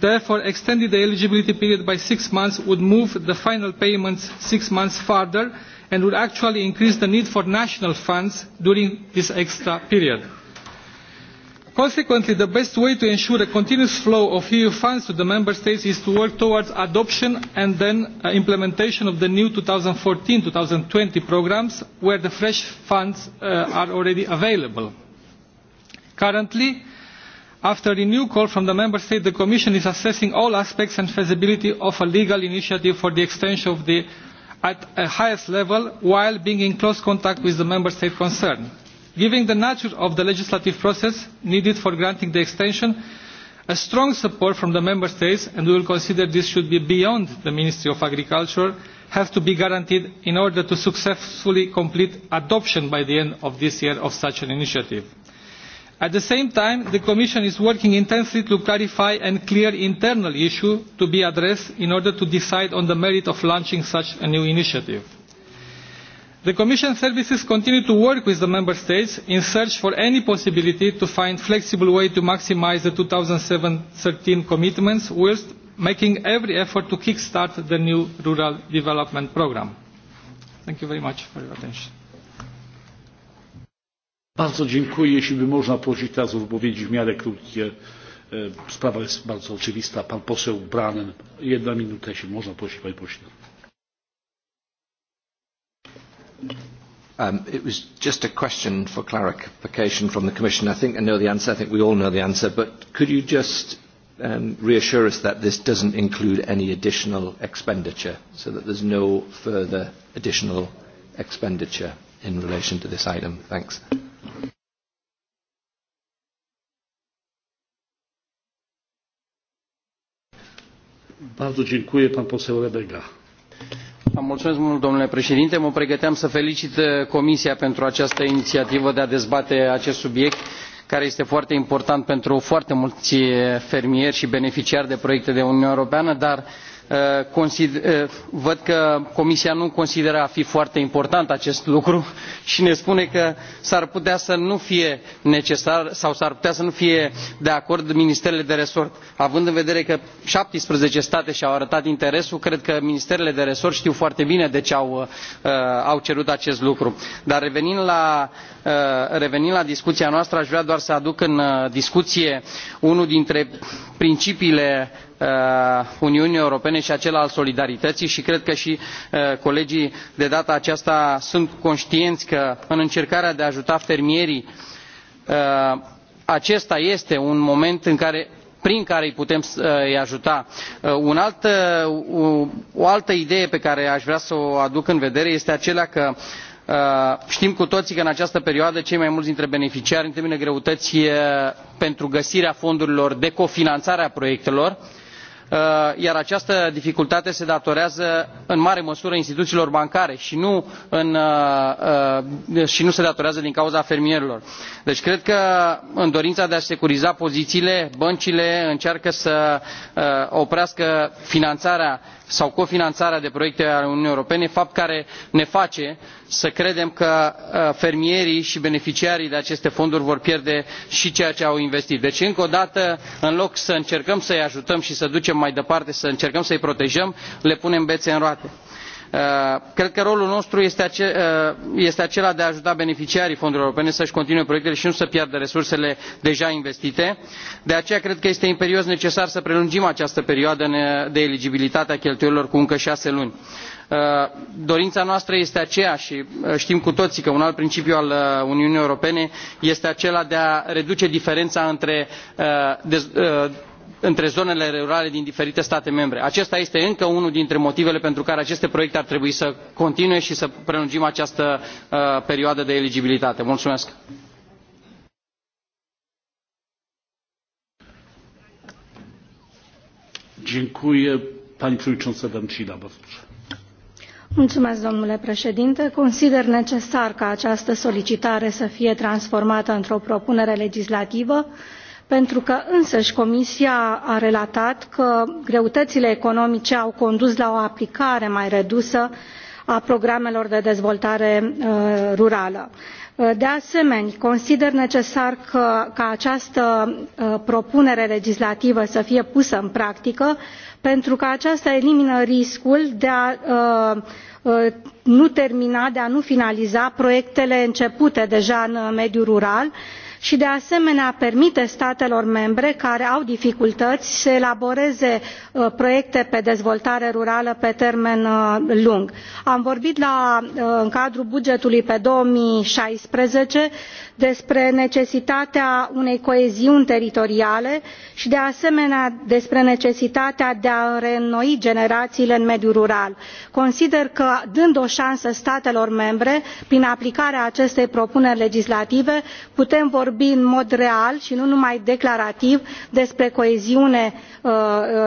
Speaker 30: Therefore, extending the eligibility period by six months would move the final payments six months farther and would actually increase the need for national funds during this extra period consequently the best way to ensure a continuous flow of eu funds to the member states is to work towards adoption and then uh, implementation of the new 2014 thousand and fourteen twenty programmes where the fresh funds uh, are already available. currently after a new call from the member states the commission is assessing all aspects and feasibility of a legal initiative for the extension of the at a highest level while being in close contact with the member state concerned Given the nature of the legislative process needed for granting the extension a strong support from the member states and we will consider this should be beyond the ministry of agriculture has to be guaranteed in order to successfully complete adoption by the end of this year of such an initiative. at the same time the commission is working intensely to clarify and clear internal issues to be addressed in order to decide on the merit of launching such a new initiative the commission services continue to work with the member states in search for any possibility to find a flexible way to maximise the two thousand and thirteen commitments whilst making every effort to kick start the new rural development programme. thank you very much for your attention.
Speaker 1: Bardzo dziękuję. Jeśli by można prosić teraz o wypowiedzi w miarę krótkie. E, sprawa jest bardzo oczywista. Pan poseł Branen. Jedna minuta, jeśli można prosić, panie pośle.
Speaker 9: Um, it was just a question for clarification from the Commission. I think I know the answer. I think we all know the answer. But could you just um,
Speaker 11: reassure us that this doesn't include any additional expenditure, so that there's no further additional expenditure in relation to this item? Thanks.
Speaker 4: Bardzo dziękuję, pan poseł Rebega domnule președinte mă pregăteam să felicit uh, comisia pentru această inițiativă de a dezbate acest subiect care este foarte important pentru foarte mulți uh, fermieri și beneficiari de proiecte de uniune europeană dar Eh, eh, văd că comisia nu consideră a fi foarte important acest lucru și ne spune că s ar putea să nu fie necesar sau s ar putea să nu fie de acord ministerele de resort. având în vedere că 17 state și au arătat interesul cred că ministerele de resort știu foarte bine de ce au, eh, au cerut acest lucru. dar revenind la, revenind la discuția noastră aș vrea doar să aduc în discuție unul dintre principiile Uh, uniunii europene și acela al solidarității și cred că și uh, colegii de data aceasta sunt conștienți că în încercarea de a ajuta fermierii uh, acesta este un moment prin care îi putem îi ajuta. o altă idee pe care aș vrea să o aduc în vedere este aceea că știm cu toții că în această perioadă cei mai mulți dintre beneficiari întâmpină greutăți e pentru găsirea fondurilor de cofinanțare a proiectelor Uh, iar această dificultate se datorează în mare măsură instituțiilor bancare uh, uh, și nu, se datorează din cauza fermierilor. deci cred că în dorința de a și securiza pozițiile băncile încearcă să oprească finanțarea sau cofinanțarea de proiecte ale uniunii europene fapt care ne face să credem că fermierii și beneficiarii de aceste fonduri vor pierde și ceea ce au investit. deci încă o dată în loc să încercăm să i ajutăm și să ducem mai departe să încercăm să i protejăm le punem bețe în roate. Uh, cred că rolul nostru uh, este, acela de a ajuta beneficiarii fondurilor europene să își continue proiectele și nu să piardă resursele deja investite de aceea cred că este imperios necesar să prelungim această perioadă de eligibilitate a cheltuielilor cu încă șase luni uh, dorința noastră este aceea și știm cu toții că un alt principiu al uniunii europene este acela de a reduce diferența între între zonele rurale din diferite state membre. acesta este încă unul dintre motivele pentru care aceste proiecte ar trebui să continue și să prelungim această uh, perioadă de eligibilitate. mulțumesc.
Speaker 31: domnule președinte consider necesar ca această solicitare să fie transformată într o propunere legislativă pentru că însăși comisia a relatat că greutățile economice au condus la o aplicare mai redusă a programelor de dezvoltare uh, rurală. Uh, de asemenea consider necesar ca această uh, propunere legislativă să fie pusă în practică pentru că aceasta elimină riscul de a nu termina de a nu finaliza proiectele începute deja în mediul rural și de asemenea permite statelor membre care au dificultăți să elaboreze uh, proiecte pe dezvoltare rurală pe termen uh, lung. am vorbit uh, în cadrul bugetului pe două mii despre necesitatea unei coeziuni teritoriale și de asemenea despre necesitatea de a reînnoi generațiile în mediul rural. consider că dând o șansă statelor membre prin aplicarea acestei propuneri legislative putem vorbi în mod real și nu numai declarativ despre coeziune uh, uh,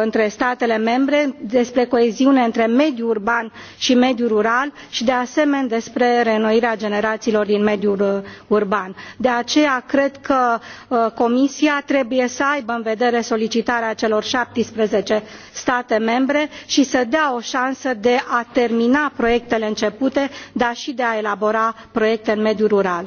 Speaker 31: între statele membre despre coeziune între mediul urban și mediul rural și de asemenea despre reînnoirea generațiilor din mediul uh, urban de aceea cred că uh, comisia trebuie să aibă în vedere solicitarea celor șaptesprezece state membre și să dea o șansă de a termina proiectele începute dar și de a elabora proiecte în mediul rural.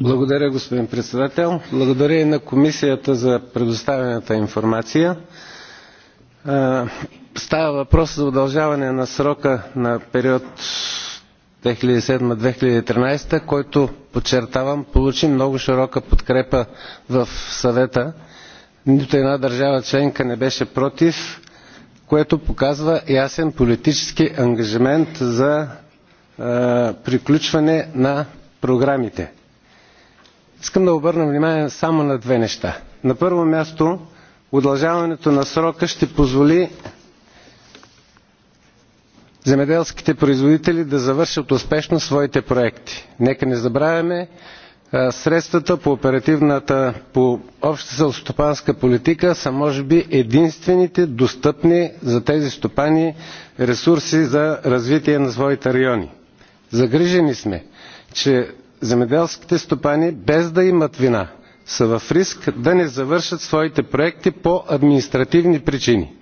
Speaker 32: Благодаря, господин председател. Благодаря и на комисията за предоставената информация. Става въпрос за удължаване на срока на период 2007-2013, който, подчертавам, получи много широка подкрепа в съвета. Нито една държава членка не беше против, което показва ясен политически ангажимент за приключване на програмите искам да обърна внимание само на две неща. На първо място, удължаването на срока ще позволи земеделските производители да завършат успешно своите проекти. Нека не забравяме, средствата по оперативната, по обща селостопанска политика са може би единствените достъпни за тези стопани ресурси за развитие на своите райони. Загрижени сме, че земеделските стопани без да имат вина са в риск да не завършат своите проекти по административни причини.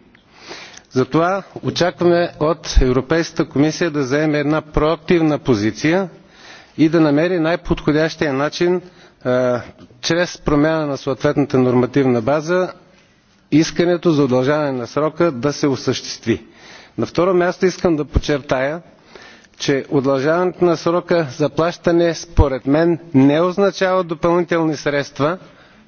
Speaker 32: затова очакваме от европейската комисия да заеме една проактивна позиция и да намери най подходящия начин чрез промяна на съответната нормативна база искането за удължаване на срока да се осъществи. на второ място искам да подчертая че удължаването на срока за плащане според мен не означава допълнителни средства,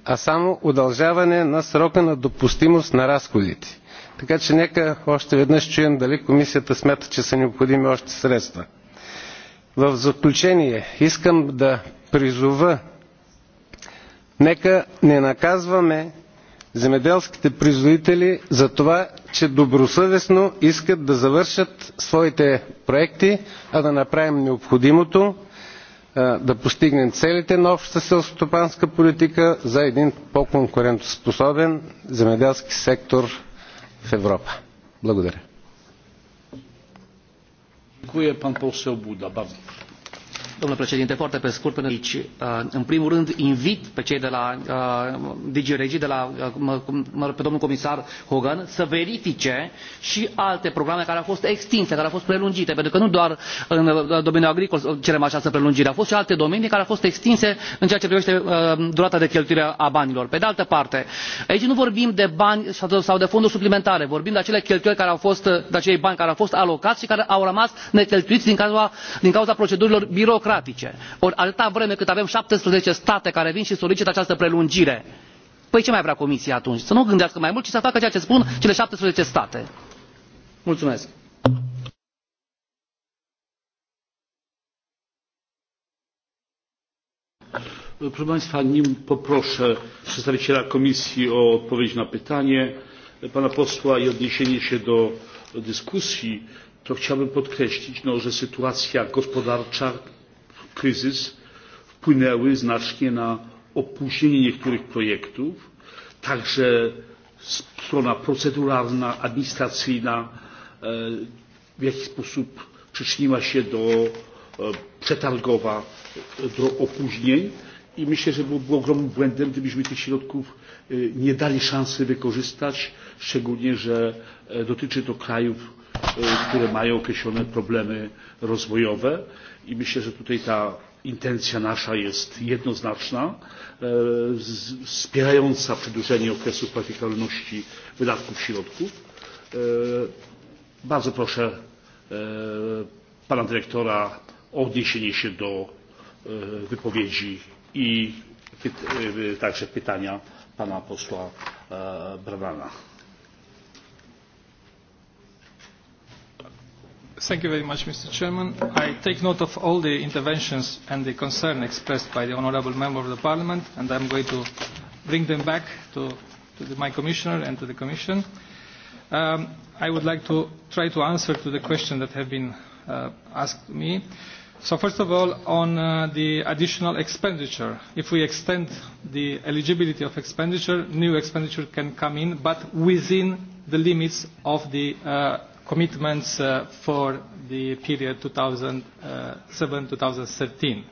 Speaker 32: а само удължаване на срока на допустимост на разходите. Така че нека още веднъж чуем дали комисията смята, че са необходими още средства. В заключение искам да призова нека не наказваме земеделските производители за това, че добросъвестно искат да завършат своите проекти, а да направим необходимото да постигнем целите на общата селскостопанска политика за един по-конкурентоспособен земеделски сектор в Европа. Благодаря.
Speaker 4: пан Буда, Domnule președinte, foarte pe scurt, aici. Uh, în primul rând, invit pe cei de la uh, DG regi uh, pe domnul comisar Hogan, să verifice și alte programe care au fost extinse, care au fost prelungite, pentru că nu doar în domeniul agricol cerem această prelungire, au fost și alte domenii care au fost extinse în ceea ce privește durata de cheltuire a banilor. Pe de altă parte, aici nu vorbim de bani sau de fonduri suplimentare, vorbim de acele cheltuieli care au fost, de acei bani care au fost alocați și care au rămas necheltuiți din cauza, din cauza procedurilor birocratice democratice. Ori atâta vreme cât avem 17 state care vin și solicită această prelungire, păi ce mai vrea Comisia atunci? Să nu gândească mai mult, ci să facă ceea ce spun cele 17 state. Mulțumesc.
Speaker 1: proszę państwa nim poproszę przedstawiciela komisji o odpowiedź na pytanie pana posła i odniesienie się do dyskusji to chciałbym podkreślić no, że sytuacja gospodarcza kryzys wpłynęły znacznie na opóźnienie niektórych projektów także strona proceduralna administracyjna e, w jakiś sposób przyczyniła się do e, przetargowa e, do opóźnień i myślę że byłoby ogromnym błędem gdybyśmy tych środków nie dali szansy wykorzystać szczególnie że dotyczy to krajów które mają określone problemy rozwojowe i myślę że tutaj ta intencja nasza jest jednoznaczna e, wspierająca przedłużenie okresu kwalifikowalności wydatków środków. E, bardzo proszę e, pana dyrektora o odniesienie się do wypowiedzi i także pytania pana posła brannana.
Speaker 30: Thank you very much, Mr. Chairman. I take note of all the interventions and the concern expressed by the Honourable Member of the Parliament, and I'm going to bring them back to, to the, my Commissioner and to the Commission. Um, I would like to try to answer to the questions that have been uh, asked me. So first of all, on uh, the additional expenditure, if we extend the eligibility of expenditure, new expenditure can come in, but within the limits of the uh, commitments uh, for the period 2007-2013.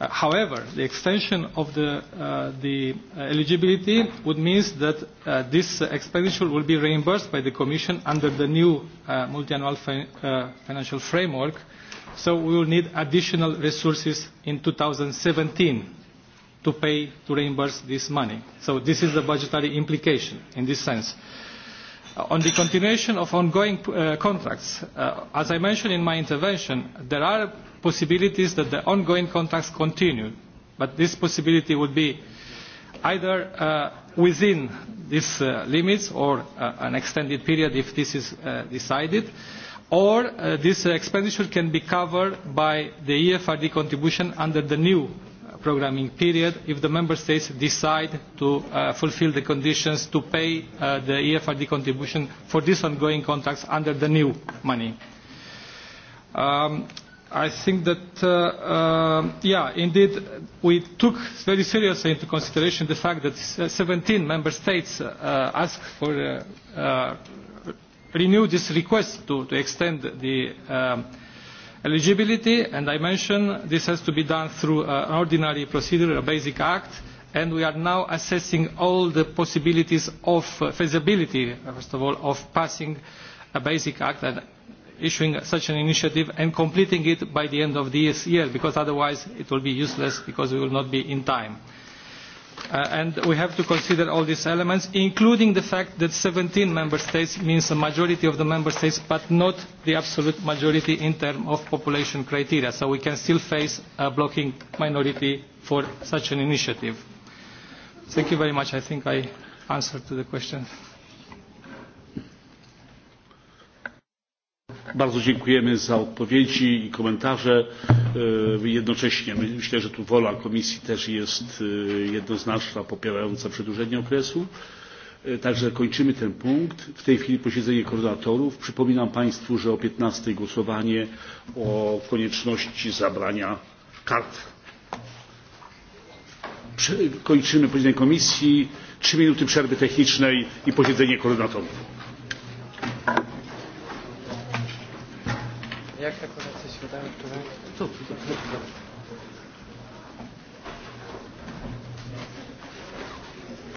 Speaker 30: Uh, however, the extension of the, uh, the eligibility would mean that this expenditure will be reimbursed by the Commission under the new multiannual financial framework, so we will need additional resources in 2017 to pay to reimburse this money. So this is the budgetary implication in this sense. Uh, on the continuation of ongoing uh, contracts uh, as i mentioned in my intervention there are possibilities that the ongoing contracts continue but this possibility would be either within these limits or an extended period if this is decided or this expenditure can be covered by the efrd contribution under the new programming period if the member states decide to uh, fulfil the conditions to pay uh, the EFRD contribution for these ongoing contracts under the new money. Um, I think that, uh, yeah, indeed, we took very seriously into consideration the fact that 17 member states asked for renew this request to, extend the um, eligibility and i mentioned this has to be done through an uh, ordinary procedure a basic act and we are now assessing all the possibilities of uh, feasibility first of all of passing a basic act and issuing such an initiative and completing it by the end of this year because otherwise it will be useless because we will not be in time. Uh, and we have to consider all these elements including the fact that 17 member states means a majority of the member states but not the absolute majority in terms of population criteria so we can still face a blocking minority for such an initiative. Thank you very much. I think I answered to the question.
Speaker 1: Bardzo dziękujemy za odpowiedzi i komentarze. E, jednocześnie myślę, że tu wola Komisji też jest e, jednoznaczna, popierająca przedłużenie okresu. E, także kończymy ten punkt. W tej chwili posiedzenie koordynatorów. Przypominam Państwu, że o 15 głosowanie o konieczności zabrania kart. Kończymy posiedzenie komisji. Trzy minuty przerwy technicznej i posiedzenie koordynatorów. Jak tako da tu